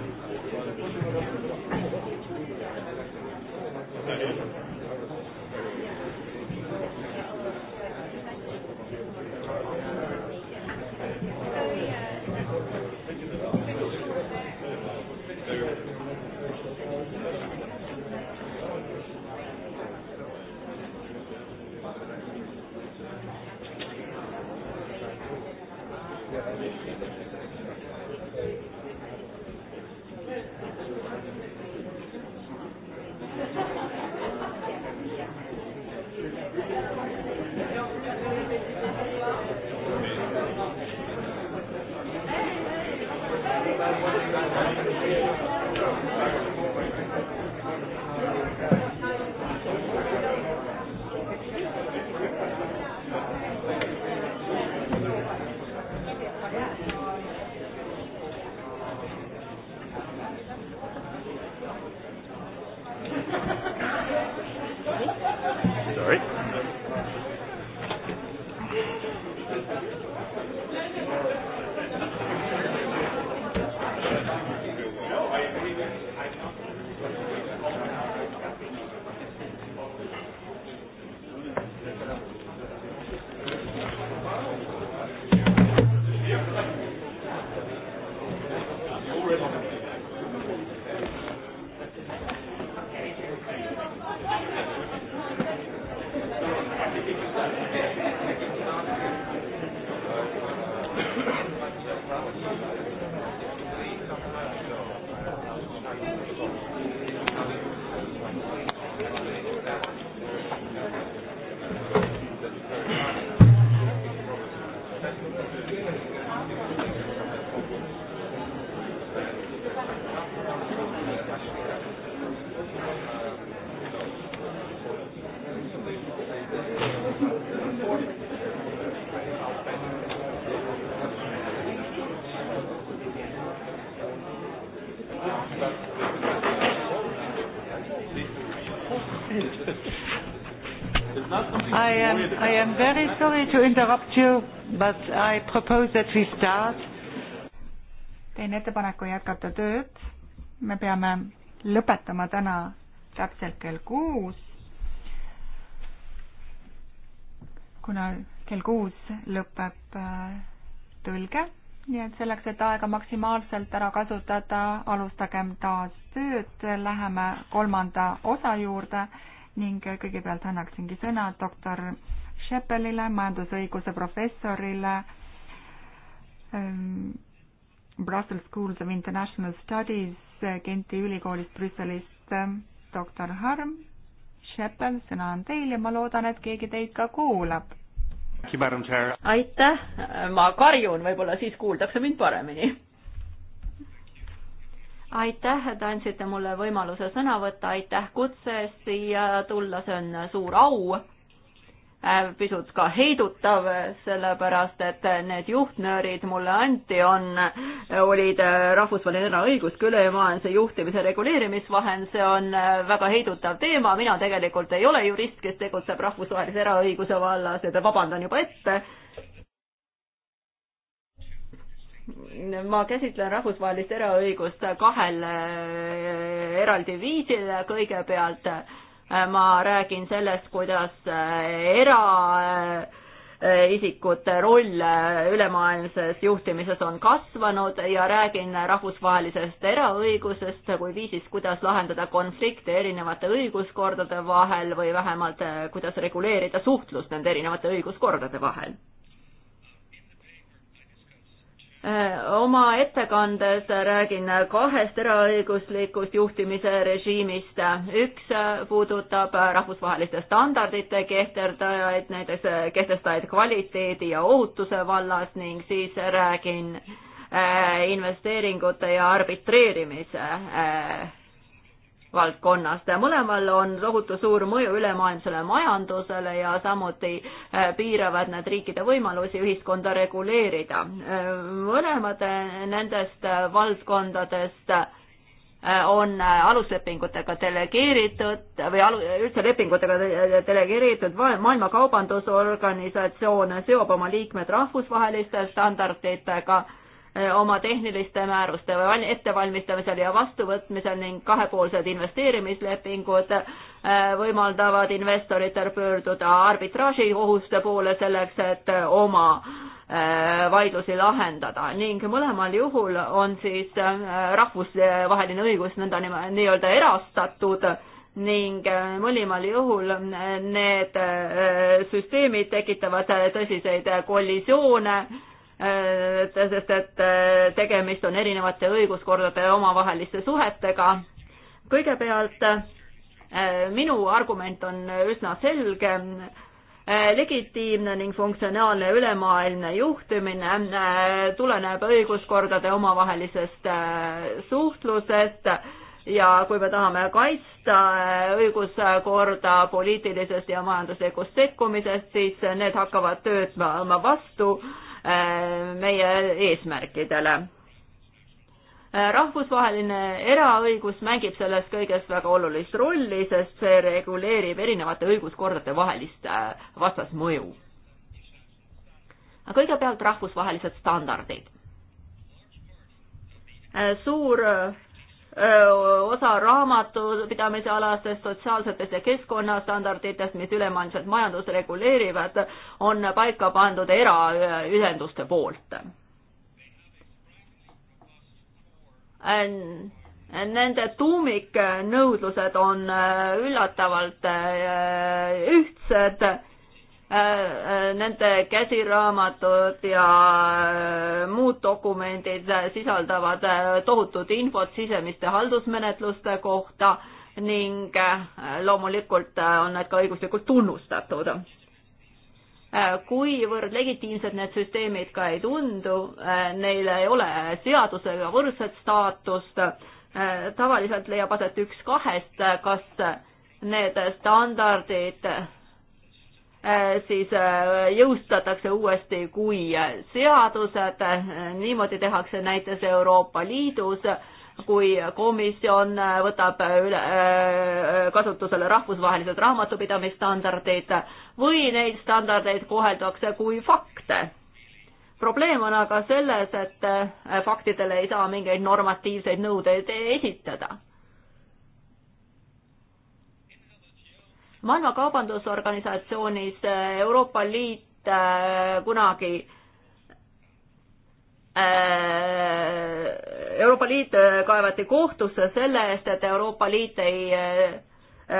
S1: I am very sorry to
S5: interrupt you, but I propose that we start.
S4: teen ettepaneku jätkata tööd. me peame lõpetama täna täpselt kell kuus. kuna kell kuus lõpeb äh, tõlge, nii et selleks, et aega maksimaalselt ära kasutada, alustagem taas tööd, läheme kolmanda osa juurde ning kõigepealt annaksingi sõna doktor Schepelile, majandusõiguse professorile ähm, Brussels Schools of International Studies Genti ülikoolist Brüsselist, ähm, doktor Harm. Schepel, sõna on teil ja ma loodan, et keegi teid ka kuulab. aitäh, ma karjun, võib-olla siis kuuldakse mind paremini
S2: aitäh, et andsite mulle võimaluse sõna võtta, aitäh kutse eest siia tulla, see on suur au Äh, pisut ka heidutav, sellepärast et need juhtnöörid mulle anti, on, olid äh, rahvusvaheline eraõigus, ülemaailmse juhtimise reguleerimisvahend, see on äh, väga heidutav teema, mina tegelikult ei ole jurist, kes tegutseb rahvusvahelise eraõiguse vallas, et vabandan juba ette. ma käsitlen rahvusvahelist eraõigust kahel eraldi viisil, kõigepealt äh, ma räägin sellest, kuidas äh, eraisikute roll äh, ülemaailmses juhtimises on kasvanud ja räägin rahvusvahelisest eraõigusest kui viisist, kuidas lahendada konflikte erinevate õiguskordade vahel või vähemalt äh, kuidas reguleerida suhtlust nende erinevate õiguskordade vahel Äh, oma ettekandes räägin kahest eraõiguslikust juhtimise režiimist. üks puudutab rahvusvaheliste standardite kehtestajaid, näiteks kehtestajaid kvaliteedi ja ohutuse vallas ning siis räägin äh, investeeringute ja arbitreerimise äh, valdkonnast. mõlemal on tohutu suur mõju ülemaailmsele majandusele ja samuti eh, piiravad nad riikide võimalusi ühiskonda reguleerida. Eh, mõlemad eh, nendest valdkondadest on aluslepingutega delegeeritud või alu, üldse lepingutega delegeeritud Maailma Kaubandusorganisatsioon seob oma liikmed rahvusvaheliste standarditega Eh, oma tehniliste määruste ettevalmistamisel ja vastuvõtmisel ning kahepoolsed investeerimislepingud eh, võimaldavad investoritel pöörduda arbitraažikohuste poole selleks, et oma eh, vaidlusi lahendada ning mõlemal juhul on siis rahvusvaheline õigus nõnda nii-öelda erastatud ning mõlemal juhul need süsteemid tekitavad tõsiseid kollisioone sest et äh, tegemist on erinevate õiguskordade omavaheliste suhetega. kõigepealt äh, minu argument on üsna selge äh, legitiimne ning funktsionaalne ülemaailmne juhtimine tuleneb õiguskordade omavahelisest suhtlusest ja kui me tahame kaitsta õiguskorda poliitilisest ja majanduslikust sekkumisest, siis need hakkavad töötama vastu Äh, meie eesmärkidele. Äh, rahvusvaheline eraõigus mängib selles kõiges väga olulist rolli, sest see reguleerib erinevate õiguskordade vahelist äh, vastasmõju. kõigepealt rahvusvahelised standardid. suur osa raamatupidamise alastest sotsiaalsetest ja keskkonnastandarditest, mis ülemaailmselt majandust reguleerivad, on paika pandud eraühenduste poolt. Nende tuumiknõudlused on üllatavalt ühtsed Äh, äh, nende käsiraamatud ja äh, muud dokumendid sisaldavad tohutut infot sisemiste haldusmenetluste kohta ning loomulikult on need ka õiguslikult tunnustatud. kuivõrd legitiimsed need süsteemid ka ei tundu, neil ei ole seadusega võrdset staatust, tavaliselt leiab aset üks kahest, kas need standardid Äh, siis äh, jõustatakse uuesti kui äh, seadused, niimoodi tehakse näiteks Euroopa Liidus, kui komisjon võtab üle, kasutusele rahvusvahelised raamatupidamisstandardid või neid standardeid koheldakse kui fakte. probleem on aga selles, et faktidele ei saa mingeid normatiivseid nõudeid esitada maailma Kaubandusorganisatsioonis äh, Euroopa Liit äh, kunagi äh, Euroopa Liit kaevati kohtusse selle eest, et Euroopa Liit ei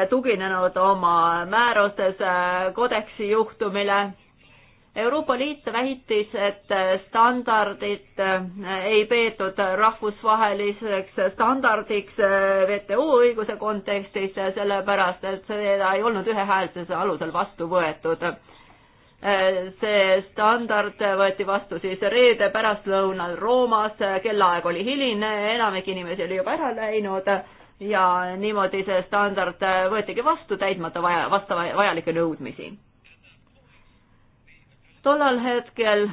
S2: tuginenud oma määrustes kodeksi juhtumile Euroopa Liit väitis, et standardit äh, ei peetud rahvusvaheliseks standardiks äh, WTO õiguse kontekstis, äh, sellepärast et seda ei olnud ühehäälsuse alusel vastu võetud. see standard võeti vastu siis reede pärastlõunal Roomas, kellaaeg oli hiline, enamik inimesi oli juba ära läinud ja niimoodi see standard võetigi vastu, täitmata vaja, vastava, vajalikke nõudmisi tollal hetkel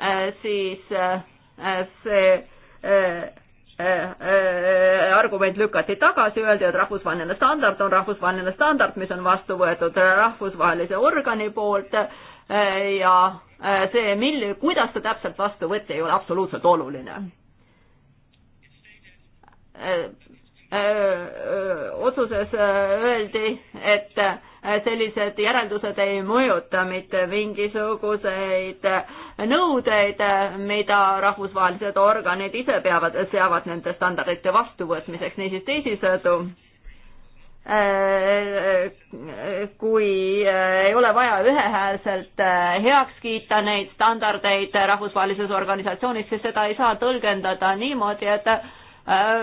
S2: äh, siis äh, see äh, argument lükati tagasi, öeldi, et rahvusvaheline standard on rahvusvaheline standard, mis on vastu võetud rahvusvahelise organi poolt ja see, mil-, kuidas ta täpselt vastu võeti, ei ole absoluutselt oluline Äh, äh, otsuses äh, öeldi, et sellised järeldused ei mõjuta mitte mingisuguseid nõudeid, mida rahvusvahelised organid ise peavad, seavad nende standardite vastuvõtmiseks, niisiis teisisõdu, kui ei ole vaja ühehäälselt heaks kiita neid standardeid rahvusvahelises organisatsioonis, siis seda ei saa tõlgendada niimoodi, et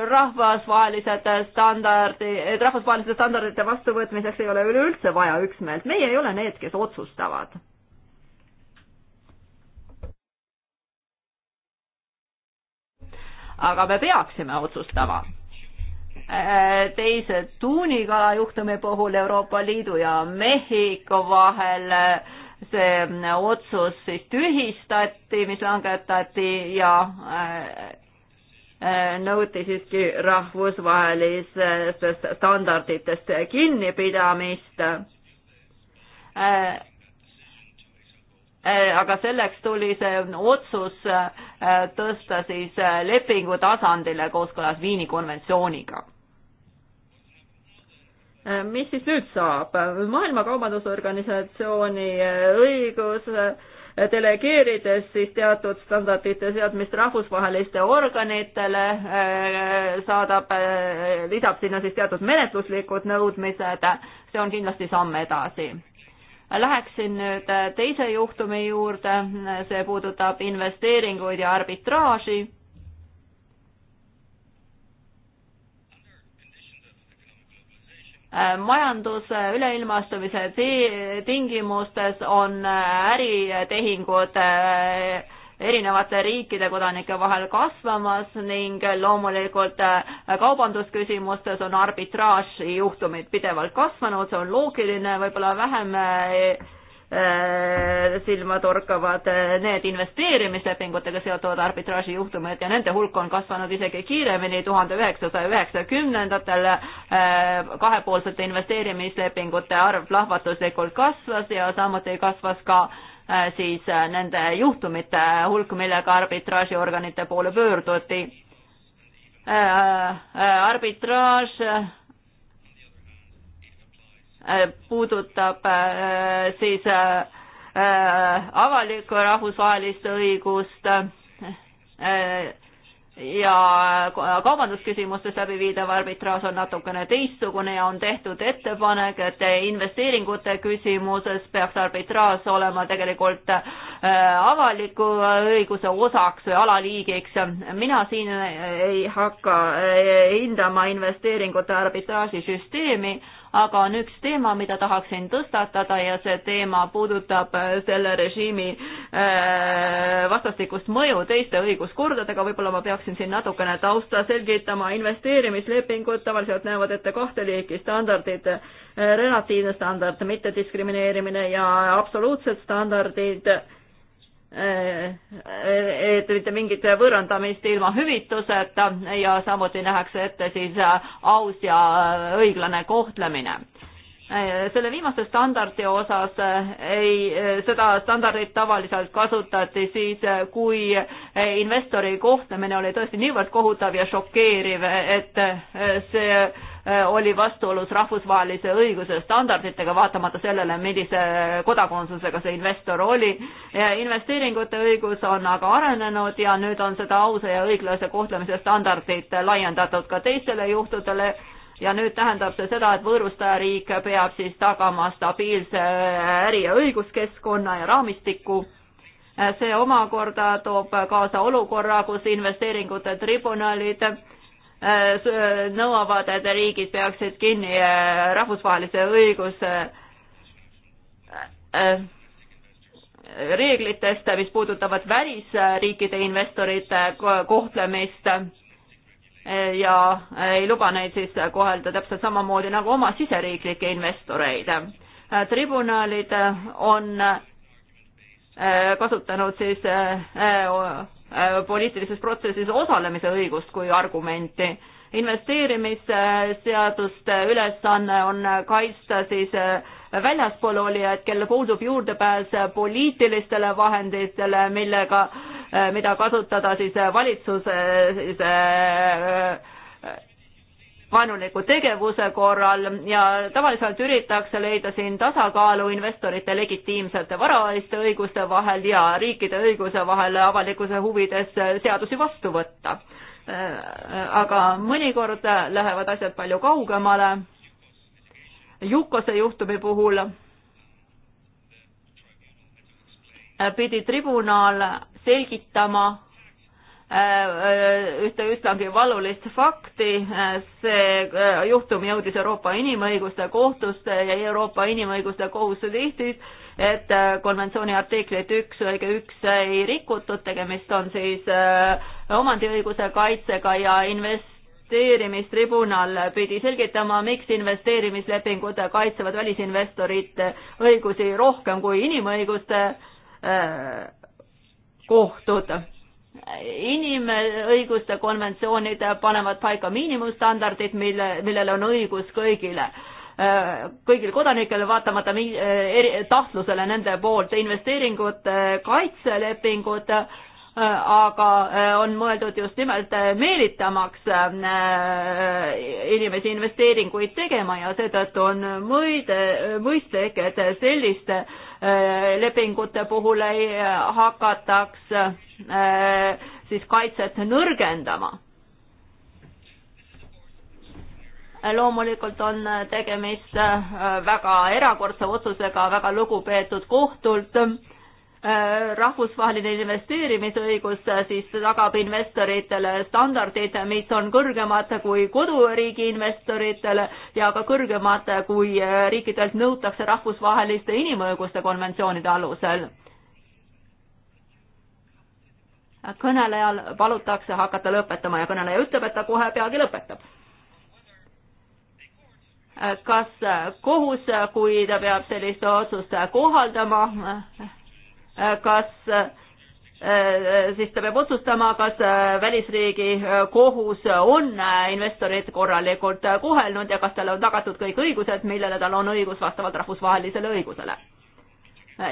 S2: rahvusvahelised standardi, rahvusvaheliste standardite vastuvõtmiseks ei ole üleüldse vaja üksmeelt, meie ei ole need, kes otsustavad. aga me peaksime otsustama teise tuunikala juhtumi puhul Euroopa Liidu ja Mehhiko vahel see otsus siis tühistati, mis langetati ja Äh, nõuti siiski rahvusvahelistest standarditest kinnipidamist. Äh, äh, aga selleks tuli see otsus tõsta siis lepingu tasandile kooskõlas Viini konventsiooniga. mis siis nüüd saab? maailma Kaubandusorganisatsiooni õigus delegeerides siis teatud standardite seadmist rahvusvaheliste organitele, äh, saadab, äh, lisab sinna siis teatud menetluslikud nõudmised, see on kindlasti samm edasi. Läheksin nüüd teise juhtumi juurde, see puudutab investeeringuid ja arbitraaži majanduse üleilmastumise tingimustes on äh, äritehingud äh, erinevate riikide kodanike vahel kasvamas ning loomulikult äh, kaubandusküsimustes on arbitraažjuhtumid pidevalt kasvanud, see on loogiline, võib-olla vähem Äh, silmatorkavad äh, need investeerimislepingutega seotud arbitraažijuhtumid ja nende hulk on kasvanud isegi kiiremini tuhande üheksasaja üheksakümnendatel äh, kahepoolsete investeerimislepingute arv plahvatuslikult kasvas ja samuti kasvas ka siis nende juhtumite hulk, millega arbitraažiorganite poole pöörduti. arbitraaž Äh, puudutab äh, siis äh, avalikku rahvusvahelist õigust ja kaubandusküsimustes läbiviidav arbitraaž on natukene teistsugune ja on tehtud ettepanek, et investeeringute küsimuses peaks arbitraaž olema tegelikult avaliku õiguse osaks või alaliigiks. mina siin ei hakka hindama investeeringute arbitraaži süsteemi aga on üks teema, mida tahaksin tõstatada ja see teema puudutab äh, selle režiimi äh, vastastikust mõju teiste õiguskordadega, võib-olla ma peaksin siin natukene tausta selgitama, investeerimislepingud tavaliselt näevad ette kahte liiki standardid, äh, relatiivne standard, mittediskrimineerimine ja absoluutsed standardid et mitte mingit võõrandamist ilma hüvituseta ja samuti nähakse ette siis aus ja õiglane kohtlemine. selle viimase standardi osas ei, seda standardit tavaliselt kasutati siis, kui investori kohtlemine oli tõesti niivõrd kohutav ja šokeeriv, et see Äh, oli vastuolus rahvusvahelise õiguse standarditega, vaatamata sellele, millise kodakondsusega see investor oli. investeeringute õigus on aga arenenud ja nüüd on seda ausa ja õiglase kohtlemise standardit laiendatud ka teistele juhtudele ja nüüd tähendab see seda, et võõrustaja riik peab siis tagama stabiilse äri- ja õiguskeskkonna ja raamistiku. Äh, see omakorda toob kaasa olukorra, kus investeeringute tribunalid Äh, äh, nõuavad, et riigid peaksid kinni äh, rahvusvahelise õiguse reeglitest, mis puudutavad välisriikide investorite kohtlemist ja ei luba neid siis kohelda täpselt samamoodi nagu oma siseriiklikke investoreid. tribunalid on kasutanud siis Äh, poliitilises protsessis osalemise õigust kui argumenti. investeerimisseaduste ülesanne on kaitsta siis äh, väljaspool olijaid, kellel puudub juurdepääs poliitilistele vahenditele, millega, äh, mida kasutada siis valitsuse siis vaenuliku tegevuse korral ja tavaliselt üritatakse leida siin tasakaalu investorite legitiimsete varaliste õiguste vahel ja riikide õiguse vahel avalikkuse huvides seadusi vastu võtta. aga mõnikord lähevad asjad palju kaugemale. Jukose juhtumi puhul pidi tribunal selgitama Äh, äh, ühte üsnagi valulist fakti, äh, see juhtum jõudis Euroopa Inimõiguste Kohtusse ja Euroopa Inimõiguste Kohus tihtis, et konventsiooni artiklit üks lõige üks ei rikutud, tegemist on siis omandiõiguse kaitsega ja investeerimistribunal pidi selgitama, miks investeerimislepingud kaitsevad välisinvestorite õigusi rohkem kui inimõiguste kohtud inimõiguste konventsioonid panevad paika miinimumstandardid, mille, millel on õigus kõigile kõigil kodanikel, vaatamata tahtlusele nende poolt, investeeringud, kaitselepingud, äh, aga äh, on mõeldud just nimelt meelitamaks äh, inimesi investeeringuid tegema ja seetõttu on mõide, mõistlik, et selliste Äh, lepingute puhul ei äh, hakataks äh, siis kaitset nõrgendama. loomulikult on tegemist väga erakordse otsusega väga lugupeetud kohtult Äh, rahvusvaheline investeerimisõigus äh, siis tagab investoritele standardid, mis on kõrgemad kui koduriigi investoritele ja ka kõrgemad, äh, kui riikidelt nõutakse rahvusvaheliste inimõiguste konventsioonide alusel. kõnelejal palutakse hakata lõpetama ja kõneleja ütleb, et ta kohe peagi lõpetab kas kohus, kui ta peab sellist otsust kohaldama, kas äh, siis ta peab otsustama, kas äh, välisriigi äh, kohus on investorit korralikult kohelnud ja kas talle on tagatud kõik õigused, millele tal on õigus vastavalt rahvusvahelisele õigusele.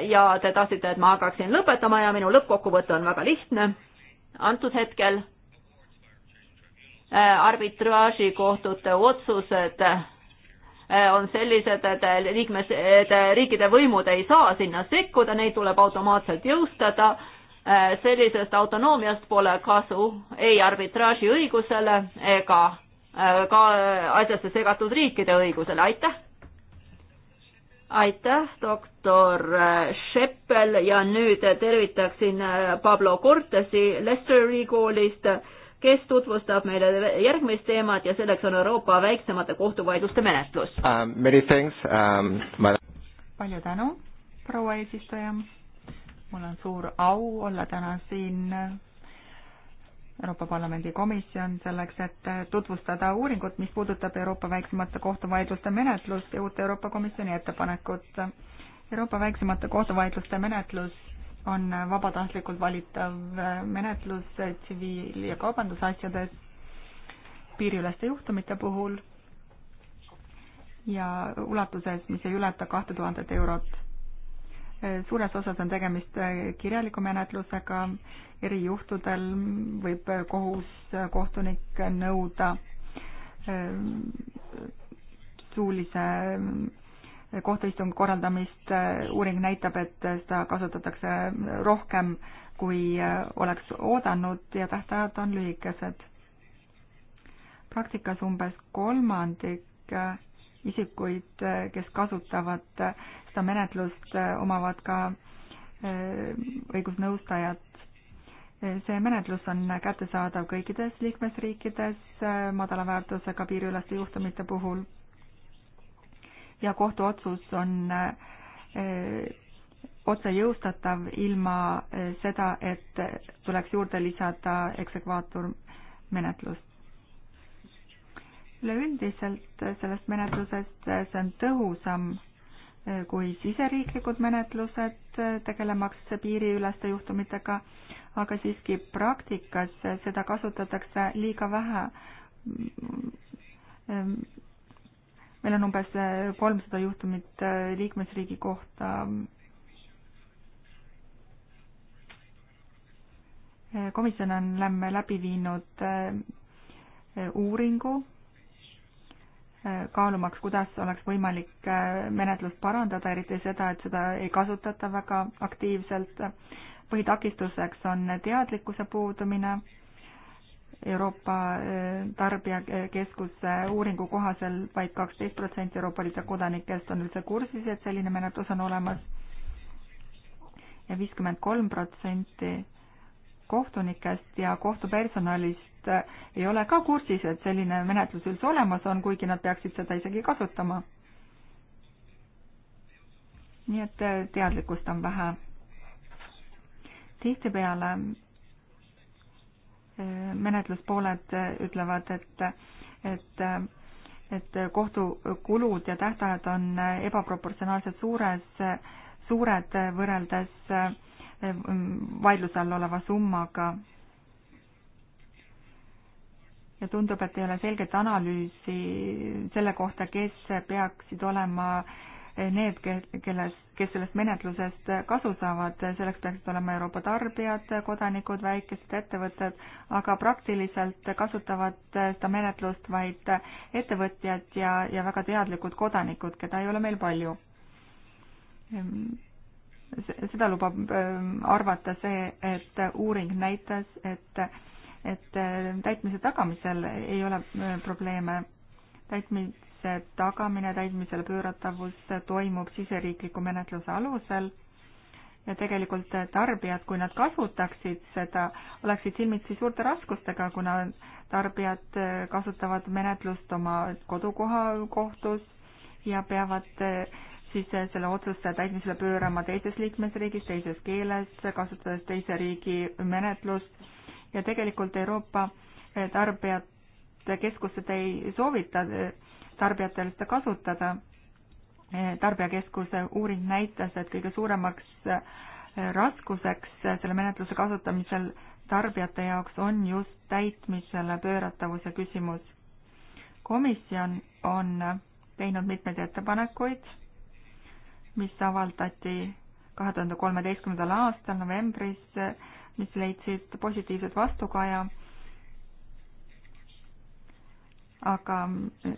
S2: ja te tahtsite, et ma hakkaksin lõpetama ja minu lõppkokkuvõte on väga lihtne. antud hetkel arbitraažikohtute otsused Äh, on sellised, et äh, liikmes, et äh, riikide võimud ei saa sinna sekkuda, neid tuleb automaatselt jõustada. sellisest autonoomiast pole kasu ei arbitraaži õigusele ega ka asjasse segatud riikide õigusele, aitäh! aitäh, doktor Šeppel ja nüüd tervitaksin Pablo Cortesi Leicesteri koolist kes tutvustab meile järgmist teemat ja selleks on Euroopa väiksemate kohtuvaidluste
S4: menetlus
S5: um,. Um, ma...
S4: palju tänu, proua eesistuja. mul on suur au olla täna siin Euroopa Parlamendi komisjon selleks, et tutvustada uuringut, mis puudutab Euroopa väiksemate kohtuvaidluste menetlust ja uut Euroopa Komisjoni ettepanekut. Euroopa väiksemate kohtuvaidluste menetlus on vabatahtlikult valitav menetlus tsiviil- ja kaubandusasjades piiriüleste juhtumite puhul ja ulatuses, mis ei ületa kahte tuhandet eurot. suures osas on tegemist kirjaliku menetlusega, erijuhtudel võib kohus, kohtunik nõuda ehm, suulise kohtuistungi korraldamist, äh, uuring näitab, et seda kasutatakse rohkem, kui äh, oleks oodanud ja tähtajad on lühikesed. praktikas umbes kolmandik äh, isikuid, kes kasutavad seda menetlust, omavad ka õigusnõustajat. see menetlus on kättesaadav kõikides liikmesriikides madala väärtusega piiriüleste juhtumite puhul ja kohtuotsus on eh, otse jõustatav ilma eh, seda, et tuleks juurde lisada eksekvaatormenetlus. üleüldiselt sellest menetlusest eh, see on tõhusam kui siseriiklikud menetlused tegelemaks piiriüleste juhtumitega, aga siiski praktikas seda kasutatakse liiga vähe mm, mm, mm, meil on umbes äh, kolmsada juhtumit äh, liikmesriigi kohta. Äh, komisjon on läbi viinud uuringu, kaalumaks, kuidas oleks võimalik menetlust parandada, eriti seda, et seda ei kasutata väga aktiivselt. põhitakistuseks on teadlikkuse puudumine Euroopa eh, Tarbijakeskuse uuringu kohaselt vaid kaksteist protsenti Euroopa Liidu kodanikest on üldse kursis, et selline menetlus on olemas ja viiskümmend kolm protsenti kohtunikest ja kohtupersonalist eh, ei ole ka kursis, et selline menetlus üldse olemas on, kuigi nad peaksid seda isegi kasutama. nii et eh, teadlikkust on vähe. tihtipeale menetluspooled ütlevad, et, et, et kohtukulud ja tähtajad on ebaproportsionaalselt suures, suured võrreldes eh, vaidluse all oleva summaga. ja tundub, et ei ole selget analüüsi selle kohta, kes peaksid olema äh, need, kelles, kes sellest menetlusest kasu saavad, selleks peaksid olema Euroopa tarbijad, kodanikud, väikesed ettevõtted, aga praktiliselt kasutavad seda menetlust vaid ettevõtjad ja, ja väga teadlikud kodanikud, keda ei ole meil palju. seda lubab ähm, arvata see, et uuring näitas, et, et täitmise tagamisel ei ole äh, probleeme. täitmise täitmise tagamine, täitmisele pööratavus toimub siseriikliku menetluse alusel ja tegelikult tarbijad, kui nad kasutaksid seda, oleksid silmitsi suurte raskustega, kuna tarbijad kasutavad menetlust oma kodukoha kohtus ja peavad siis selle otsuse täitmisele pöörama teises liikmesriigis, teises keeles, kasutades teise riigi menetlust ja tegelikult Euroopa tarbijate keskused ei soovita tarbijatel seda kasutada. tarbijakeskuse uuring näitas, et kõige suuremaks äh, raskuseks äh, selle menetluse kasutamisel tarbijate jaoks on just täitmisele pööratavuse küsimus. komisjon on äh, teinud mitmeid ettepanekuid, mis avaldati kahe tuhande kolmeteistkümnendal aastal novembris, mis leidsid positiivset vastukaja aga äh,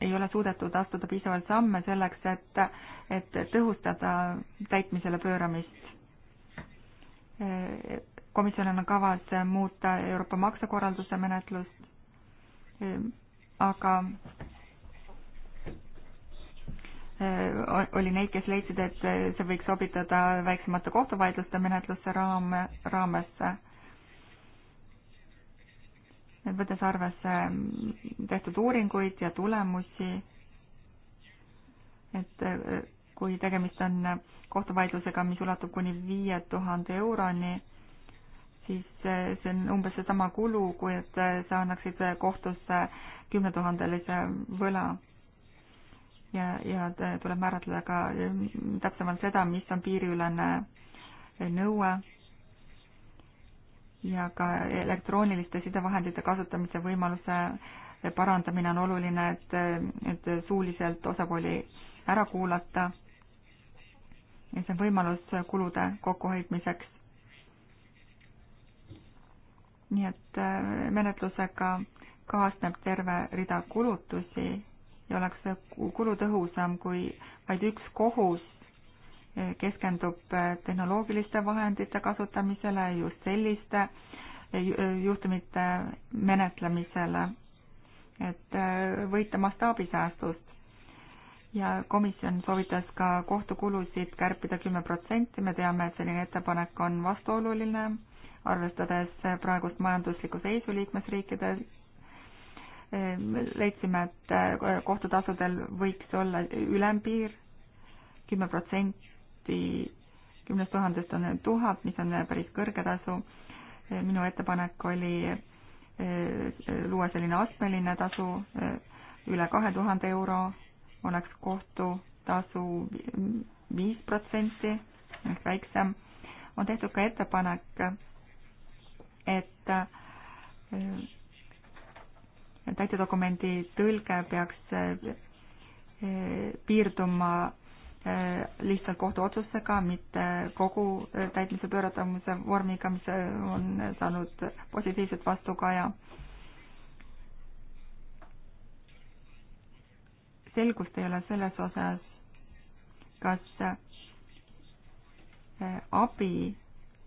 S4: ei ole suudetud astuda piisavalt samme selleks, et, et tõhustada täitmisele pööramist. Äh, komisjonil on kavas muuta Euroopa maksekorralduse menetlust, äh, aga oli neid, kes leidsid, et see võiks sobitada väiksemate kohtuvaidluste menetlusse raam, raamesse võttes arvesse mm, tehtud uuringuid ja tulemusi, et äh, kui tegemist on kohtuvaidlusega, mis ulatub kuni viie tuhande euroni, siis äh, see on umbes seesama kulu, kui et äh, sa annaksid kohtusse kümnetuhandelise võla. ja, ja tuleb määratleda ka täpsemalt seda, mis on piiriülene nõue ja ka elektrooniliste sidevahendite kasutamise võimaluse parandamine on oluline, et, et suuliselt osapooli ära kuulata. ja see on võimalus kulude kokkuhoidmiseks. nii et äh, menetlusega kaasneb terve rida kulutusi ja oleks kulutõhusam, kui vaid üks kohus keskendub äh, tehnoloogiliste vahendite kasutamisele, just selliste äh, äh, juhtumite menetlemisele, et võita mastaabisäästust. ja komisjon soovitas ka kohtukulusid kärpida kümme protsenti, me teame, et selline ettepanek on vastuoluline, arvestades praegust majanduslikku seisu liikmesriikides, leidsime, et kohtutasudel võiks olla ülempiir kümme protsenti kindlasti kümnest tuhandest on tuhat, mis on päris kõrge tasu. minu ettepanek oli eh, eh, luua selline astmeline tasu, eh, üle kahe tuhande euro oleks kohtutasu viis protsenti ehk väiksem. on tehtud ka ettepanek, et täitedokumendi tõlge peaks piirduma Äh, lihtsalt kohtuotsustega, mitte kogu äh, täitmise pööratamise vormiga, mis äh, on saanud positiivset vastukaja. selgust ei ole selles osas, kas abi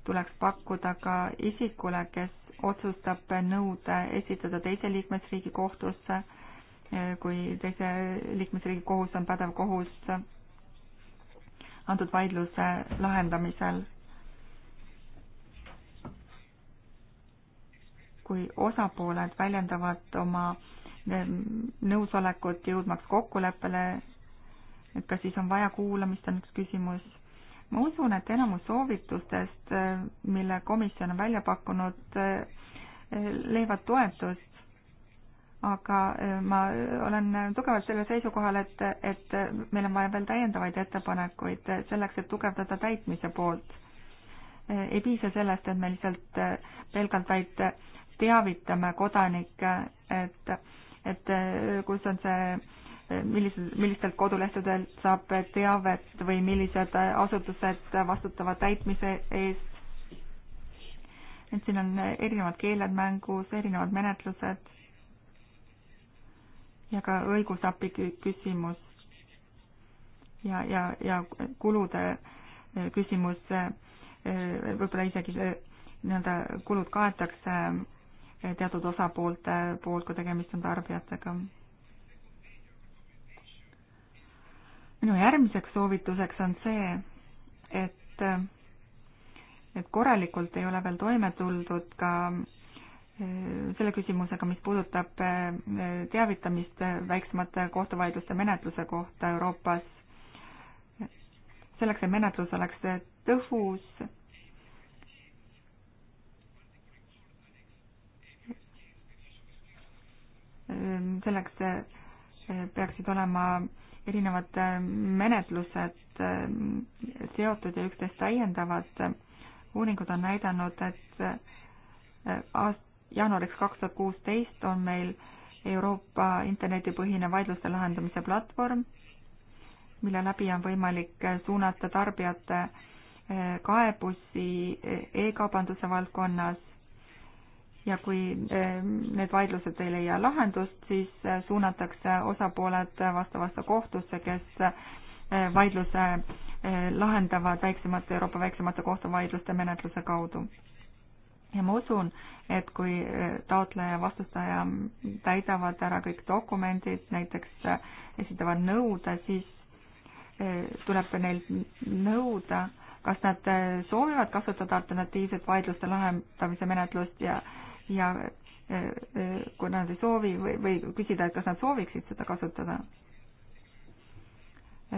S4: tuleks pakkuda ka isikule, kes otsustab nõude esitada teise liikmesriigi kohtusse, kui teise liikmesriigi kohus on pädev kohus antud vaidluse lahendamisel. kui osapooled väljendavad oma nõusolekut jõudmaks kokkuleppele, et kas siis on vaja kuulamist, on üks küsimus. ma usun, et enamus soovitustest, mille komisjon on välja pakkunud, eh, eh, leiavad toetust aga äh, ma äh, olen tugevalt sellel seisukohal, et, et äh, meil on vaja veel täiendavaid ettepanekuid selleks, et tugevdada täitmise poolt. ei piisa sellest, et me lihtsalt pelgalt vaid teavitame kodanikke, et, et kus on see millised, millistelt kodulehtedelt saab teavet või millised asutused vastutavad täitmise eest. et siin on erinevad keeled mängus, erinevad menetlused ja ka õigusabi küsimus ja, ja, ja kulude eh, küsimus, eh, eh, võib-olla isegi nii-öelda kulud kaetakse teatud osapoolte poolt, kui tegemist on tarbijatega. minu järgmiseks soovituseks on see, et, et korralikult ei ole veel toime tuldud ka selle küsimusega, mis puudutab äh, teavitamist väiksemate kohtuvaidluste menetluse kohta Euroopas. selleks, et menetlus oleks tõhus, selleks äh, peaksid olema erinevad äh, menetlused seotud ja üksteist täiendavad. uuringud on näidanud, et aast-, jaanuariks kaks tuhat kuusteist on meil Euroopa internetipõhine vaidluste lahendamise platvorm, mille läbi on võimalik suunata tarbijate eh, kaebusi eh, e-kaubanduse valdkonnas ja kui eh, need vaidlused ei leia lahendust, siis suunatakse osapooled vastavasse kohtusse, kes vaidluse lahendavad väiksemate, Euroopa väiksemate kohtuvaidluste menetluse kaudu ja ma usun, et kui äh, taotleja ja vastustaja täidavad ära kõik dokumendid, näiteks äh, esitavad nõude, siis äh, tuleb neil nõuda, kas nad soovivad kasutada alternatiivset vaidluste lahendamise menetlust ja, ja kui nad ei soovi või, või küsida, et kas nad sooviksid seda kasutada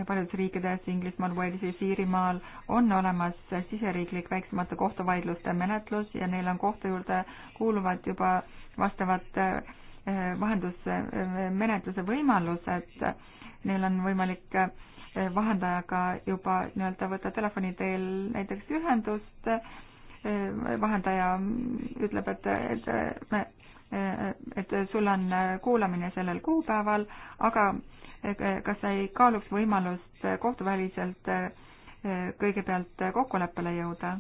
S4: paljudes riikides, Inglismaal, Walesis, Iirimaal on olemas siseriiklik väiksemate kohtuvaidluste menetlus ja neil on kohtu juurde kuuluvad juba vastavad eh, vahendusmenetluse võimalused. Neil on võimalik eh, vahendajaga juba nii-öelda võtta telefoni teel näiteks ühendust, eh, vahendaja ütleb, et, et me et sul on kuulamine sellel kuupäeval, aga kas sa ei kaaluks võimalust kohtuväliselt kõigepealt kokkuleppele jõuda?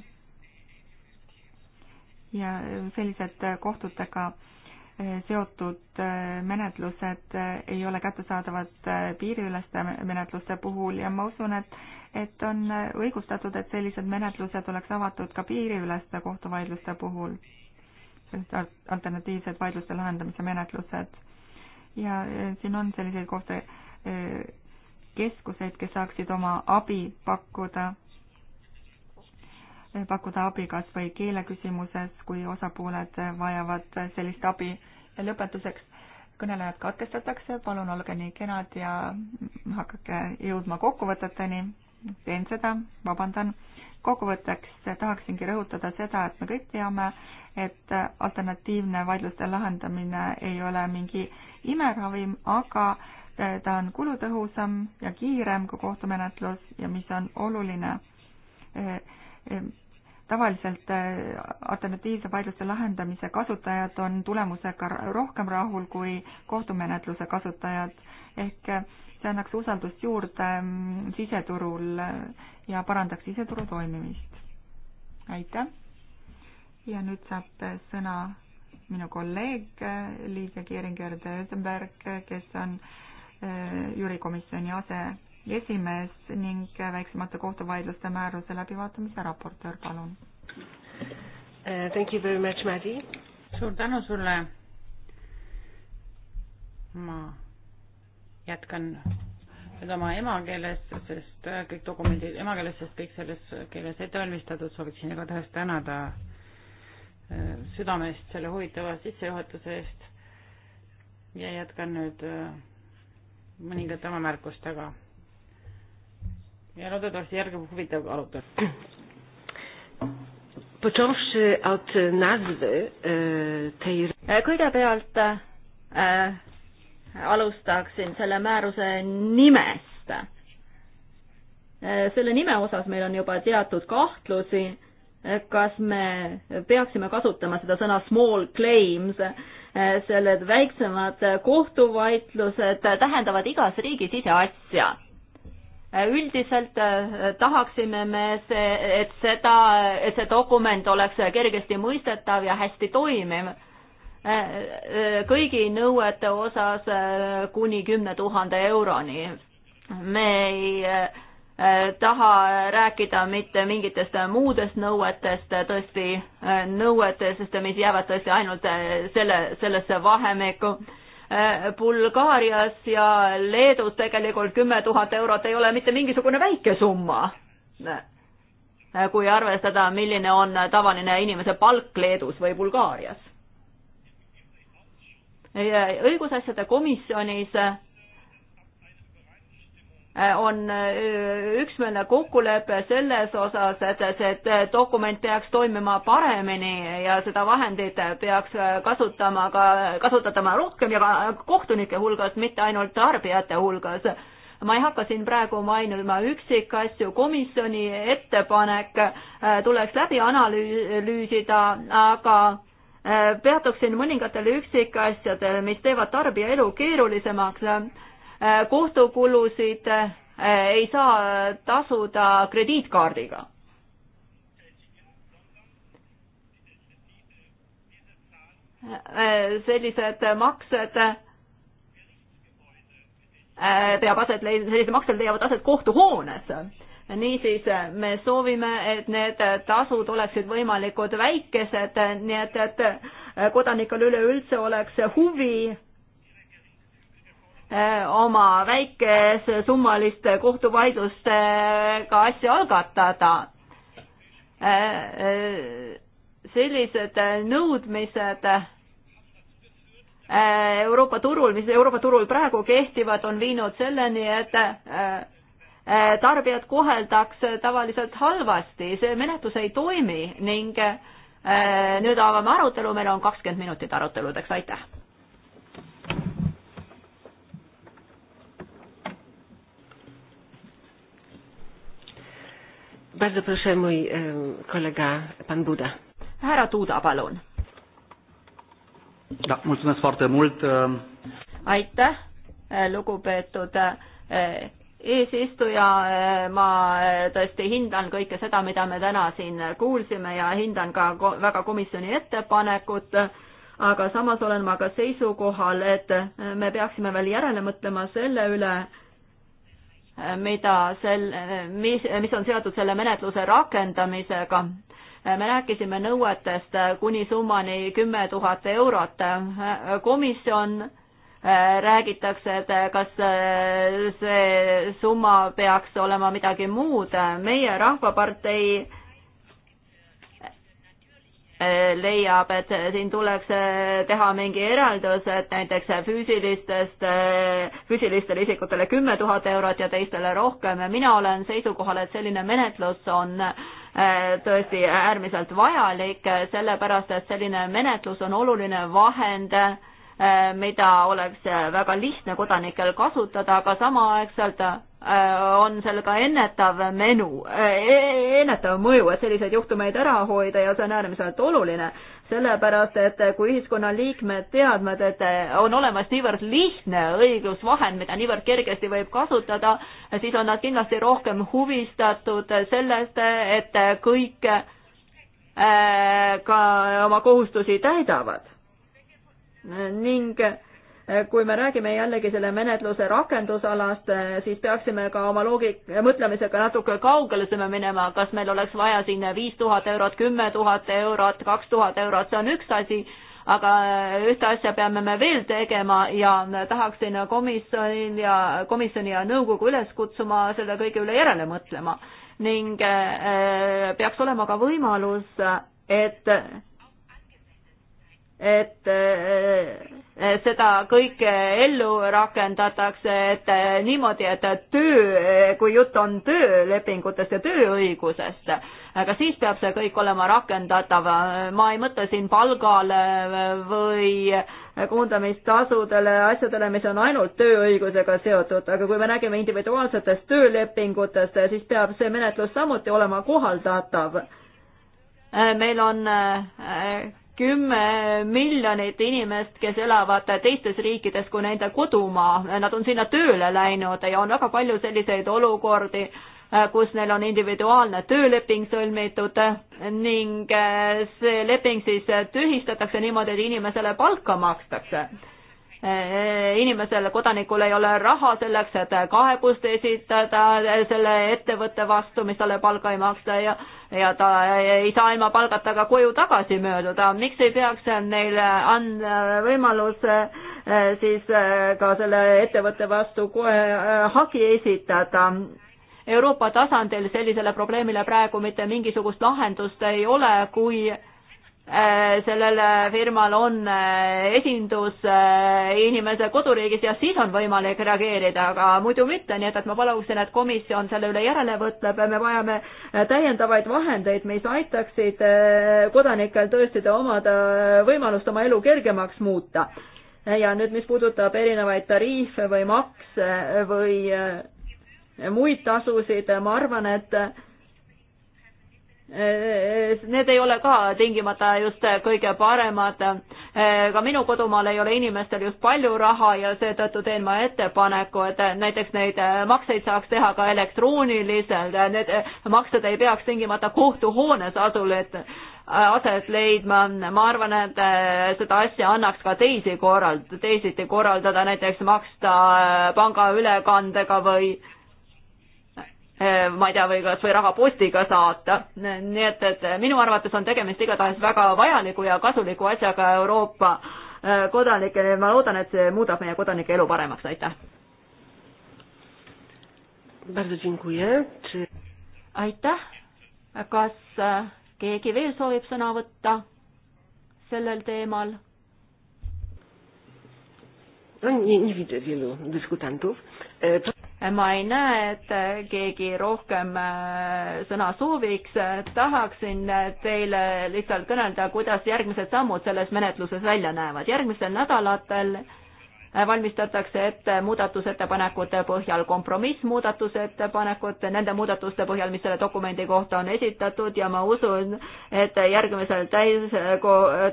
S4: ja sellised kohtutega seotud menetlused ei ole kättesaadavad piiriüleste menetluste puhul ja ma usun, et, et on õigustatud, et sellised menetlused oleks avatud ka piiriüleste kohtuvaidluste puhul sellised alternatiivsed vaidluste lahendamise menetlused. ja e, siin on selliseid kohtukeskuseid, e, kes saaksid oma abi pakkuda, e, pakkuda abi kas või keeleküsimuses, kui osapooled vajavad sellist abi. ja lõpetuseks, kõnelejad katkestatakse, palun olge nii kenad ja hakake jõudma kokkuvõteteni teen seda, vabandan. kokkuvõtteks tahaksingi rõhutada seda, et me kõik teame, et alternatiivne vaidluste lahendamine ei ole mingi imeravim, aga ta on kulutõhusam ja kiirem kui kohtumenetlus ja mis on oluline, eh, tavaliselt eh, alternatiivse vaidluste lahendamise kasutajad on tulemusega rohkem rahul kui kohtumenetluse kasutajad ehk see annaks usaldust juurde mm, siseturul ja parandaks siseturu toimimist. aitäh! ja nüüd saab sõna minu kolleeg, eh, liige Kieringer-Dösenberg, kes on eh, juurikomisjoni aseesimees ning väiksemate kohtuvaidluste määruse läbivaatamise raportöör, palun. Eh, thank you very much, Maddi.
S3: suur tänu sulle. ma jätkan nüüd oma emakeeles, sest äh, kõik dokumendid emakeeles, sest kõik selles keeles ette valmistatud, sooviksin igatahes tänada äh, südamest selle huvitava sissejuhatuse eest ja jätkan nüüd äh, mõningate oma märkustega. ja loodetavasti järgneb huvitav arutelu.
S5: Począwszy od nazwy e, tej...
S2: Kõigepealt alustaksin selle määruse nimest. selle nime osas meil on juba teatud kahtlusi, kas me peaksime kasutama seda sõna small claims, selle väiksemad kohtuvaidlused tähendavad igas riigis ise asja üldiselt eh, tahaksime me see, et seda, et see dokument oleks kergesti mõistetav ja hästi toimiv kõigi nõuete osas äh, kuni kümne tuhande euroni. me ei äh, taha rääkida mitte mingitest muudest nõuetest, äh, tõesti nõuetest, mis jäävad tõesti ainult selle, sellesse vahemikku. Bulgaarias ja Leedus tegelikult kümme tuhat eurot ei ole mitte mingisugune väike summa kui arvestada, milline on tavaline inimese palk Leedus või Bulgaarias õigusasjade komisjonis äh, on äh, üksmeelne kokkulepe selles osas, et see dokument peaks toimima paremini ja seda vahendit peaks kasutama ka, kasutatama rohkem ja ka kohtunike hulgas, mitte ainult tarbijate hulgas. ma ei hakka siin praegu mainima üksikasju, komisjoni ettepanek äh, tuleks läbi analüüsida, aga Äh, peatuksin mõningatel üksikasjadel, mis teevad tarbija elu keerulisemaks. Äh, kohtukulusid äh, ei saa tasuda krediitkaardiga sellised maksed peab aset leidma, sellised maksed leiavad aset kohtuhoones niisiis me soovime, et need tasud oleksid võimalikult väikesed, nii et, et kodanikel üleüldse oleks huvi eh, oma väikesummaliste kohtuvaidlustega asja algatada. Eh, eh, sellised nõudmised Euroopa turul, mis Euroopa turul praegu kehtivad, on viinud selleni, et Äh, tarbijat koheldakse tavaliselt halvasti, see menetlus ei toimi ning äh, nüüd avame arutelu, meil on kakskümmend minutit aruteludeks,
S5: aitäh. Bardzo proszę mój kolega pan Buda. Härra Tuuda, palun. Da, mulțumesc foarte mult.
S2: Aitäh, lugupeetud eh, eesistuja, eh, ma eh, tõesti hindan kõike seda, mida me täna siin kuulsime ja hindan ka väga komisjoni ettepanekut, aga samas olen ma ka seisukohal, et eh, me peaksime veel järele mõtlema selle üle, mida sel, mis, mis on seotud selle menetluse rakendamisega. me rääkisime nõuetest kuni summani kümme tuhat eurot. komisjon räägitakse, et kas eh, see summa peaks olema midagi muud. meie Rahvapartei eh, leiab, et siin tuleks eh, teha mingi eraldus, et näiteks füüsilistest, füüsilistele isikutele kümme tuhat eurot ja teistele rohkem ja mina olen seisukohal, et selline menetlus on tõesti äärmiselt vajalik, sellepärast et selline menetlus on oluline vahend äh, Äh, mida oleks äh, väga lihtne kodanikel kasutada, aga samaaegselt äh, on seal ka ennetav menu, e-, ennetav mõju, et selliseid juhtumeid ära hoida ja see on äärmiselt oluline, sellepärast et kui ühiskonnaliikmed teadvad, et on olemas niivõrd lihtne õiglusvahend, mida niivõrd kergesti võib kasutada, siis on nad kindlasti rohkem huvistatud sellest, et kõik ka oma kohustusi täidavad ning eh, kui me räägime jällegi selle menetluse rakendusalast, eh, siis peaksime ka oma loogik-, mõtlemisega natuke kaugele minema, kas meil oleks vaja siin viis tuhat eurot, kümme tuhat eurot, kaks tuhat eurot, see on üks asi, aga eh, ühte asja peame me veel tegema ja tahaksin komisjonil ja komisjoni ja nõukogu üles kutsuma selle kõige üle järele mõtlema ning peaks olema ka võimalus, et Eh, et seda kõike ellu rakendatakse, et eh, niimoodi, et töö, kui jutt on töölepingutest ja tööõigusest, aga siis peab see kõik olema rakendatav. ma ei mõtle siin palgale või koondamistasudele, asjadele, mis on ainult tööõigusega seotud, aga kui me räägime individuaalsetest töölepingutest, siis peab see menetlus samuti olema kohaldatav. meil on eh, kümme miljonit inimest, kes elavad teistes riikides kui nende kodumaa, nad on sinna tööle läinud ja on väga palju selliseid olukordi, kus neil on individuaalne tööleping sõlmitud ning see leping siis tühistatakse niimoodi, et inimesele palka
S1: makstakse
S2: Eh, inimesel, kodanikul ei ole raha selleks, et eh, kaebust esitada eh, selle ettevõtte vastu, mis talle palka ei maksta ja ja ta ei saa ilma palgata ka koju tagasi mööduda, miks ei peaks neile andma võimaluse siis ka selle ettevõtte vastu kohe hagi esitada? Euroopa tasandil sellisele probleemile praegu mitte mingisugust lahendust ei ole, kui Äh, sellel äh, firmal on äh, esindus inimese koduriigis ja siis on võimalik reageerida, aga muidu mitte, nii et, et ma paluksin, et komisjon selle üle järele võtleb, me vajame täiendavaid vahendeid, mis aitaksid kodanikel tõesti omada võimalust oma elu kergemaks muuta. ja nüüd, mis puudutab erinevaid tariife või makse või muid tasusid, ma arvan, et Äh, need ei ole ka tingimata just kõige paremad. Äh, ka minu kodumaal ei ole inimestel just palju raha ja seetõttu teen ma ettepaneku, et näiteks neid makseid saaks teha ka elektrooniliselt, need maksed ei peaks tingimata kohtuhoones asulet, aset leidma. ma arvan, et äh, seda asja annaks ka teisi korrald-, teisiti korraldada, näiteks maksta pangaülekandega või äh, Äh, ma ei tea, või kas või raha postiga saata. nii et, et minu arvates on tegemist igatahes väga vajaliku ja kasuliku asjaga Euroopa äh, kodanikele ja ma loodan, et see muudab meie kodanike elu paremaks, aitäh. aitäh, kas äh, keegi veel soovib sõna võtta sellel teemal?
S5: no nii, nii viidi, Villu, diskutantov. E, ma
S2: ei näe, et keegi rohkem äh, sõna sooviks. tahaksin teile lihtsalt kõnelda, kuidas järgmised sammud selles menetluses välja näevad. järgmistel nädalatel valmistatakse ette muudatusettepanekute põhjal kompromissmuudatusettepanekud, nende muudatuste põhjal, mis selle dokumendi kohta on esitatud ja ma usun, et järgmisel täis,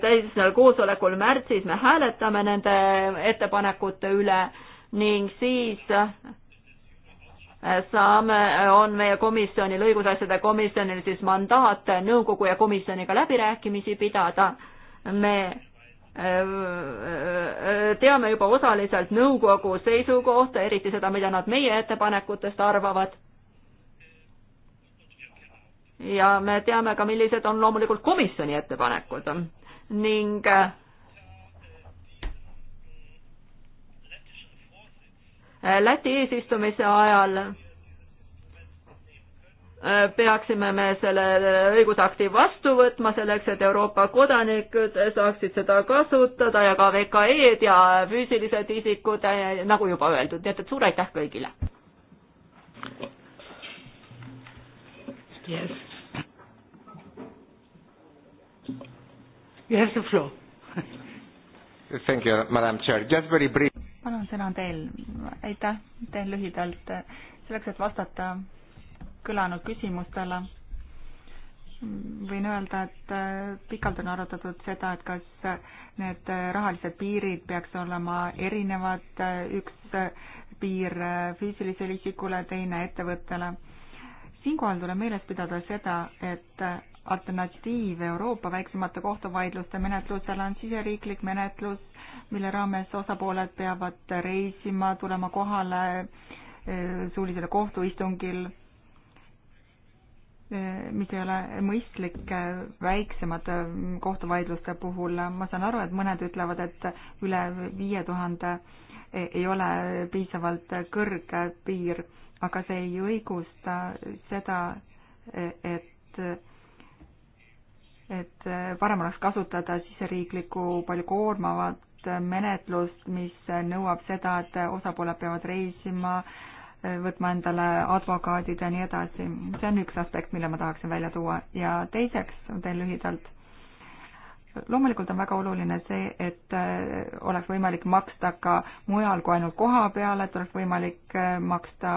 S2: täisel koosolekul märtsis me hääletame nende ettepanekute üle ning siis saame, on meie komisjonil, õigusasjade komisjonil siis mandaat nõukogu ja komisjoniga läbirääkimisi pidada. me äh, äh, teame juba osaliselt nõukogu seisukohta, eriti seda, mida nad meie ettepanekutest arvavad. ja me teame ka, millised on loomulikult komisjoni ettepanekud ning äh, Läti eesistumise ajal äh, peaksime me selle õigusakti vastu võtma selleks, et Euroopa kodanikud saaksid seda kasutada ja ka VKE-d ja füüsilised isikud, äh, nagu juba öeldud, nii et, et suur aitäh kõigile!
S5: Yes. You have the floor.
S1: Thank you, Madam Chair. Just very brief
S4: palun, sõna on teil. aitäh, teen lühidalt selleks, et vastata kõlanud küsimustele. võin öelda, et äh, pikalt on arutatud seda, et kas need rahalised piirid peaks olema erinevad, üks piir äh, füüsilisele isikule, teine ettevõttele. siinkohal tuleb meeles pidada seda, et alternatiiv Euroopa väiksemate kohtuvaidluste menetlustele on siseriiklik menetlus, mille raames osapooled peavad reisima, tulema kohale eh, suulisele kohtuistungil, eh, mis ei ole mõistlik eh, väiksemate kohtuvaidluste puhul. ma saan aru, et mõned ütlevad, et üle viie tuhande ei ole piisavalt kõrge piir, aga see ei õigusta seda, et et äh, parem oleks kasutada siseriiklikku palju koormavat menetlust, mis nõuab seda, et osapooled peavad reisima, äh, võtma endale advokaadid ja nii edasi. see on üks aspekt, mille ma tahaksin välja tuua ja teiseks teen lühidalt loomulikult on väga oluline see, et äh, oleks võimalik maksta ka mujal kui ainult koha peal, et oleks võimalik maksta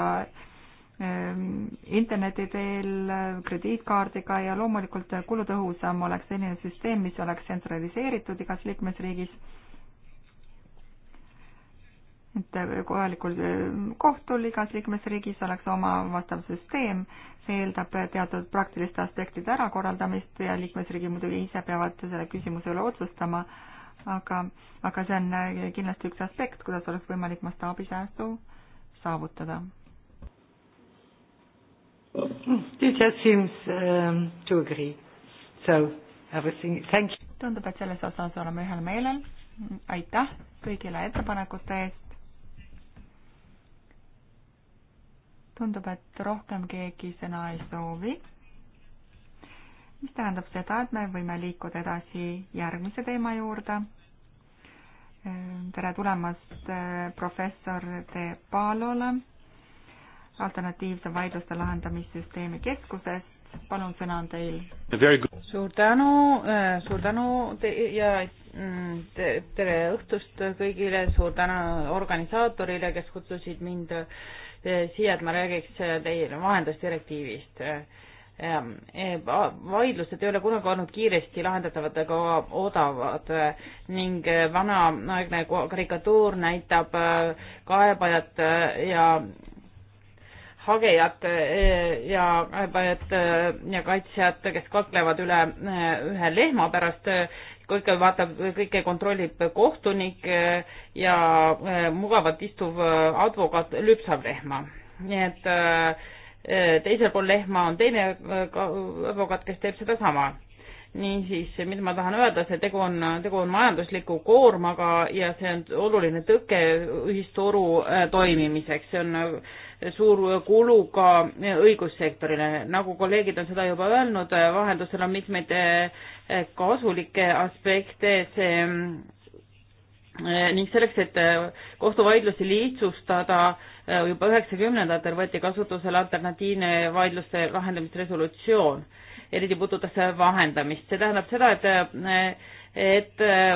S4: Ehm, interneti teel, äh, krediitkaardiga ja loomulikult äh, kulutõhusam oleks selline süsteem, mis oleks tsentraliseeritud igas liikmesriigis. et äh, kohalikul kohtul igas liikmesriigis oleks oma vastav süsteem, see eeldab teatud praktiliste aspektide ärakorraldamist ja liikmesriigid muidugi ise peavad selle küsimuse üle otsustama, aga, aga see on kindlasti üks aspekt, kuidas oleks võimalik mastaabisäästu saavutada
S5: It just seems um, to agree. So everything, thank you. tundub, et selles osas oleme ühel meelel. aitäh
S4: kõigile ettepanekute eest. tundub, et rohkem keegi sõna ei soovi. mis tähendab seda, et me võime liikuda edasi järgmise teema juurde. tere tulemast äh, professor De Palole alternatiivse vaidluste lahendamissüsteemi keskusest. palun, sõna on teil. suur tänu, äh, suur tänu te ja mm, te tere õhtust
S3: kõigile, suur tänu organisaatorile, kes kutsusid mind äh, siia, et ma räägiks äh, teile vahendusdirektiivist ähm, e, vaidlused ei ole kunagi olnud kiiresti lahendatavad ega odavad ning vanaaegne karikatuur näitab kaebajat ja hagejad eh, ja, eh, ja kaitsjad, kes kaklevad üle eh, ühe lehma pärast, kõike vaatab, kõike kontrollib kohtunik ja mugavalt istuv advokaat lüpsab lehma. nii et teisel pool lehma on teine advokaat, kes teeb sedasama niisiis, mida ma tahan öelda, see tegu on, tegu on majandusliku koormaga ja see on oluline tõke ühisturu toimimiseks, see on suur kulu ka õigussektorile. nagu kolleegid on seda juba öelnud, vaheldusel on mitmeid eh, kasulikke aspekte, see eh, ning selleks, et eh, kohtuvaidlusi lihtsustada, juba üheksakümnendatel võeti kasutusele alternatiivne vaidluste lahendamisresolutsioon. eriti puudutas see vahendamist, see tähendab seda, et et äh,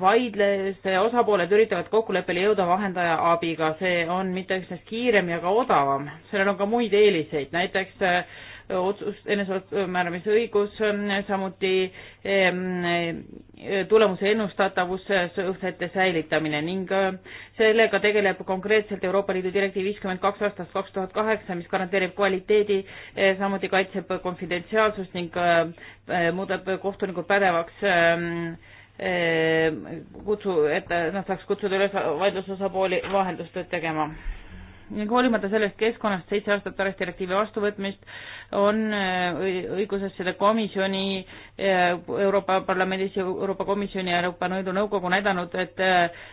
S3: vaidluse osapooled üritavad kokkuleppele jõuda vahendaja abiga, see on mitte üksnes kiirem ja ka odavam, sellel on ka muid eeliseid, näiteks äh, otsus, enesemääramisõigus, samuti ehm, tulemuse ennustatavus, suhete säilitamine ning äh, sellega tegeleb konkreetselt Euroopa Liidu direktiiv viiskümmend kaks aastast kaks tuhat kaheksa, mis garanteerib kvaliteedi, eh, samuti kaitseb konfidentsiaalsust ning äh, äh, muudab kohtunikud pädevaks ehm, ehm, kutsu, et nad saaks kutsuda üles vaidlusosapooli vaheldustööd tegema hoolimata sellest keskkonnast seitse aastat pärast direktiivi vastuvõtmist on äh, õiguses selle komisjoni, äh, Euroopa Parlamendis, Euroopa Komisjoni ja Euroopa Liidu Nõukogu näidanud, et äh,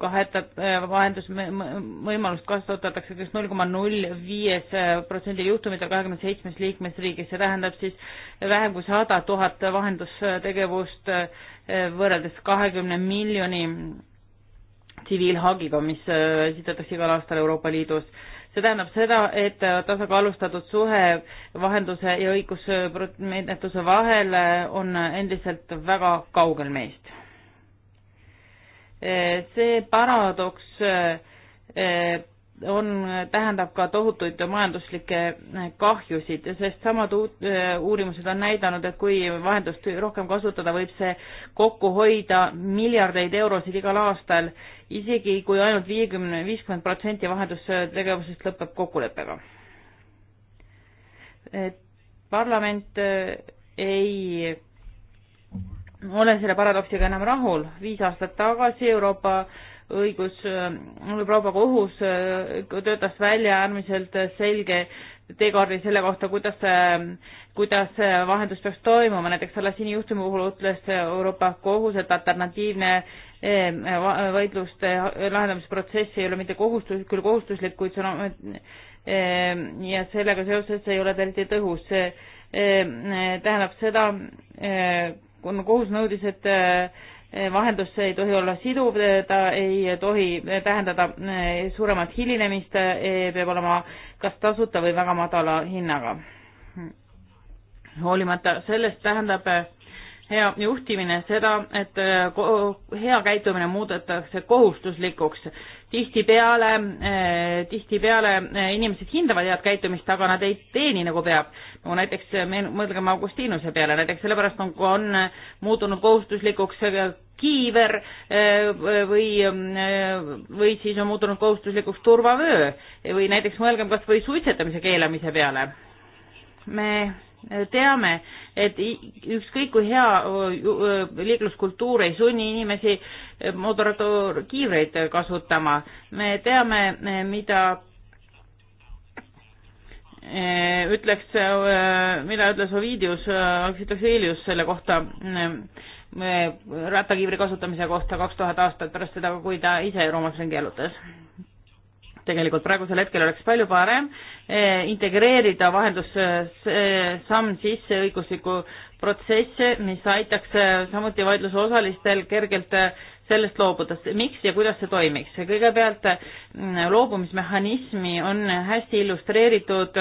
S3: kahetab vahendusvõimalust kasutatakse kas null koma null viies protsendil juhtumitel kahekümne seitsmes liikmesriigis, see tähendab siis vähem kui sada tuhat vahendustegevust võrreldes kahekümne miljoni tsiviilhagiga, mis äh, esitatakse igal aastal Euroopa Liidus. see tähendab seda, et äh, tasakaalustatud suhe vahenduse ja õigusmenetluse vahel äh, on endiselt väga kaugel meist. see paradoks on, tähendab ka tohutuid majanduslikke eh, kahjusid, sest samad eh, uurimused on näidanud, et kui vahendust rohkem kasutada, võib see kokku hoida miljardeid eurosid igal aastal, isegi kui ainult viiekümne, viiskümmend protsenti vahendustegevusest lõpeb kokkuleppega. parlament eh, ei ole selle paradoksiga enam rahul, viis aastat tagasi Euroopa õigus või kaubakohus äh, töötas välja äärmiselt selge teekaardi selle kohta, kuidas, kuidas vahendus peaks toimuma, näiteks Alasini juhtumi puhul ütles Euroopa Kohus, et alternatiivne ähm, vaidluste lahendamisprotsess ei ole mitte kohustus, küll kohustuslik, kuid see on ähm, ja sellega seoses ei ole ta eriti tõhus. see ähm, tähendab seda, äh, kui kohus nõudis, et äh, vahendus ei tohi olla siduv, ta ei tohi tähendada eh, suuremat hilinemist, eh, peab olema kas tasuta või väga madala hinnaga. hoolimata sellest tähendab eh, hea juhtimine seda, et hea käitumine muudetakse kohustuslikuks tihtipeale, eh, tihtipeale eh, inimesed hindavad head käitumist, aga nad ei teeni nagu peab. no näiteks eh, mõelgem Augustiinuse peale, näiteks sellepärast on, on muutunud kohustuslikuks kiiver või, või siis on muutunud kohustuslikuks turvavöö või näiteks mõelgem kas või suitsetamise keelamise peale. me teame, et ükskõik kui hea liikluskultuur ei sunni inimesi mootorrattakiivreid kasutama, me teame, e, mida e, ütleks, mida ütles Ovidius Aksitofiilius selle kohta, e, rattakiivri kasutamise kohta kaks tuhat aastat pärast seda, kui ta ise Roomas ringi jalutas tegelikult praegusel hetkel oleks palju parem eh, integreerida vahendussamm eh, sisse õiguslikku protsessi, mis aitaks eh, samuti vaidlusosalistel kergelt sellest loobuda. miks ja kuidas see toimiks? kõigepealt mm, loobumismehhanismi on hästi illustreeritud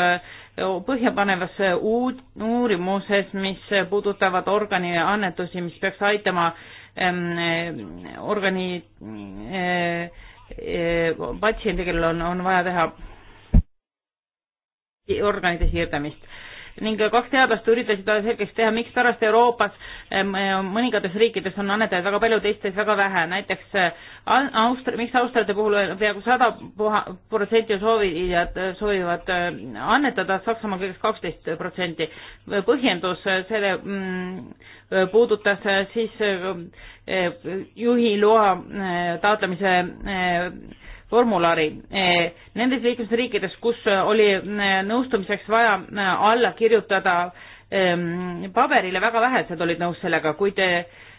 S3: põhjapanevas uud-, uurimuses, mis puudutavad organi annetusi, mis peaks aitama ähm, organi äh, patsiendil on, on vaja teha organide siirdamist ning kaks teadlast üritasid selgeks teha, mikspärast Euroopas mõningates riikides on annetajaid väga palju, teistes väga vähe. näiteks eh, Austria, miks austrite puhul peaaegu sada protsenti soovijad soovivad eh, annetada, Saksamaal kõigest kaksteist protsenti. põhjendus eh, selle mm, puudutas siis juhiloa taotlemise formulari. E, nendes liikmesriikides, kus e, oli e, nõustumiseks vaja alla kirjutada paberile, väga vähesed olid nõus sellega, kui te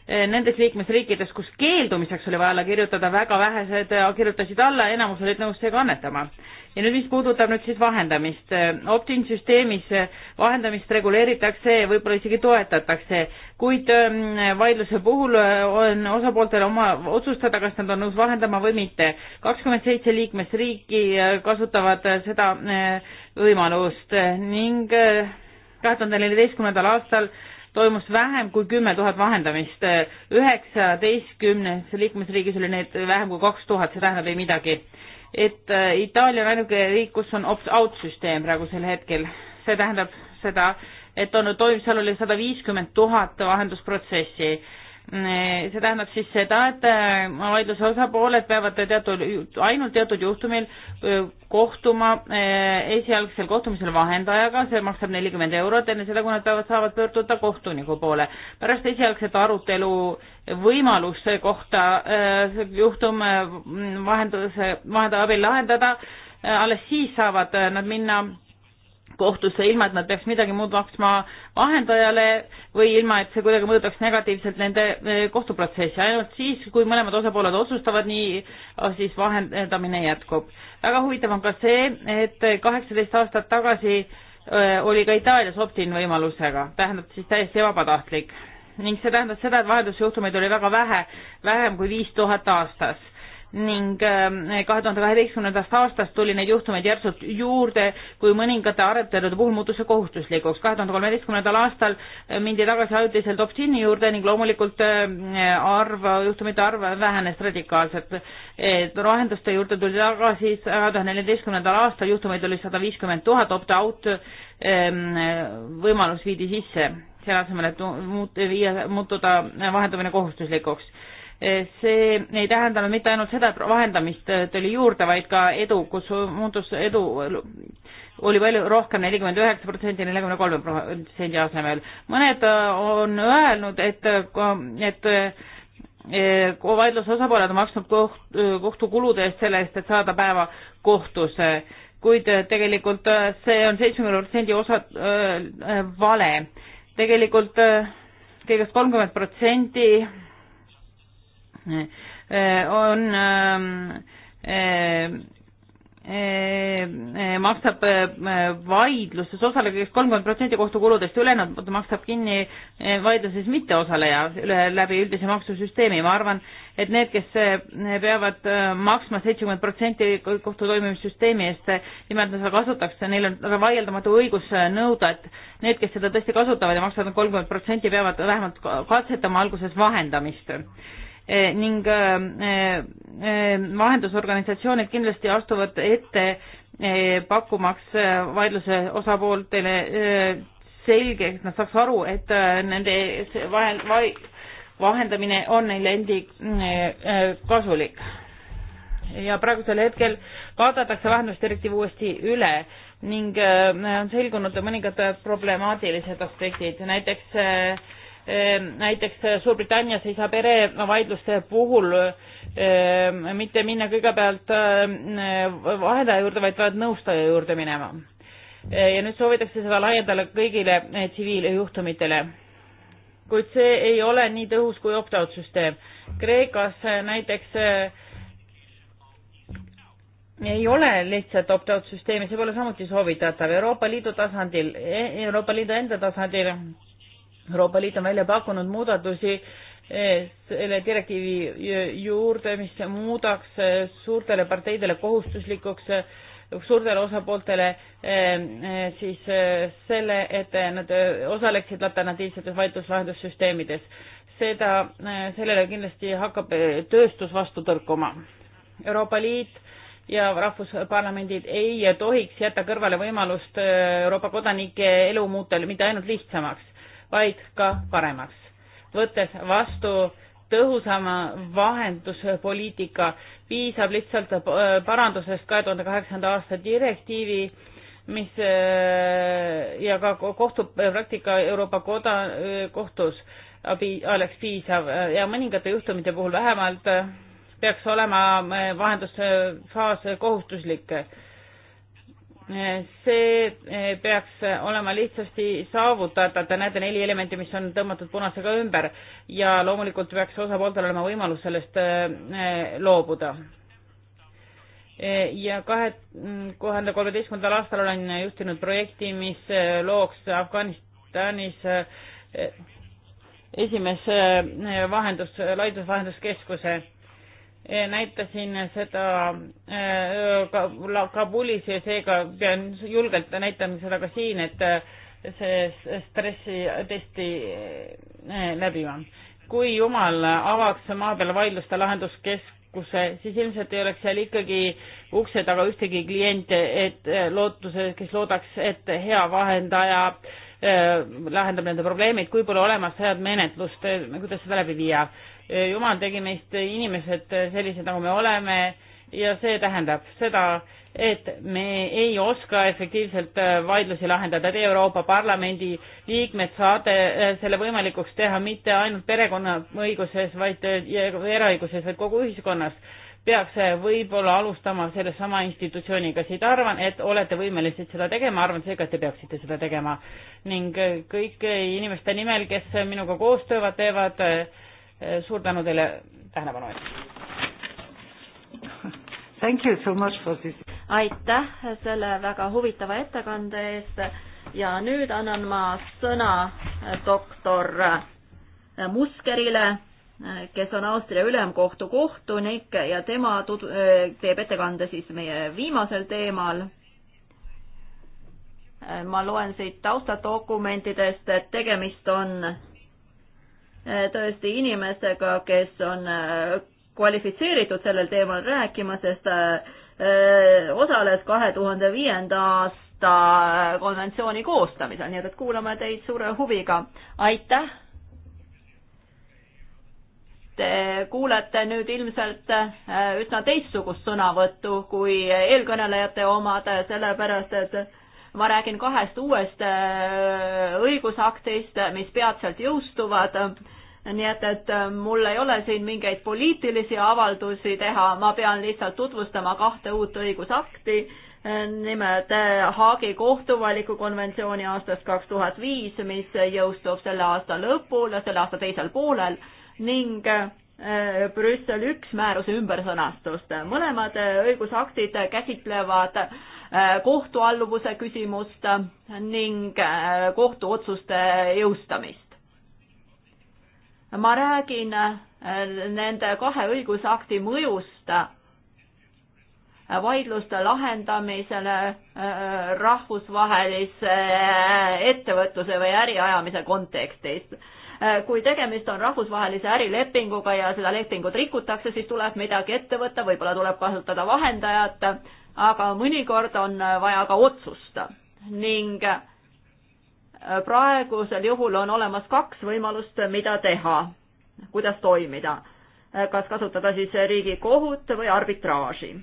S3: Eh, nendes liikmesriikides, kus keeldumiseks oli vaja alla kirjutada, väga vähesed eh, kirjutasid alla, enamus olid nõus seega annetama. ja nüüd, mis puudutab nüüd siis vahendamist. Eh, opt-in süsteemis vahendamist reguleeritakse, võib-olla isegi toetatakse, kuid ehm, vaidluse puhul on osapooltel oma otsustada, kas nad on nõus vahendama või mitte. kakskümmend seitse liikmesriiki kasutavad seda võimalust ning kahe tuhande neljateistkümnendal aastal toimus vähem kui kümme tuhat vahendamist, üheksateistkümnes liikmesriigis oli neid vähem kui kaks tuhat, see tähendab ei midagi. et äh, Itaalia on ainuke riik, kus on opt-out süsteem praegusel hetkel, see tähendab seda, et on toim-, seal oli sada viiskümmend tuhat vahendusprotsessi Eh, see tähendab siis seda, et äh, vaidluse osapooled peavad teatud, ainult teatud juhtumil kohtuma äh, esialgsel kohtumisel vahendajaga, see maksab nelikümmend eurot, enne seda, kui nad peavad, saavad pöörduda kohtuniku poole. pärast esialgset arutelu võimaluse kohta äh, juhtum vahenduse, vahendaja abil lahendada, alles siis saavad nad minna kohtusse, ilma et nad peaks midagi muud maksma vahendajale või ilma, et see kuidagi mõjutaks negatiivselt nende eh, kohtuprotsessi. ainult siis, kui mõlemad osapooled otsustavad nii, ah, siis vahendamine jätkub. väga huvitav on ka see, et kaheksateist aastat tagasi eh, oli ka Itaalias opt-in võimalusega, tähendab siis täiesti vabatahtlik ning see tähendas seda, et vahendusjuhtumeid oli väga vähe, vähem kui viis tuhat aastas ning äh, kahe tuhande kaheteistkümnendast aastast tuli neid juhtumeid järsult juurde, kui mõningate aretajate puhul muutus see kohustuslikuks. kahe tuhande kolmeteistkümnendal aastal äh, mindi tagasi ajutiselt opt-in'i juurde ning loomulikult äh, arv, juhtumite arv vähenes radikaalselt. lahenduste juurde tuli tagasi kahe tuhande neljateistkümnendal aastal, juhtumeid oli sada viiskümmend tuhat, opt-out ähm, võimalus viidi sisse, selle asemel, et muut-, viia, muutuda vahendamine kohustuslikuks Äh, see ei tähendanud mitte ainult seda, et vahendamist äh, tuli juurde, vaid ka edu, kus muutus edu oli palju rohkem, nelikümmend üheksa protsenti, neljakümne kolme protsendi asemel. mõned äh, on öelnud, et, et kui vaidluse osapooled on maksnud koht, kohtukulude eest selle eest, et saada päeva kohtusse, kuid tegelikult see on seitsmekümne protsendi osa äh, vale tegelikult, äh,. tegelikult kõigest kolmkümmend protsenti Äh, on ähm, äh, äh, maksab vaidluses osalemiseks kolmkümmend protsenti kohtukuludest, ülejäänud maksab kinni vaidluses mitteosaleja üle, läbi üldise maksusüsteemi, ma arvan, et need, kes peavad maksma seitsekümmend protsenti kohtu toimimissüsteemi eest, nimelt nad seda kasutaks, neil on vaieldamatu õigus nõuda, et need, kes seda tõesti kasutavad ja maksavad kolmkümmend protsenti, peavad vähemalt katsetama alguses vahendamist Eh, ning eh, eh, vahendusorganisatsioonid kindlasti astuvad ette pakkumaks vaidluse osapooltele selge, et nad saaks aru, et nende vahel, vahendamine on neile endi mm, kasulik. ja praegusel hetkel vaadatakse lahendusdirektiiv uuesti üle ning on selgunud mõningad problemaatilised aspektid, näiteks Ehm, näiteks äh, Suurbritannias ei saa perevaidluste puhul ehm, mitte minna kõigepealt ehm, vahendaja juurde, vaid peavad nõustaja juurde minema. ja nüüd soovitakse seda laiendada kõigile eh, tsiviiljuhtumitele. kuid see ei ole nii tõhus kui opt-out süsteem. Kreekas eh, näiteks eh, ei ole lihtsalt opt-out süsteemi, see pole samuti soovitatav. Euroopa Liidu tasandil, Euroopa Liidu enda tasandil Euroopa Liit on välja pakkunud muudatusi eh, selle direktiivi eh, juurde, mis muudaks eh, suurtele parteidele kohustuslikuks suurtele osapooltele siis selle, et nad osaleksid alternatiivsetes vaidluslahendussüsteemides. seda, sellele kindlasti hakkab tööstus vastu tõrkuma. Euroopa Liit ja rahvusparlamendid ei tohiks jätta kõrvale võimalust Euroopa kodanike elu muuta mitte ainult lihtsamaks vaid ka paremaks, võttes vastu tõhusama vahenduspoliitika, piisab lihtsalt parandusest kahe tuhande kaheksanda aasta direktiivi, mis äh, ja ka kohtupraktika Euroopa koda, äh, kohtus abi oleks piisav ja mõningate juhtumite puhul vähemalt peaks olema äh, vahendusfaas kohustuslik see eh, peaks olema lihtsasti saavutatav, te näete neli elementi, mis on tõmmatud punasega ümber ja loomulikult peaks osapooltel olema võimalus sellest eh, loobuda. Eh, ja kahe, kahe tuhande kolmeteistkümnendal aastal olen juhtinud projekti, mis looks Afganistanis esimese vahendus, laidusvahenduskeskuse Eh, näitasin seda eh, Kabulis ja seega pean julgelt näitama seda ka siin, et eh, see stressitesti läbima. kui Jumal avaks maa peal vaidluste lahenduskeskuse, siis ilmselt ei oleks seal ikkagi ukse taga ühtegi kliente, et lootuse, kes loodaks, et hea vahendaja lahendab nende probleemid, kui pole olemas head menetlust, kuidas seda läbi viia jumal tegi meist inimesed sellised, nagu me oleme ja see tähendab seda, et me ei oska efektiivselt äh, vaidlusi lahendada. Teie Euroopa Parlamendi liikmed saate äh, selle võimalikuks teha mitte ainult perekonnaõiguses, vaid äh, eraõiguses, vaid kogu ühiskonnas. peaks võib-olla alustama sellesama institutsiooniga, siit arvan, et olete võimelised seda tegema, arvan seega, et te peaksite seda tegema. ning kõik inimeste nimel, kes minuga koostöövad, teevad, teevad Eh, suur tänu teile tähelepanu eest.
S5: Thank you so much for this.
S2: aitäh selle väga huvitava ettekande eest ja nüüd annan ma sõna
S5: eh, doktor eh,
S2: Muskerile, kes on Austria ülemkohtu kohtunik ja tema tud-, teeb ettekande siis meie viimasel teemal ma loen siit taustadokumentidest, et tegemist on Eh, tõesti inimestega, kes on eh, kvalifitseeritud sellel teemal rääkima, sest eh, osales kahe tuhande viienda aasta konventsiooni koostamisel, nii et, et kuulame teid suure huviga. aitäh! Te kuulete nüüd ilmselt üsna teistsugust sõnavõttu kui eelkõnelejate omad, sellepärast et ma räägin kahest uuest õigusaktist, mis peatselt jõustuvad nii et, et äh, mul ei ole siin mingeid poliitilisi avaldusi teha, ma pean lihtsalt tutvustama kahte uut õigusakti, äh, nimelt äh, Haagi kohtuvaliku konventsiooni aastast kaks tuhat viis, mis jõustub selle aasta lõpul, selle aasta teisel poolel ning Brüssel üks määruse ümbersõnastust. mõlemad õigusaktid käsitlevad kohtualluvuse küsimust ning kohtuotsuste jõustamist ma räägin äh, nende kahe õigusakti mõjust äh, vaidluste lahendamisele äh, rahvusvahelise ettevõtluse või äriajamise kontekstis. kui tegemist on rahvusvahelise ärilepinguga ja seda lepingut rikutakse, siis tuleb midagi ette võtta, võib-olla tuleb kasutada vahendajat, aga mõnikord on vaja ka otsust ning praegusel juhul on olemas kaks võimalust, mida teha, kuidas toimida. kas kasutada siis Riigikohut või arbitraaži?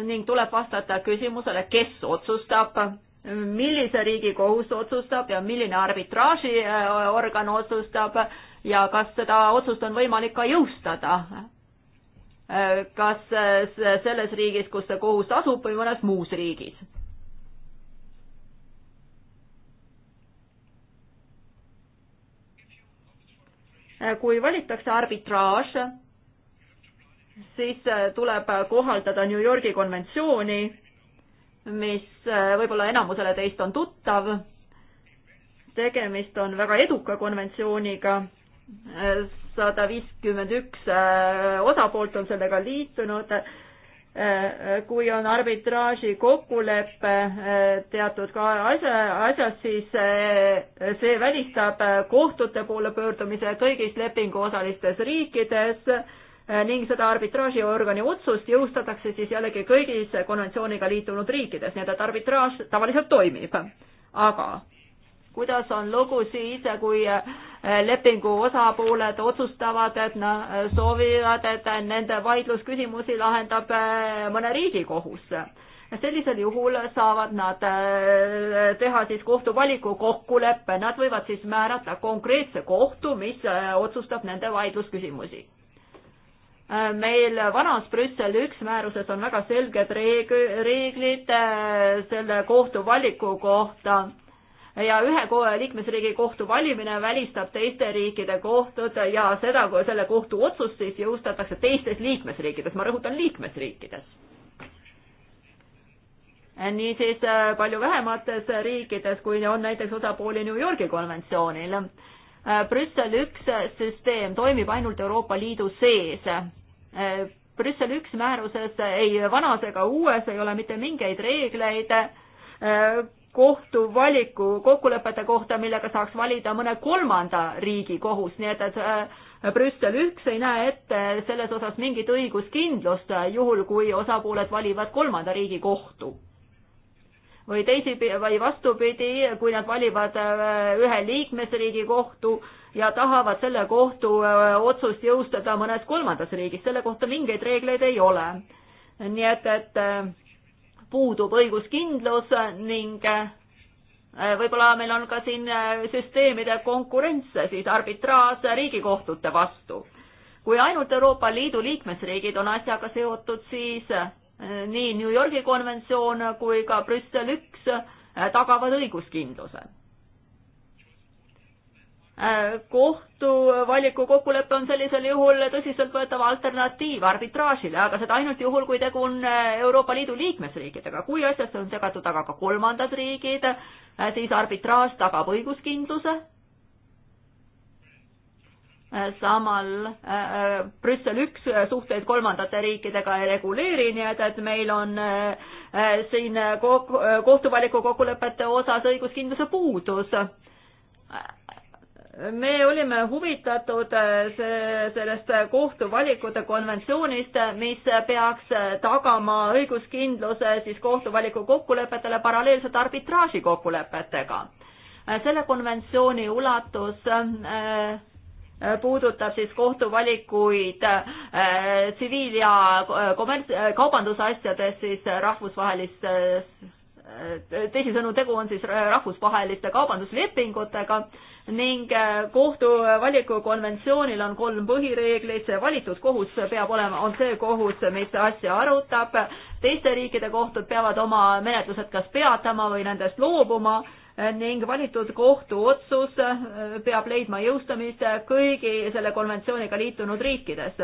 S2: ning tuleb vastata küsimusele, kes otsustab, millise Riigikohus otsustab ja milline arbitraažiorgan eh, otsustab ja kas seda otsust on võimalik ka jõustada kas selles riigis, kus see kohus asub või mõnes muus riigis. kui valitakse arbitraaž, siis tuleb kohaldada New Yorgi konventsiooni, mis võib-olla enamusele teist on tuttav. tegemist on väga eduka konventsiooniga sada viiskümmend üks äh, osapoolt on sellega liitunud. Äh, kui on arbitraaži kokkulepe äh, teatud ka asja, asjas, siis see välistab kohtute poole pöördumise kõigis lepinguosalistes riikides ning seda arbitraažiorgani otsust jõustatakse siis jällegi kõigis konventsiooniga liitunud riikides, nii et arbitraaž tavaliselt toimib. aga kuidas on lugu siis, kui äh, lepingu osapooled otsustavad, et nad äh, soovivad, et äh, nende vaidlusküsimusi lahendab mõne riigikohus. sellisel juhul saavad nad teha siis kohtuvaliku kokkuleppe, nad võivad siis määrata konkreetse kohtu, mis otsustab nende vaidlusküsimusi meil vanas Brüssel üks määruses on väga selged reeg-, reeglid selle kohtuvaliku kohta ja ühe liikmesriigi kohtu valimine välistab teiste riikide kohtud ja seda, kui selle kohtu otsust siis jõustatakse teistes liikmesriikides, ma rõhutan liikmesriikides. niisiis äh, palju vähemates riikides, kui on näiteks osapooli New Yorgi konventsioonil. Äh, Brüssel üks süsteem toimib ainult Euroopa Liidu sees. Äh, Brüssel üks määruses ei vanas ega uues ei ole mitte mingeid reegleid kohtuvaliku kokkulepete kohta, millega saaks valida mõne kolmanda riigi kohus, nii et, et äh, Brüssel üks ei näe ette selles osas mingit õiguskindlust, äh, juhul kui osapooled valivad kolmanda riigi kohtu. või teisi, või vastupidi, kui nad valivad äh, ühe liikmesriigi kohtu ja tahavad selle kohtu otsust jõustada mõnes kolmandas riigis, selle kohta mingeid reegleid ei ole. nii et, et puudub õiguskindlus ning äh, võib-olla meil on ka siin äh, süsteemide konkurents siis arbitraaž riigikohtute vastu. kui ainult Euroopa Liidu liikmesriigid on asjaga seotud, siis äh, nii New Yorgi konventsioon kui ka Brüssel üks tagavad õiguskindluse Äh, kohtuvaliku kokkulepe on sellisel juhul tõsiseltvõetav alternatiiv arbitraažile, aga seda ainult juhul, kui tegu on äh, Euroopa Liidu liikmesriikidega. kui asjasse on segatud aga ka kolmandad riigid, äh, siis arbitraaž tagab õiguskindluse. samal Brüssel üks suhteid kolmandate riikidega ei reguleeri, nii et, et meil on siin kohtuvaliku kokkulepete osas õiguskindluse puudus me olime huvitatud äh, sellest äh, kohtuvalikute konventsioonist, äh, mis peaks tagama õiguskindluse siis kohtuvaliku kokkulepetele paralleelselt arbitraaži kokkulepetega. selle konventsiooni ulatus puudutab siis kohtuvalikuid tsiviil- äh, ja kommerts-, kaubandusasjades siis rahvusvahelistes teisisõnu, tegu on siis rahvusvaheliste kaubanduslepingutega ning äh, kohtuvaliku konventsioonil on kolm põhireeglit, valitud kohus peab olema, on see kohus, mis asja arutab, teiste riikide kohtud peavad oma menetlused kas peatama või nendest loobuma ning valitud kohtu otsus äh, peab leidma jõustamist kõigi selle konventsiooniga liitunud riikides.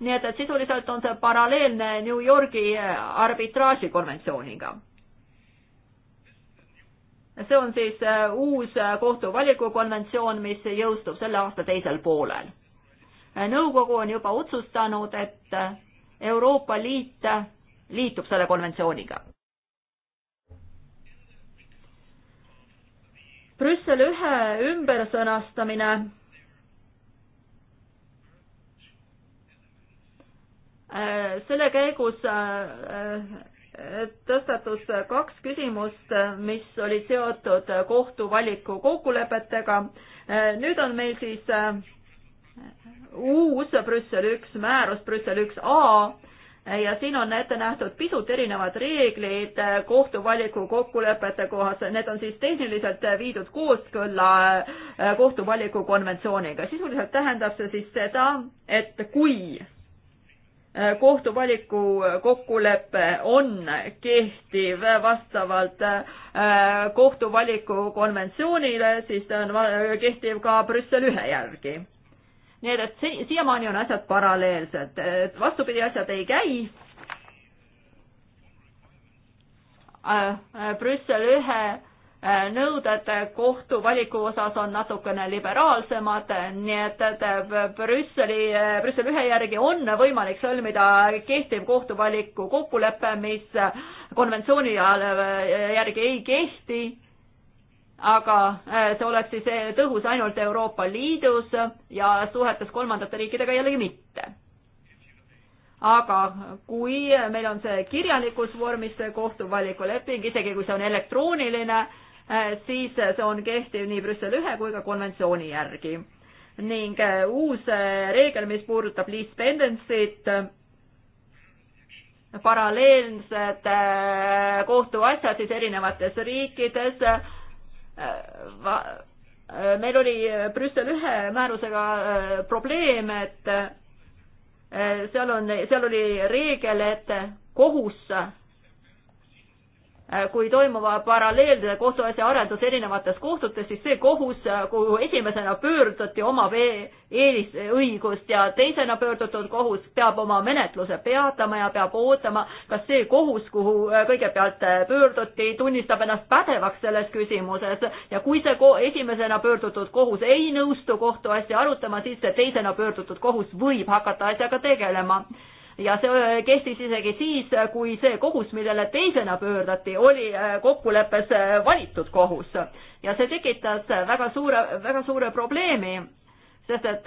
S2: nii et, et sisuliselt on see paralleelne New Yorgi äh, arbitraažikonventsiooniga see on siis äh, uus äh, kohtuvalikukonventsioon, mis jõustub selle aasta teisel poolel. Äh, nõukogu on juba otsustanud, et Euroopa Liit liitub selle konventsiooniga. Brüssel ühe ümbersõnastamine selle käigus tõstatus kaks küsimust, mis olid seotud kohtuvaliku kokkulepetega. nüüd on meil siis äh, uus Brüssel üks määrus, Brüssel üks A ja siin on ette nähtud pisut erinevad reeglid kohtuvaliku kokkulepete kohas, need on siis tehniliselt viidud kooskõlla äh, kohtuvaliku konventsiooniga. sisuliselt tähendab see siis seda, et kui kohtuvaliku kokkulepe on kehtiv vastavalt äh, kohtuvaliku konventsioonile, siis ta on kehtiv ka Brüssel ühe järgi. nii et, et si siiamaani on asjad paralleelsed, et vastupidi, asjad ei käi. Äh, äh, Brüssel ühe nõuded kohtu valiku osas on natukene liberaalsemad, nii et, et Brüsseli, Brüssel ühe järgi on võimalik sõlmida kehtiv kohtuvaliku kokkulepe, mis konventsiooni äh, järgi ei kehti, aga äh, see oleks siis äh, tõhus ainult Euroopa Liidus ja suhetes kolmandate riikidega jällegi mitte aga kui meil on see kirjalikus vormis, see kohtuvalikuleping, isegi kui see on elektrooniline, Äh, siis see on kehtiv nii Brüssel ühe kui ka konventsiooni järgi. ning äh, uus äh, reegel, mis puudutab lease pendency't, paralleelsed kohtuasjad siis erinevates riikides, meil oli Brüssel ühe määrusega probleem, et seal on, seal oli reegel, et kohus Äh, kui toimuva paralleelse kohtuasja arendus erinevates kohtutes, siis see kohus, äh, kuhu esimesena pöörduti, omab eelisõigust ja teisena pöördutud kohus peab oma menetluse peatama ja peab ootama, kas see kohus, kuhu äh, kõigepealt pöörduti, tunnistab ennast pädevaks selles küsimuses ja kui see esimesena pöördutud kohus ei nõustu kohtuasja arutama, siis see teisena pöördutud kohus võib hakata asjaga tegelema ja see äh, kestis isegi siis, kui see kohus, millele teisena pöördati, oli äh, kokkuleppes äh, valitud kohus. ja see tekitas väga suure, väga suure probleemi, sest et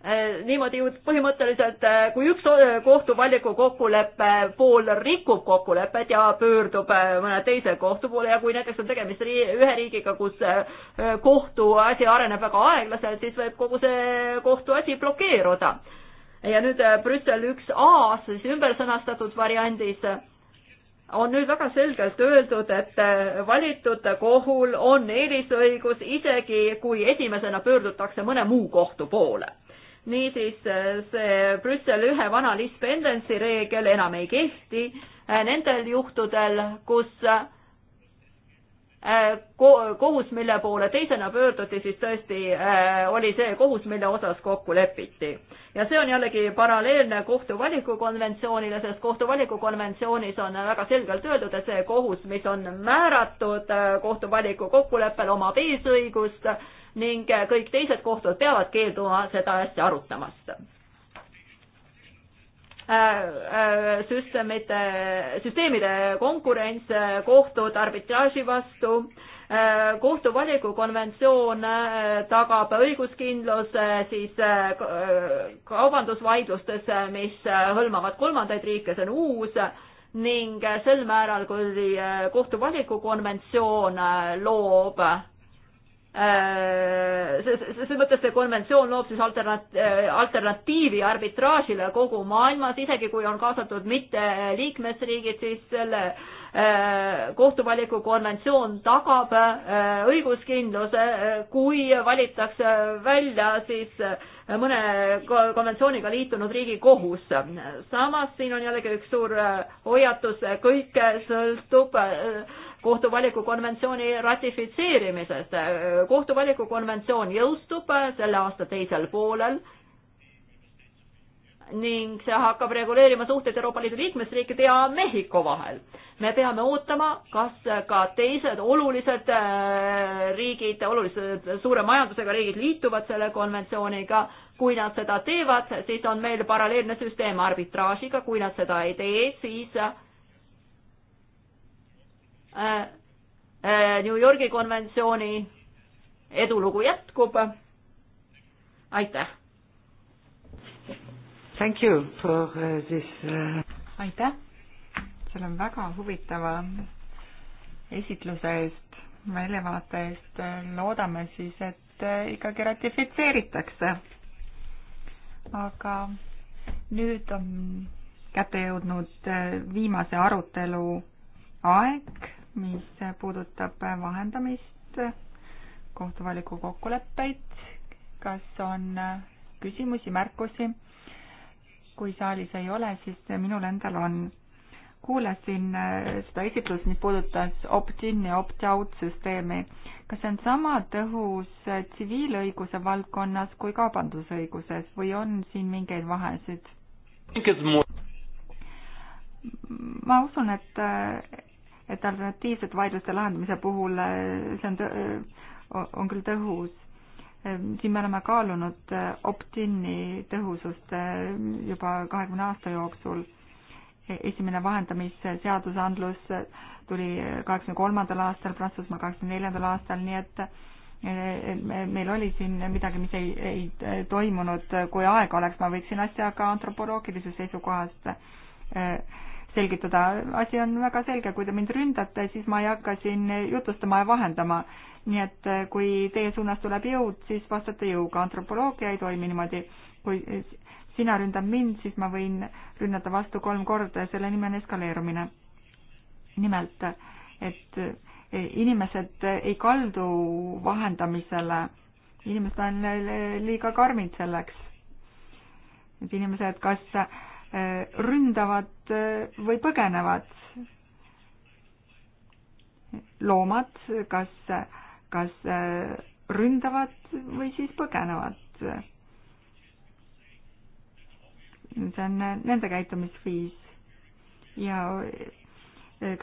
S2: Äh, niimoodi põhimõtteliselt, äh, kui üks kohtuvaliku kokkulepe pool rikub kokkulepet ja pöördub äh, mõne teise kohtu poole ja kui näiteks on tegemist ühe riigiga, kus kohtuasi areneb väga aeglaselt, siis võib kogu see kohtuasi blokeeruda. ja nüüd Brüssel üks A siis ümber sõnastatud variandis on nüüd väga selgelt öeldud, et valitud kohul on eelisõigus, isegi kui esimesena pöördutakse mõne muu kohtu poole niisiis see Brüssel ühe vana lispendensi reegel enam ei kehti äh, nendel juhtudel, kus äh, kohus, mille poole teisena pöörduti, siis tõesti äh, oli see kohus, mille osas kokku lepiti. ja see on jällegi paralleelne kohtuvaliku konventsioonile, sest kohtuvaliku konventsioonis on väga selgelt öeldud, et see kohus, mis on määratud kohtuvaliku kokkuleppel, omab eesõigust ning äh, kõik teised kohtud peavad keelduma seda asja arutamast. Äh, äh, süsteemide, süsteemide konkurents kohtud arbitraaži vastu, kohtuvaliku konventsioon tagab õiguskindluse siis kaubandusvaidlustes, mis hõlmavad kolmandaid riike, see on uus ning sel määral, kui kohtuvaliku konventsioon loob Äh, selles mõttes see konventsioon loob siis alternat-, äh, alternatiivi arbitraažile kogu maailmas, isegi kui on kaasatud mitte liikmesriigid, siis selle äh, kohtuvaliku konventsioon tagab õiguskindluse, kui valitakse välja siis mõne konventsiooniga liitunud riigi kohus. samas siin on jällegi üks suur hoiatus, kõik sõltub kohtuvaliku konventsiooni ratifitseerimisest. kohtuvaliku konventsioon jõustub selle aasta teisel poolel ning see hakkab reguleerima suhteid Euroopa Liidu liikmesriikide ja Mehhiko vahel. me peame ootama, kas ka teised olulised äh, riigid, olulised suure majandusega riigid liituvad selle konventsiooniga. kui nad seda teevad, siis on meil paralleelne süsteem arbitraažiga, kui nad seda ei tee, siis Äh, äh, New Yorgi konventsiooni
S4: edulugu jätkub. aitäh!
S5: Thank you for uh, this uh,
S4: aitäh selle väga huvitava esitluse eest, väljavaate eest, loodame siis, et äh, ikkagi ratifitseeritakse. aga nüüd on kätte jõudnud viimase arutelu aeg mis puudutab vahendamist, kohtuvaliku kokkuleppeid, kas on küsimusi, märkusi? kui saalis ei ole, siis minul endal on. kuulasin äh, seda esitlust, mis puudutas opt-in ja opt-out süsteemi. kas see on sama tõhus äh, tsiviilõiguse valdkonnas kui kaubandusõiguses või on siin mingeid vahesid? ma usun, et, äh, et alternatiivsete vaidluste lahendamise puhul eh, see on, eh, on küll tõhus. Eh, siin me oleme kaalunud opt-in'i tõhusust juba kahekümne aasta jooksul. E-, esimene vahendamisseadusandlus tuli kaheksakümne kolmandal aastal, Prantsusmaa kaheksakümne neljandal aastal, nii et meil oli siin midagi, mis ei, ei toimunud, kui aega oleks, ma võiksin asja ka antropoloogilisest seisukohast selgitada. asi on väga selge, kui te mind ründate, siis ma ei hakka siin jutustama ja vahendama. nii et eh, kui teie suunas tuleb jõud, siis vastate jõuga. antropoloogia ei toimi niimoodi. kui sina ründad mind, siis ma võin rünnata vastu kolm korda ja selle nimi on eskaleerumine. nimelt, et eh, inimesed ei kaldu vahendamisele, inimesed on eh, liiga karmid selleks. et inimesed kas Äh, ründavad äh, või põgenevad loomad, kas, kas äh, ründavad või siis põgenevad. see on nende käitumisviis ja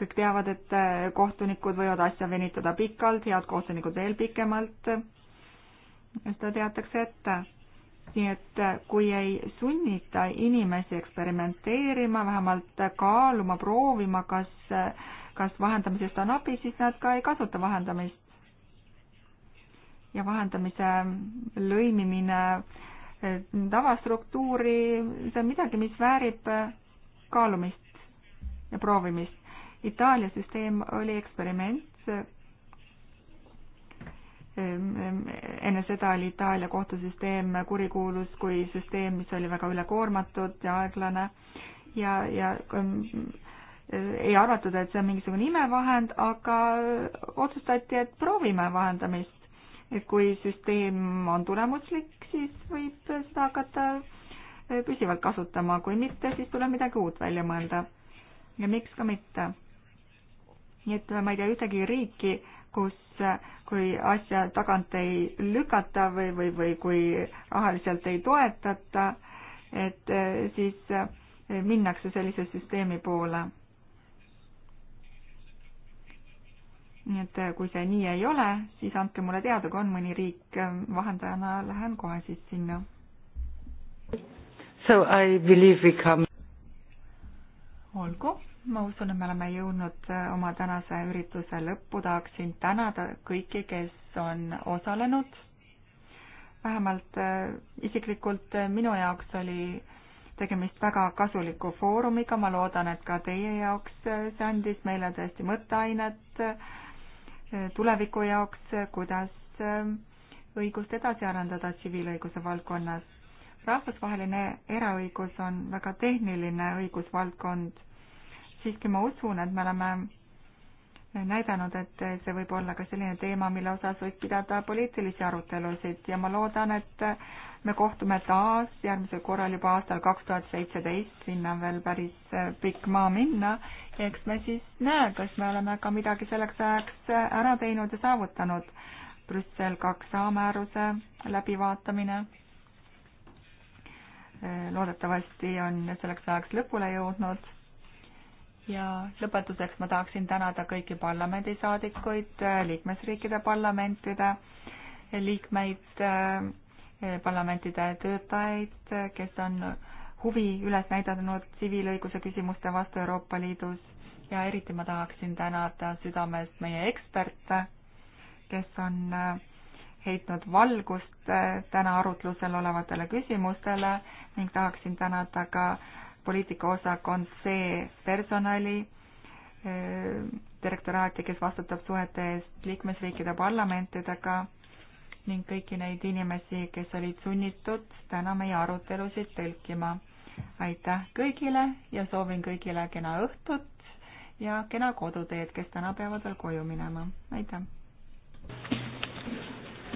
S4: kõik teavad, et kohtunikud võivad asja venitada pikalt, head kohtunikud veel pikemalt. seda teatakse ette nii et äh, kui ei sunnita inimesi eksperimenteerima, vähemalt äh, kaaluma, proovima, kas, äh, kas vahendamisest on abi, siis nad ka ei kasuta vahendamist. ja vahendamise lõimimine tavastruktuuri, see on midagi, mis väärib kaalumist ja proovimist. Itaalia süsteem oli eksperiment, Ehm, ehm, enne seda oli Itaalia kohtusüsteem kurikuulus kui süsteem, mis oli väga ülekoormatud ja aeglane ja, ja ehm, ei arvatud, et see on mingisugune imevahend, aga otsustati, et proovime vahendamist. et kui süsteem on tulemuslik, siis võib seda hakata eh, püsivalt kasutama, kui mitte, siis tuleb midagi uut välja mõelda. ja miks ka mitte. nii et ma ei tea ühtegi riiki, kus, kui asja tagant ei lükata või, või, või kui rahaliselt ei toetata, et eh, siis eh, minnakse sellise süsteemi poole. nii et eh, kui see nii ei ole, siis andke mulle teada, kui on mõni riik, vahendajana lähen kohe siis sinna.
S5: So I believe we come
S4: olgu, ma usun, et me oleme jõudnud äh, oma tänase ürituse lõppu, tahaksin tänada kõiki, kes on osalenud. vähemalt äh, isiklikult äh, minu jaoks oli tegemist väga kasuliku foorumiga, ma loodan, et ka teie jaoks see andis meile tõesti mõtteainet tuleviku jaoks, kuidas õigust edasi arendada tsiviilõiguse valdkonnas rahvusvaheline eraõigus on väga tehniline õigusvaldkond. siiski ma usun, et me oleme näidanud, et see võib olla ka selline teema, mille osas võib pidada poliitilisi arutelusid ja ma loodan, et me kohtume taas järgmisel korral juba aastal kaks tuhat seitseteist, sinna on veel päris pikk maa minna. eks me siis näe, kas me oleme ka midagi selleks ajaks ära teinud ja saavutanud. Brüssel kaks A määruse läbivaatamine Äh, loodetavasti on selleks ajaks lõpule jõudnud ja lõpetuseks ma tahaksin tänada kõiki parlamendisaadikuid, äh, liikmesriikide parlamentide liikmeid, äh, parlamentide töötajaid, kes on huvi üles näidanud tsiviilõiguse küsimuste vastu Euroopa Liidus ja eriti ma tahaksin tänada südamest meie eksperte, kes on heitnud valgust äh, täna arutlusel olevatele küsimustele ning tahaksin tänada ka poliitikaosakond C personali äh, direktoraati, kes vastutab suhete eest liikmesriikide parlamentidega ning kõiki neid inimesi, kes olid sunnitud täna meie arutelusid tõlkima. aitäh kõigile ja soovin kõigile kena õhtut ja kena koduteed, kes täna peavad veel koju minema. aitäh!